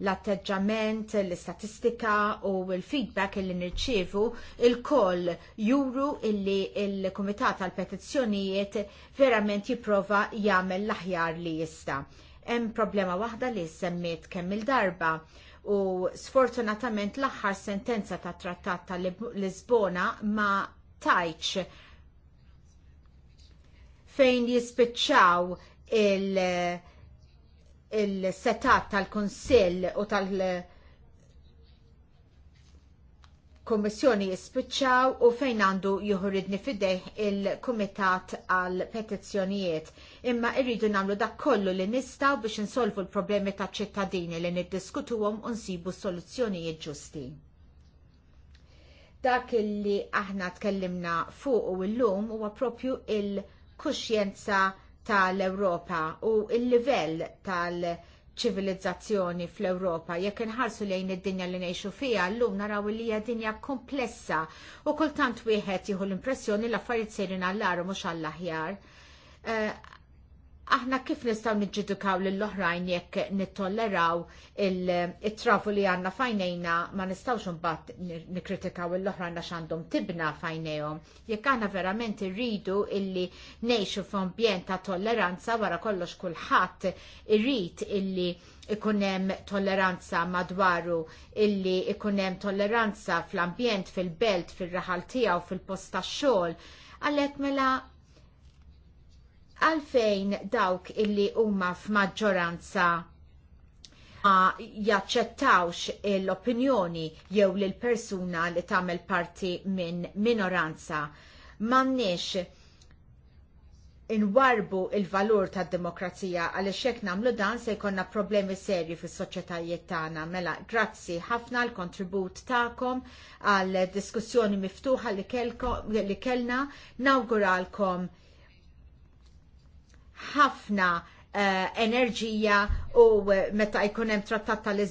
l-atteġġament, l-istatistika u l-feedback li nirċievu il-koll juru illi il-Kumitat tal-Petizzjonijiet verament jipprova jagħmel l-aħjar li jista. Hemm problema waħda li semmiet kemm il-darba u sfortunatament l-aħħar sentenza tat trattat ta' Lisbona ma tajċ fejn jispiċċaw il- il-setat tal konsell u tal-Kommissjoni jispiċċaw u fejn għandu juhuridni fideħ il-Kumitat għal petizzjonijiet imma irridu namlu dak kollu li nistaw biex insolvu l-problemi ta' ċittadini li niddiskutuhom u nsibu soluzzjonijiet ġusti. Dak li aħna tkellimna fuq u l-lum huwa propju il-kuxjenza il il kuxjenza tal-Ewropa u il-livell tal-ċivilizzazzjoni fl-Ewropa. Jekk inħarsu lejn id-dinja li ngħixu fiha, lum naraw li hija dinja komplessa u kultant wieħed jieħu l-impressjoni l-affarijiet sejrin għall-għar mhux għall-aħjar. Eh, aħna kif nistaw nġidukaw lill-oħrajn jekk nittolleraw il-trafu li għanna fajnejna ma nistawx mbagħad nikkritikaw l oħrajn għax għandhom tibna fajnejhom. Jekk aħna verament irridu illi ngħixu f'ambjent ta' tolleranza wara kollox kulħadd irrid illi ikunem tolleranza madwaru illi ikunem tolleranza fl-ambjent, fil-belt, fil-raħal tiegħu fil-posta xol, għallek mela għalfejn dawk illi huma f'maġġoranza ma jaċċettawx l-opinjoni jew l persuna li tagħmel parti minn minoranza m'għandniex inwarbu il-valur tad demokrazija għaliex hekk nagħmlu dan se jkollna problemi serji fis-soċjetajiet tagħna. Mela, grazzi ħafna l kontribut tagħkom għal diskussjoni miftuħa li kellna nawguralkom ħafna uh, enerġija u eh, meta jkun hemm trattat tal